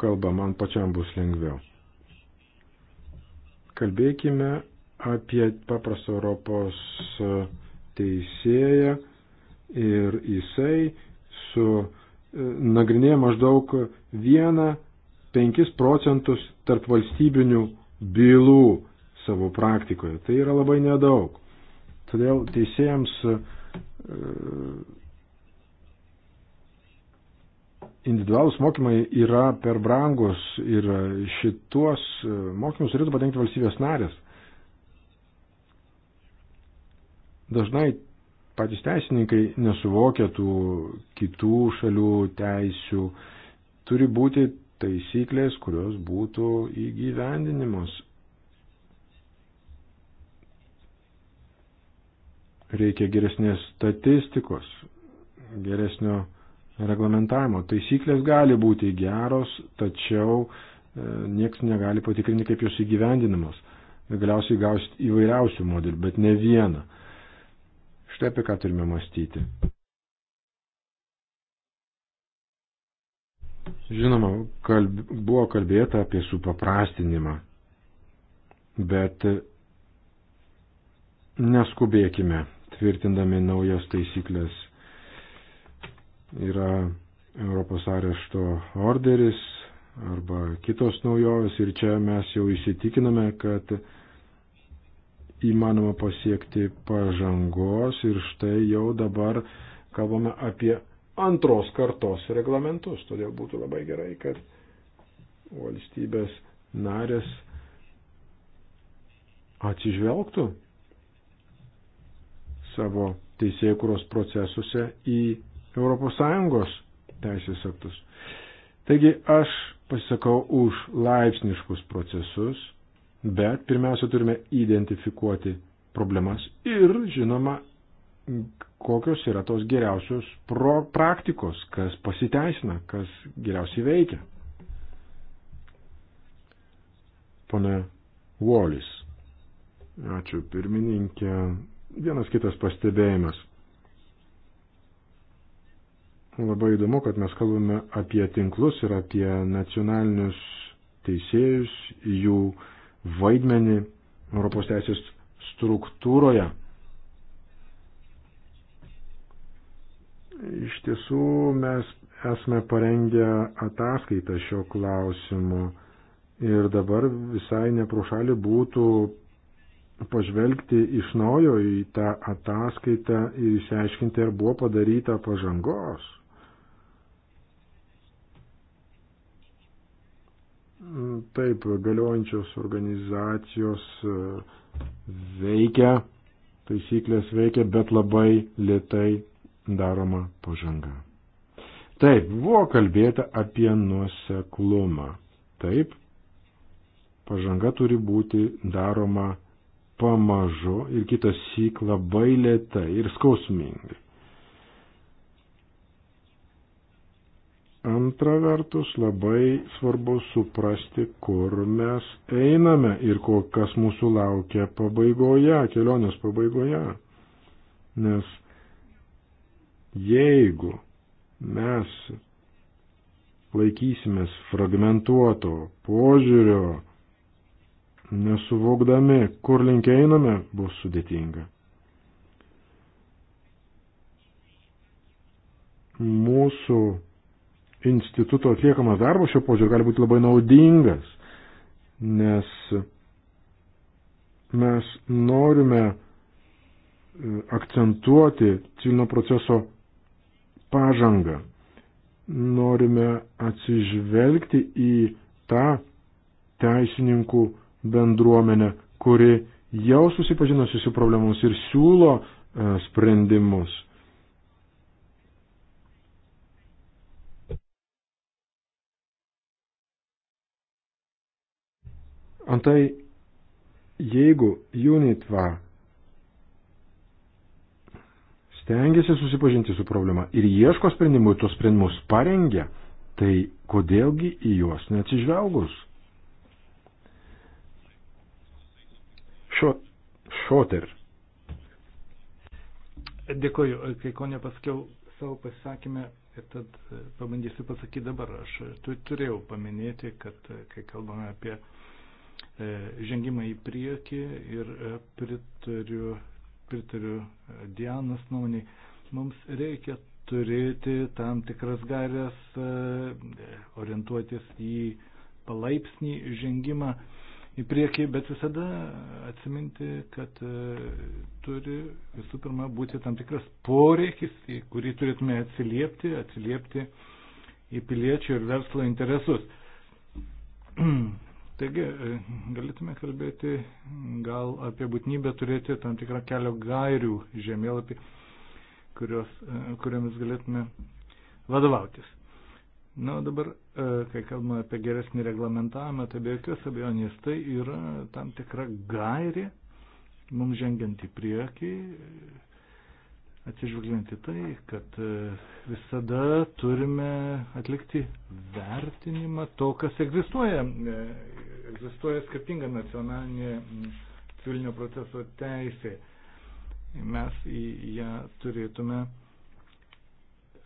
kalbą, man pačiam bus lengviau. Kalbėkime apie paprastą Europos teisėją ir jisai su e, nagrinėja maždaug 1-5 procentus tarp valstybinių bylų savo praktikoje. Tai yra labai nedaug. Todėl teisėjams e, individualūs mokymai yra per brangus ir šituos e, mokymus turėtų padengti valstybės narės. Dažnai patys teisininkai nesuvokia tų kitų šalių teisių. Turi būti taisyklės, kurios būtų įgyvendinimus. Reikia geresnės statistikos, geresnio reglamentavimo. Taisyklės gali būti geros, tačiau e, nieks negali patikrinti, kaip jos įgyvendinamos. Galiausiai gausit įvairiausių modelių, bet ne vieną. Štai apie ką turime mąstyti. Žinoma, kalb, buvo kalbėta apie supaprastinimą, bet neskubėkime tvirtindami naujas taisyklės yra Europos arešto orderis arba kitos naujovės ir čia mes jau įsitikiname, kad įmanoma pasiekti pažangos ir štai jau dabar kalbame apie antros kartos reglamentus. Todėl būtų labai gerai, kad valstybės narės atsižvelgtų savo teisėkuros procesuose į ES teisės aktus. Taigi aš pasisakau už laipsniškus procesus, bet pirmiausia turime identifikuoti problemas ir, žinoma, kokios yra tos geriausios pro praktikos, kas pasiteisina, kas geriausiai veikia. Pone Volis. Ačiū pirmininkė. Vienas kitas pastebėjimas. Labai įdomu, kad mes kalbame apie tinklus ir apie nacionalinius teisėjus, jų vaidmenį Europos teisės struktūroje. Iš tiesų mes esame parengę ataskaitą šio klausimu ir dabar visai neprošalį būtų pažvelgti iš naujo į tą ataskaitą ir išsiaiškinti, ar buvo padaryta pažangos. Taip, galiojančios organizacijos e, veikia, taisyklės veikia, bet labai lietai daroma pažanga. Taip, buvo kalbėta apie nuoseklumą. Taip, pažanga turi būti daroma pamažu ir kitas syk labai lietai ir skausmingai. Antra vertus, labai svarbu suprasti, kur mes einame ir kas mūsų laukia pabaigoje, kelionės pabaigoje. Nes jeigu mes laikysimės fragmentuoto požiūrio, nesuvokdami, kur link einame, bus sudėtinga. Mūsų instituto atliekamas darbas šio požiūrį gali būti labai naudingas, nes mes norime e, akcentuoti civilinio proceso pažangą. Norime atsižvelgti į tą teisininkų bendruomenę, kuri jau susipažinusi su problemus ir siūlo e, sprendimus. Antai, jeigu Unitva stengiasi susipažinti su problema ir ieško sprendimų ir tos sprendimus parengia, tai kodėlgi į juos neatsižvelgus? Šo, šoter. Dėkoju, kai ko nepasakiau savo pasisakymę, tad pabandysiu pasakyti dabar. Aš turėjau paminėti, kad e, kai kalbame apie E, žengimą į priekį ir e, pritariu, pritariu e, Dianos nuomonį. Mums reikia turėti tam tikras galės orientuotis į palaipsnį žengimą į priekį, bet visada atsiminti, kad turi visų pirma būti tam tikras poreikis, į kurį turėtume atsiliepti, atsiliepti į piliečių ir verslo interesus Taigi, e, galėtume kalbėti gal apie būtinybę turėti tam tikrą kelio gairių žemėlapį, kurios, e, kuriomis galėtume vadovautis. Na, dabar, e, kai kalbame apie geresnį reglamentavimą, tai be jokios abejonės tai yra tam tikra gairė mums žengiant į priekį, atsižvelgiant į tai, kad visada turime atlikti vertinimą to, kas egzistuoja egzistuoja skirtinga nacionalinė mm, civilinio proceso teisė. Mes į ją turėtume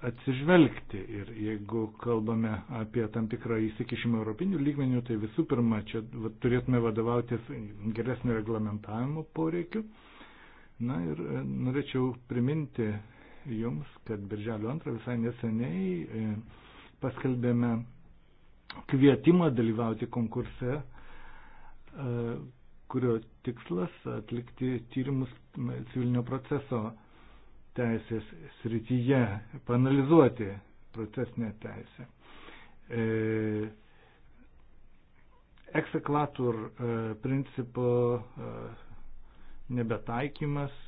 atsižvelgti ir jeigu kalbame apie tam tikrą įsikišimą europinių lygmenių, tai visų pirma, čia turėtume vadovautis geresnio reglamentavimo poreikiu. Na ir e, norėčiau priminti Jums, kad birželio antrą visai neseniai e, paskelbėme kvietimą dalyvauti konkurse E, kurio tikslas atlikti tyrimus civilinio proceso teisės srityje, panalizuoti procesinę teisę. E, ekseklatur e, principo nebetaikymas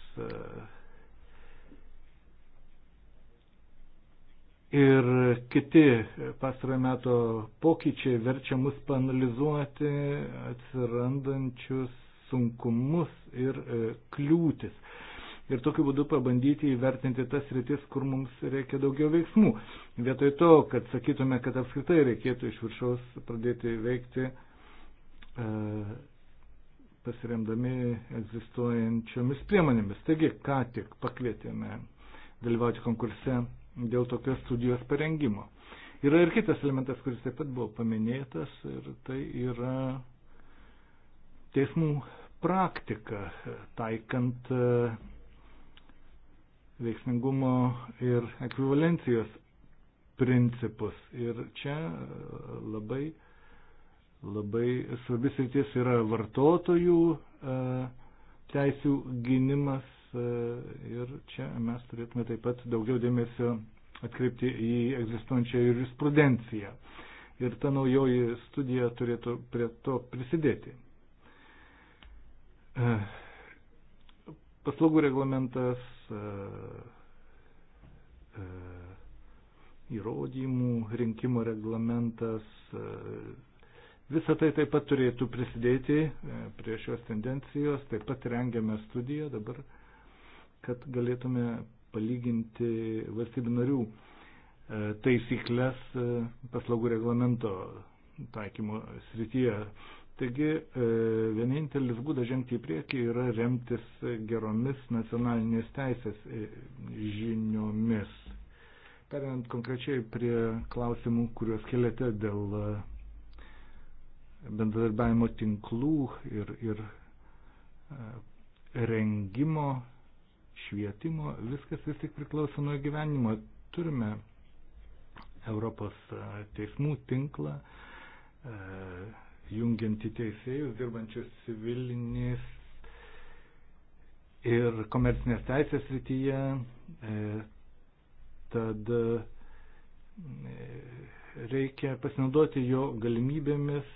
ir kiti pastarojo meto pokyčiai verčia mus panalizuoti atsirandančius sunkumus ir e, kliūtis. Ir tokiu būdu pabandyti įvertinti tas rytis, kur mums reikia daugiau veiksmų. Vietoj to, kad sakytume, kad apskritai reikėtų iš viršaus pradėti veikti e, pasiremdami egzistuojančiomis priemonėmis. Taigi, ką tik pakvietėme dalyvauti konkurse dėl tokios studijos parengimo. Yra ir kitas elementas, kuris taip pat buvo paminėtas, ir tai yra teismų praktika taikant e, veiksmingumo ir ekvivalencijos principus. Ir čia e, labai, labai svarbis rytis yra vartotojų e, teisių gynimas E, ir čia mes turėtume taip pat daugiau dėmesio atkreipti į egzistuojančią jurisprudenciją. Ir ta naujoji studija turėtų prie to prisidėti. E, paslaugų reglamentas, e, įrodymų rinkimo reglamentas, Visą tai taip pat turėtų prisidėti prie šios tendencijos, taip pat rengiame studiją, dabar kad galėtume palyginti valstybių narių e, taisyklės e, paslaugų reglamento taikymo srityje. Taigi e, vienintelis būdas žengti į priekį yra remtis geromis nacionalinės teisės žiniomis. Perinant konkrečiai prie klausimų, kuriuos keliate dėl bendradarbiavimo tinklų ir, ir rengimo švietimo, viskas vis tik priklauso nuo gyvenimo. Turime Europos e, teismų tinklą, e, jungianti teisėjus, dirbančius civilinės ir komercinės teisės rytyje. E, tad reikia pasinaudoti jo galimybėmis.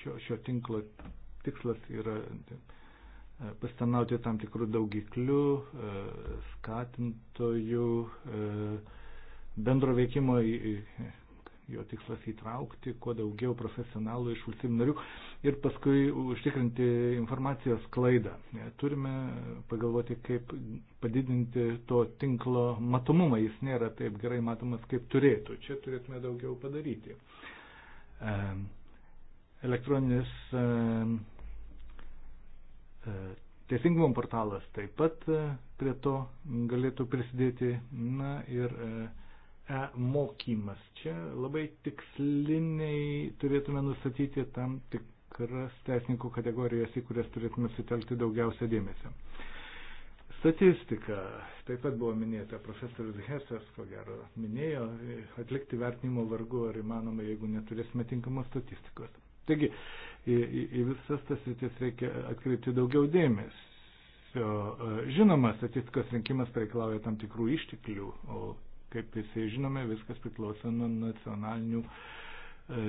Šio, šio tinklo tikslas yra E, pastanauti tam tikrų daugiklių, e, skatintojų, e, bendro veikimo, jo tikslas įtraukti kuo daugiau profesionalų iš valstybių narių ir paskui užtikrinti informacijos klaidą. Turime pagalvoti, kaip padidinti to tinklo matomumą, jis nėra taip gerai matomas, kaip turėtų. Čia turėtume daugiau padaryti. Elektroninis E, Teisingumo portalas taip pat e, prie to galėtų prisidėti. Na ir e, e-mokymas. Čia labai tiksliniai turėtume nustatyti tam tikras teisininkų kategorijas, į kurias turėtume sutelkti daugiausia dėmesio. Statistika. Taip pat buvo minėta, profesorius Hesas, ko gero, minėjo, atlikti vertinimo vargu ar įmanoma, jeigu neturėsime tinkamos statistikos. Taigi, į, į, į visas tas rytis reikia atkreipti daugiau dėmesio. E, žinoma, statistikos rinkimas reikalauja tam tikrų išteklių, o kaip visi žinome, viskas priklauso nuo nacionalinių e,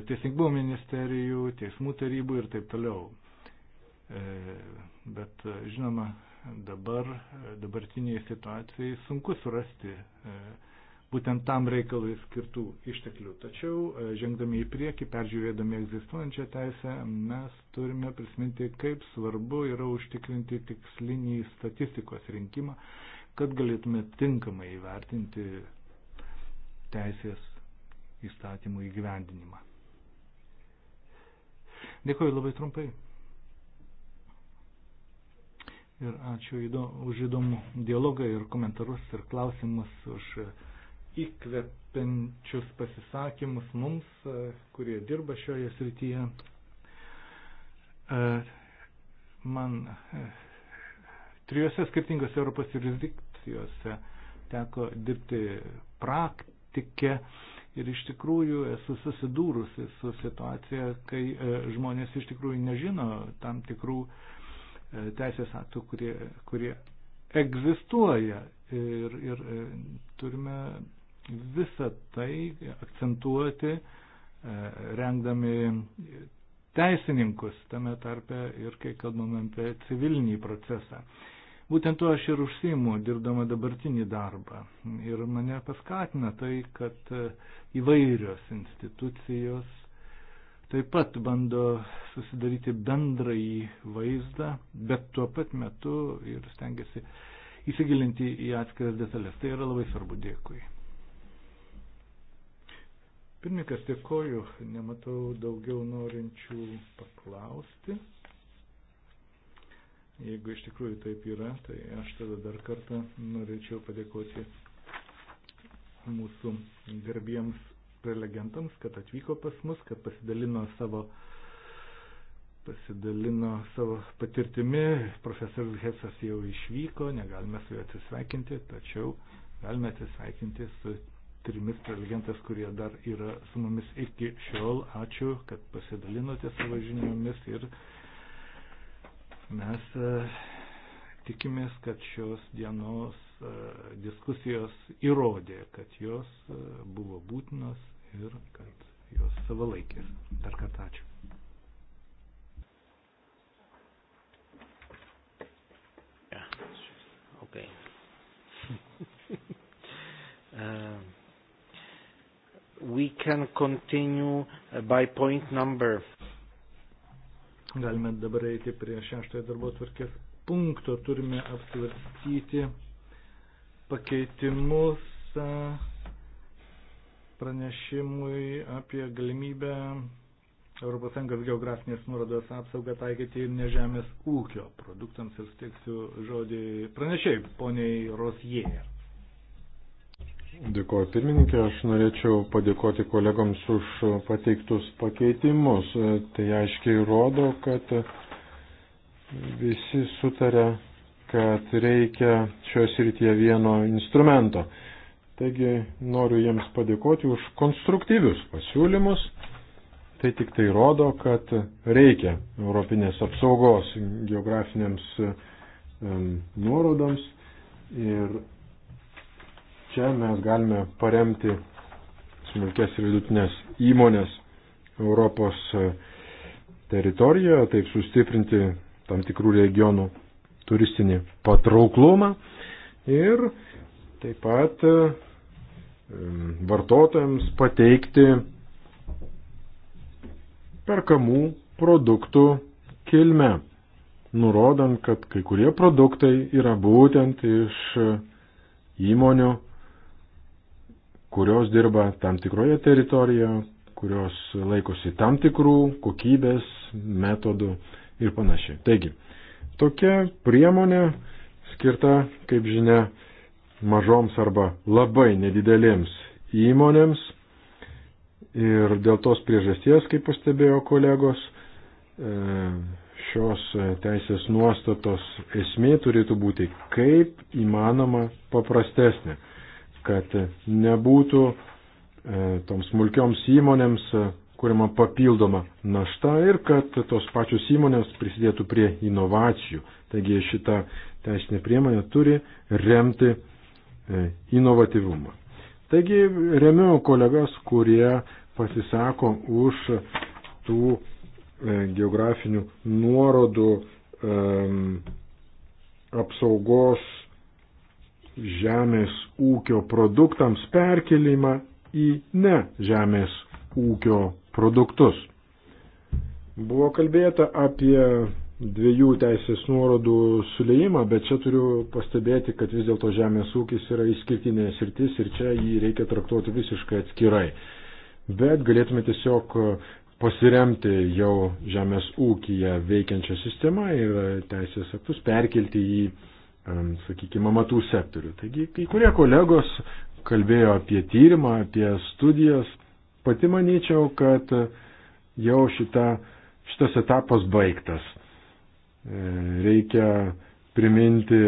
teisingumo ministerijų, teismų tarybų ir taip toliau. E, bet žinoma, dabar, dabartiniai situacijai sunku surasti būtent tam reikalui skirtų išteklių. Tačiau e, žengdami į priekį, peržiūrėdami egzistuojančią teisę, mes turime prisiminti, kaip svarbu yra užtikrinti tikslinį statistikos rinkimą, kad galėtume tinkamai įvertinti teisės įstatymų įgyvendinimą. Dėkuoju labai trumpai. Ir ačiū įdo, už įdomų dialogą ir komentarus ir klausimus už. Uh, įkvepiančius pasisakymus mums, e, kurie dirba šioje srityje. E, man e, trijose skirtingose Europos jurisdikcijose teko dirbti praktikė ir iš tikrųjų esu susidūrusi su situacija, kai žmonės iš tikrųjų nežino tam tikrų teisės aktų, kurie, kurie egzistuoja ir, ir turime visą tai akcentuoti, e, rengdami teisininkus tame tarpe ir kai kalbame apie civilinį procesą. Būtent to aš ir užsimu, dirbdama dabartinį darbą. Ir mane paskatina tai, kad e, įvairios institucijos taip pat bando susidaryti bendrąjį vaizdą, bet tuo pat metu ir stengiasi įsigilinti į atskiras detalės. Tai yra labai svarbu. Dėkui. Pirmininkas, dėkoju, nematau daugiau norinčių paklausti. Jeigu iš tikrųjų taip yra, tai aš tada dar kartą norėčiau padėkoti mūsų garbiems prelegentams, kad atvyko pas mus, kad pasidalino savo, pasidalino savo patirtimi. Profesorius Hesas jau išvyko, negalime su juo atsisveikinti, tačiau galime atsisveikinti su trimis prelegentais, kurie dar yra su mumis iki šiol. Ačiū, kad pasidalinote savo žiniomis ir mes e, tikimės, kad šios dienos e, diskusijos įrodė, kad jos e, buvo būtinos ir kad jos savalaikės. Dar kartą ačiū. Okay. um. we can continue uh, by point number. Galime dabar eiti prie šeštojo darbo tvarkės punkto. Turime apsvarstyti pakeitimus pranešimui apie galimybę ES geografinės nuorodos apsaugą taikyti ir nežemės ūkio produktams ir steiksiu žodį pranešėjai, poniai Rosjėje. Dėkuoju pirmininkė, aš norėčiau padėkoti kolegoms už pateiktus pakeitimus. Tai aiškiai rodo, kad visi sutarė, kad reikia šios rytie vieno instrumento. Taigi noriu jiems padėkoti už konstruktyvius pasiūlymus. Tai tik tai rodo, kad reikia Europinės apsaugos geografinėms um, nuorodams ir Čia mes galime paremti smulkės ir vidutinės įmonės Europos e, teritorijoje, taip sustiprinti tam tikrų regionų turistinį patrauklumą ir taip pat e, vartotojams pateikti perkamų produktų kilmę, nurodant, kad kai kurie produktai yra būtent iš e, įmonių kurios dirba tam tikroje teritorijoje, kurios laikosi tam tikrų kokybės, metodų ir panašiai. Taigi, tokia priemonė skirta, kaip žinia, mažoms arba labai nedidelėms įmonėms ir dėl tos priežasties, kaip pastebėjo kolegos, e, šios teisės nuostatos esmė turėtų būti kaip įmanoma paprastesnė kad nebūtų e, toms smulkioms įmonėms e, kuriama papildoma našta ir kad tos pačios įmonės prisidėtų prie inovacijų. Taigi šita teisinė priemonė turi remti e, inovatyvumą. Taigi remiu kolegas, kurie pasisako už tų e, geografinių nuorodų apsaugos žemės ūkio produktams perkelimą į ne žemės ūkio produktus. Buvo kalbėta apie dviejų teisės nuorodų sulėjimą, bet čia turiu pastebėti, kad vis dėlto žemės ūkis yra išskirtinė sritis ir čia jį reikia traktuoti visiškai atskirai. Bet galėtume tiesiog pasiremti jau žemės ūkiją veikiančią sistemą ir teisės aktus perkelti į sakykime, matų sektorių. Taigi, kai kurie kolegos kalbėjo apie tyrimą, apie studijas, pati manyčiau, kad jau šita, šitas etapas baigtas. E, reikia priminti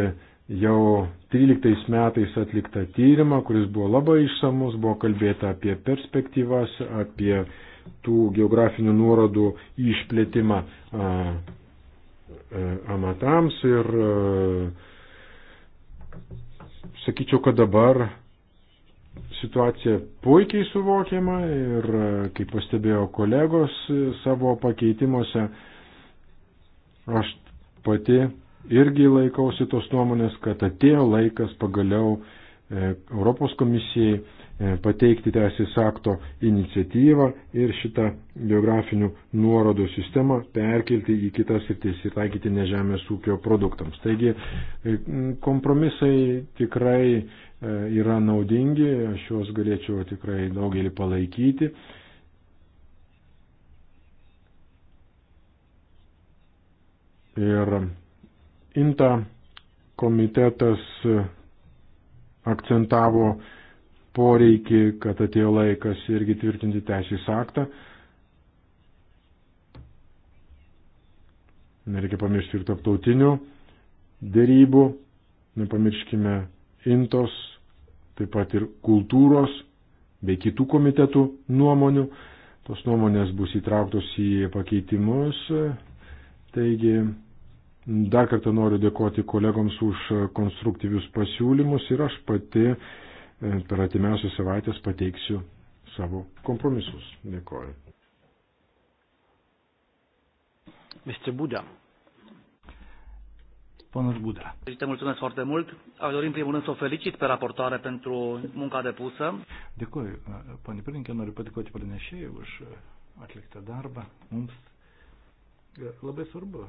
jau 13 metais atliktą tyrimą, kuris buvo labai išsamus, buvo kalbėta apie perspektyvas, apie tų geografinių nuorodų išplėtimą amatams ir a, sakyčiau, kad dabar situacija puikiai suvokiama ir, kaip pastebėjo kolegos savo pakeitimuose, aš pati irgi laikausi tos nuomonės, kad atėjo laikas pagaliau e, Europos komisijai E, pateikti teisės akto iniciatyvą ir šitą geografinių nuorodų sistemą perkelti į kitas ir taikyti nežemės ūkio produktams. Taigi e, kompromisai tikrai e, yra naudingi, aš juos galėčiau tikrai daugelį palaikyti. Ir INTA komitetas akcentavo poreikį, kad atėjo laikas irgi tvirtinti teisės aktą. Nereikia pamiršti ir tarptautinių dėrybų, nepamirškime intos, taip pat ir kultūros bei kitų komitetų nuomonių. Tos nuomonės bus įtrauktos į pakeitimus. Taigi, dar kartą noriu dėkoti kolegoms už konstruktyvius pasiūlymus ir aš pati E, per atimiausias savaitės pateiksiu savo kompromisus. Dėkoju. Mr. Buda. Ponas Buda. Te mulțumesc foarte mult. Aș dori în primul rând să o felicit pe raportoare pentru munca depusă. Dėkoju. E, pane Pirinkė, noriu padėkoti pranešėjai už e, atliktą darbą. Mums labai svarbu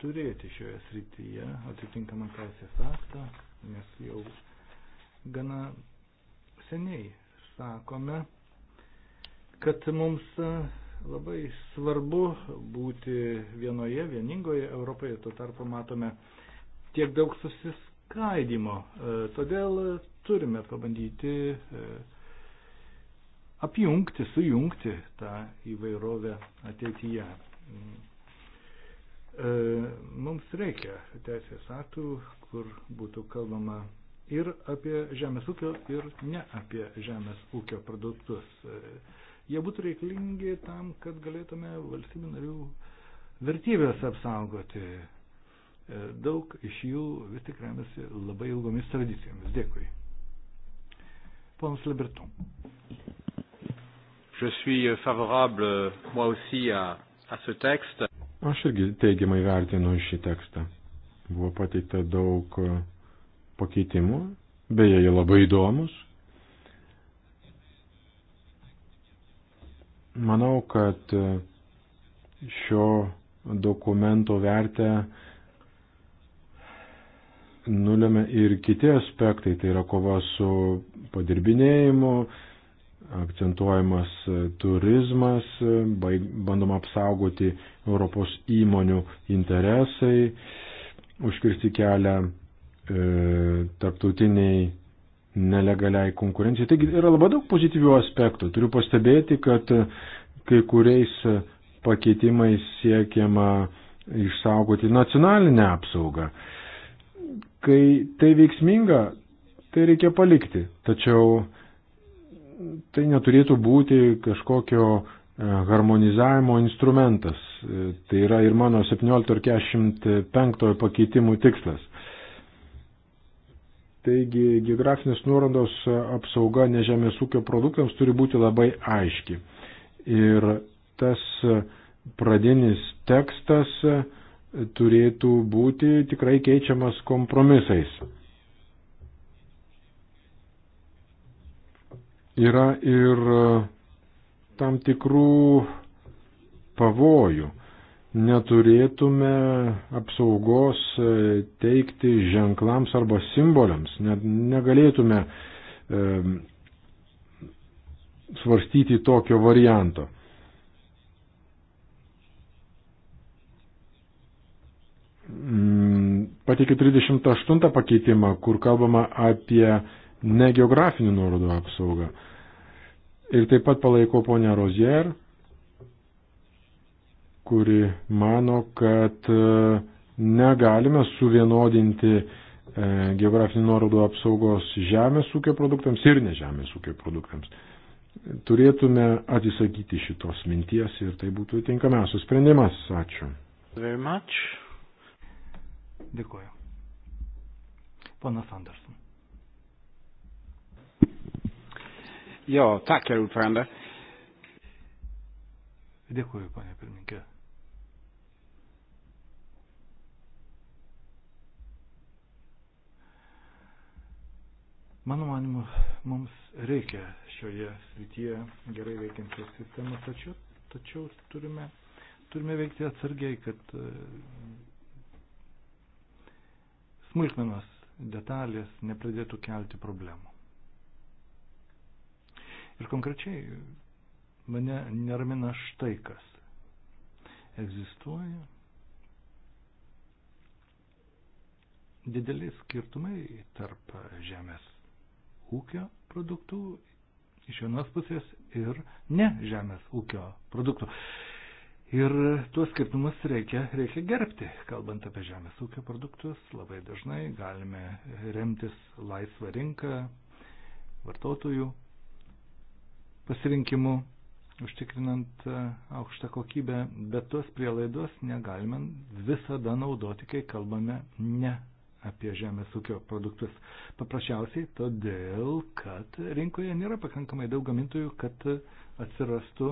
turėti šioje srityje atitinkamą teisės aktą, nes jau gana seniai sakome, kad mums e, labai svarbu būti vienoje, vieningoje Europoje, tuo tarpu matome tiek daug susiskaidimo. E, todėl turime pabandyti e, apjungti, sujungti tą įvairovę ateityje mums reikia teisės aktų, kur būtų kalbama ir apie žemės ūkio ir ne apie žemės ūkio produktus. Jie būtų reikalingi tam, kad galėtume valstybių narių vertybės apsaugoti. Daug iš jų vis tik remiasi labai ilgomis tradicijomis. Dėkui. Ponas Liberton. Je suis favorable, moi aussi, à, à ce texte. Aš irgi teigiamai vertinu šį tekstą. Buvo pateikta daug uh, pakeitimų, beje, jie labai įdomus. Manau, kad e, šio dokumento vertę nulėmė ir kiti aspektai, tai yra kova su padirbinėjimu, akcentuojamas e, turizmas, e, bandoma apsaugoti Europos įmonių interesai, užkirsti kelią E, tarptautiniai nelegaliai konkurencijai. Taigi yra labai daug pozityvių aspektų. Turiu pastebėti, kad kai kuriais pakeitimais siekiama išsaugoti nacionalinę apsaugą. Kai tai veiksminga, tai reikia palikti. Tačiau tai neturėtų būti kažkokio e, harmonizavimo instrumentas. E, tai yra ir mano 17 ir 45 pakeitimų tikslas. Taigi geografinės nuorodos e, apsauga nežemės ūkio produktams turi būti labai aiški. Ir tas e, pradinis tekstas e, turėtų būti tikrai keičiamas kompromisais. Yra ir tam tikrų pavojų neturėtume apsaugos e, teikti ženklams arba simboliams. Net negalėtume e, svarstyti tokio varianto. Mm, Pateikiu 38 pakeitimą, kur kalbama apie negeografinių nuorodų apsaugą. Ir taip pat palaiko ponia Rozier, kuri mano, kad e, negalime suvienodinti e, geografinių nuorodų apsaugos žemės ūkio produktams ir nežemės ūkio produktams. Turėtume atsisakyti šitos minties ir tai būtų tinkamiausias sprendimas. Ačiū. Very much. Dėkuoju. Ponas Andersson. Ja, tack herr ordförande. Dėkuoju, panė pirmininkė. Mano manimu, mums reikia šioje srityje gerai veikiančios sistemos, tačiau, tačiau turime, turime veikti atsargiai, kad e, smulkmenos detalės nepradėtų kelti problemų. Ir konkrečiai mane neramina štai kas. Egzistuoja dideli skirtumai tarp žemės ūkio produktų iš vienos pusės ir ne žemės ūkio produktų. Ir tuos skirtumus reikia, reikia gerbti. Kalbant apie žemės ūkio produktus, labai dažnai galime remtis laisvą rinką, vartotojų pasirinkimu, užtikrinant e, aukštą kokybę, bet tuos prielaidos negalime visada naudoti, kai kalbame ne apie žemės ūkio produktus. Paprasčiausiai todėl, kad rinkoje nėra pakankamai daug gamintojų, kad atsirastų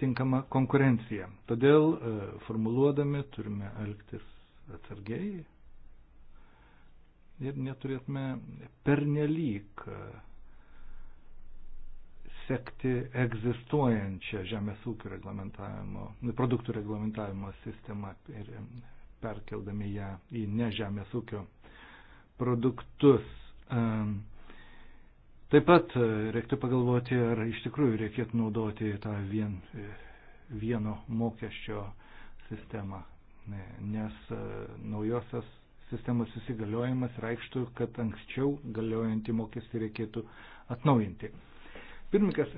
tinkama konkurencija. Todėl e, formuluodami turime elgtis atsargiai ir neturėtume pernelyg e, sekti egzistuojančią žemės ūkio reglamentavimo, produktų reglamentavimo sistemą ir perkeldami ją į nežemės ūkio produktus. Taip pat e, reiktų pagalvoti, ar iš tikrųjų reikėtų naudoti tą vien, e, vieno mokesčio sistemą, nes e, naujosios sistemos įsigaliojimas reikštų, kad anksčiau galiojantį mokestį reikėtų atnaujinti. Pirmininkas,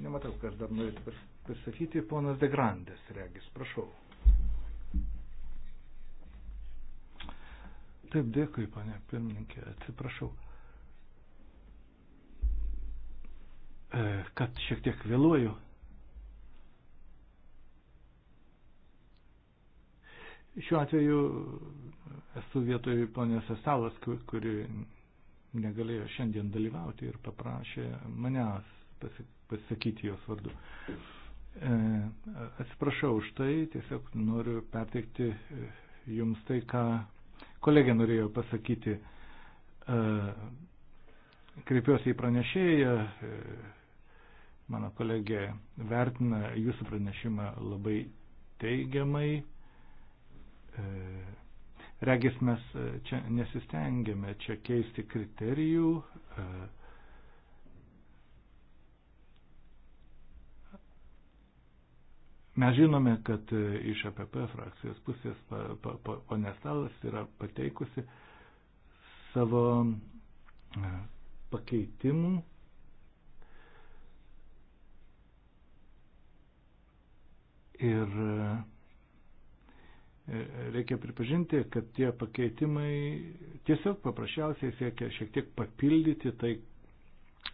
nematau, kas dar norėtų pasakyti, ponas Degrandes, regis, prašau. Taip, dėkui, panė pirmininkė, atsiprašau. E, kad šiek tiek vėluoju. Šiuo atveju esu vietoj ponės Estalas, kuri negalėjo šiandien dalyvauti ir paprašė manęs pasakyti jos vardu. E, atsiprašau už tai, tiesiog noriu perteikti e, jums tai, ką kolegė norėjo pasakyti, e, kreipiuosi į pranešėją, e, mano kolegė vertina jūsų pranešimą labai teigiamai. E, regis mes čia nesistengiame čia keisti kriterijų, Mes žinome, kad e, iš APP frakcijos pusės ponė Stalas yra pateikusi savo e, pakeitimų. Ir e, reikia pripažinti, kad tie pakeitimai tiesiog paprasčiausiai siekia šiek tiek papildyti tai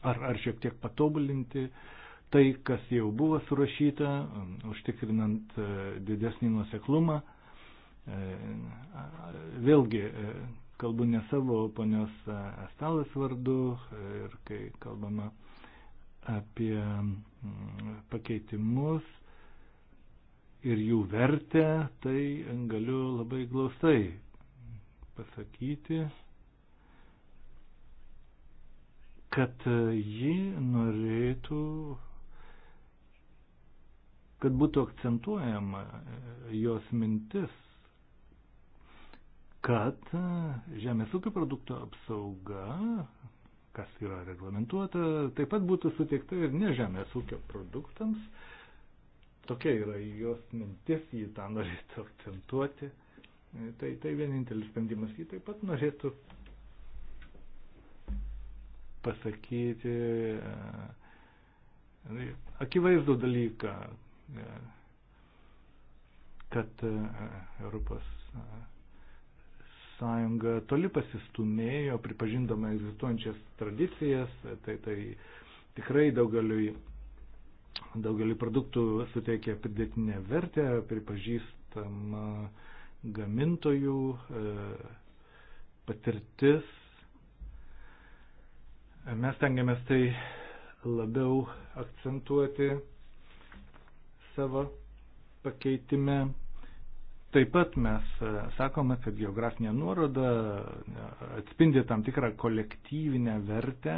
ar, ar šiek tiek patobulinti uh, tai, kas jau buvo surašyta, um, užtikrinant uh, didesnį nuseklumą. Uh, vėlgi, uh, kalbu ne savo ponios Estalas vardu ir kai kalbama apie um, pakeitimus ir jų vertę, tai galiu labai glaustai pasakyti, kad ji norėtų kad būtų akcentuojama e, jos mintis, kad e, žemės ūkio produkto apsauga, kas yra reglamentuota, taip pat būtų suteikta ir ne žemės ūkio produktams. Tokia yra jos mintis, jį tą norėtų akcentuoti. E, tai, tai vienintelis sprendimas jį taip pat norėtų pasakyti akivaizdų dalyką, kad e, Europos e, Sąjunga toli pasistumėjo, pripažindama egzistuojančias tradicijas, tai, tai tikrai daugeliui, daugeliui produktų suteikia pridėtinę vertę, pripažįstama gamintojų e, patirtis. Mes tengiamės tai labiau akcentuoti savo pakeitime. Taip pat mes e, sakome, kad geografinė nuoroda e, atspindi tam tikrą kolektyvinę vertę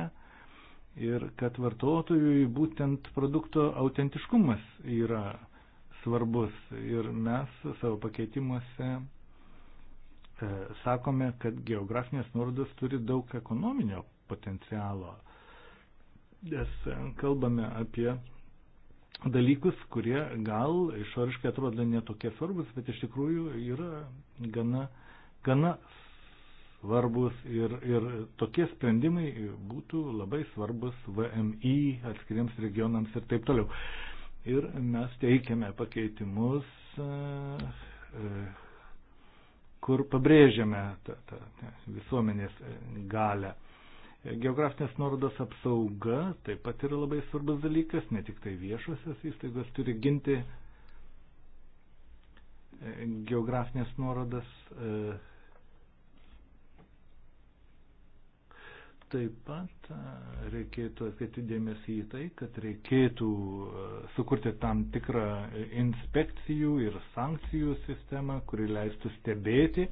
ir kad vartotojui būtent produkto autentiškumas yra svarbus. Ir mes savo pakeitimuose e, sakome, kad geografinės nuorodos turi daug ekonominio potencialo, nes kalbame apie dalykus, kurie gal išoriškai atrodo netokie svarbus, bet iš tikrųjų yra gana, gana svarbus ir, ir tokie sprendimai būtų labai svarbus VMI atskiriems regionams ir taip toliau. Ir mes teikiame pakeitimus, e, e, kur pabrėžiame tą, tą, tą visuomenės galę. Geografinės nuorodos apsauga taip pat yra labai svarbus dalykas, ne tik tai viešosios įstaigos turi ginti e, geografinės nuorodas. E. Taip pat e, reikėtų atkreipti dėmesį į tai, kad reikėtų sukurti tam tikrą inspekcijų ir sankcijų sistemą, kuri leistų stebėti,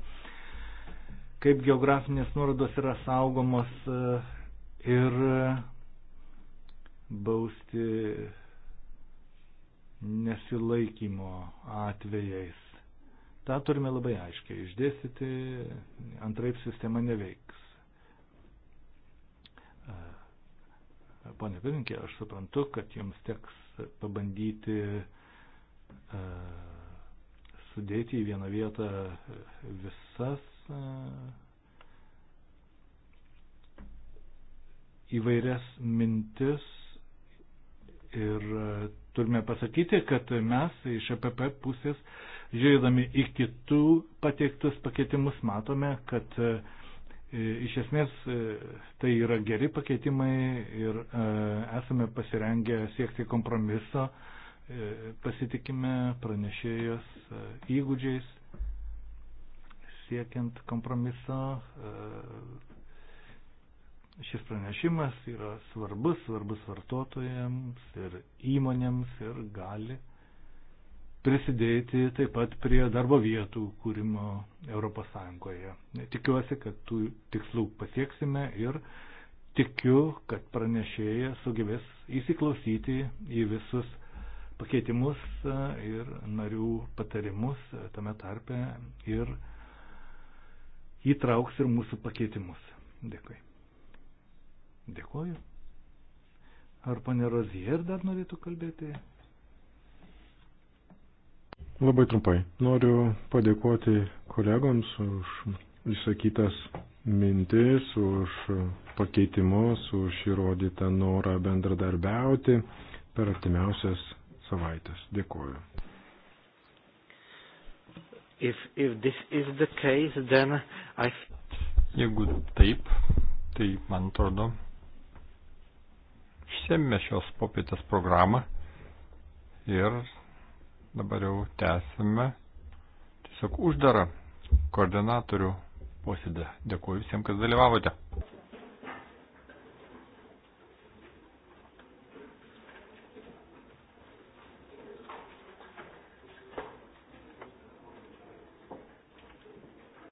kaip geografinės nuorodos yra saugomos e, ir e, bausti nesilaikymo atvejais. Ta turime labai aiškiai išdėstyti, antraip sistema neveiks. E, Pone Pirinkė, aš suprantu, kad jums teks pabandyti sudėti į vieną vietą visas E, įvairias mintis ir e, turime pasakyti, kad mes iš EPP pusės, žiūrėdami į kitų pateiktus pakeitimus, matome, kad e, iš esmės tai yra geri pakeitimai ir esame pasirengę siekti kompromiso, pasitikime pranešėjos įgūdžiais siekiant kompromiso. E, šis pranešimas yra svarbus, svarbus vartotojams ir įmonėms ir gali prisidėti taip pat prie darbo vietų kūrimo ES. Tikiuosi, kad tų tikslų pasieksime ir tikiu, kad pranešėja sugebės įsiklausyti į visus pakeitimus e, ir narių patarimus tame tarpe ir įtrauks ir mūsų pakeitimus. Dėkui. Dėkuoju. Ar ponė Rozier dar norėtų kalbėti? Labai trumpai. Noriu padėkoti kolegoms už išsakytas mintis, už pakeitimus, už įrodytą norą bendradarbiauti per artimiausias savaitės. Dėkuoju. If, if this is the case, then I... Jeigu taip, tai man atrodo, išsėmėme šios popietės programą ir dabar jau tęsime tiesiog uždarą koordinatorių posėdį. Dėkuoju visiems, kas dalyvavote.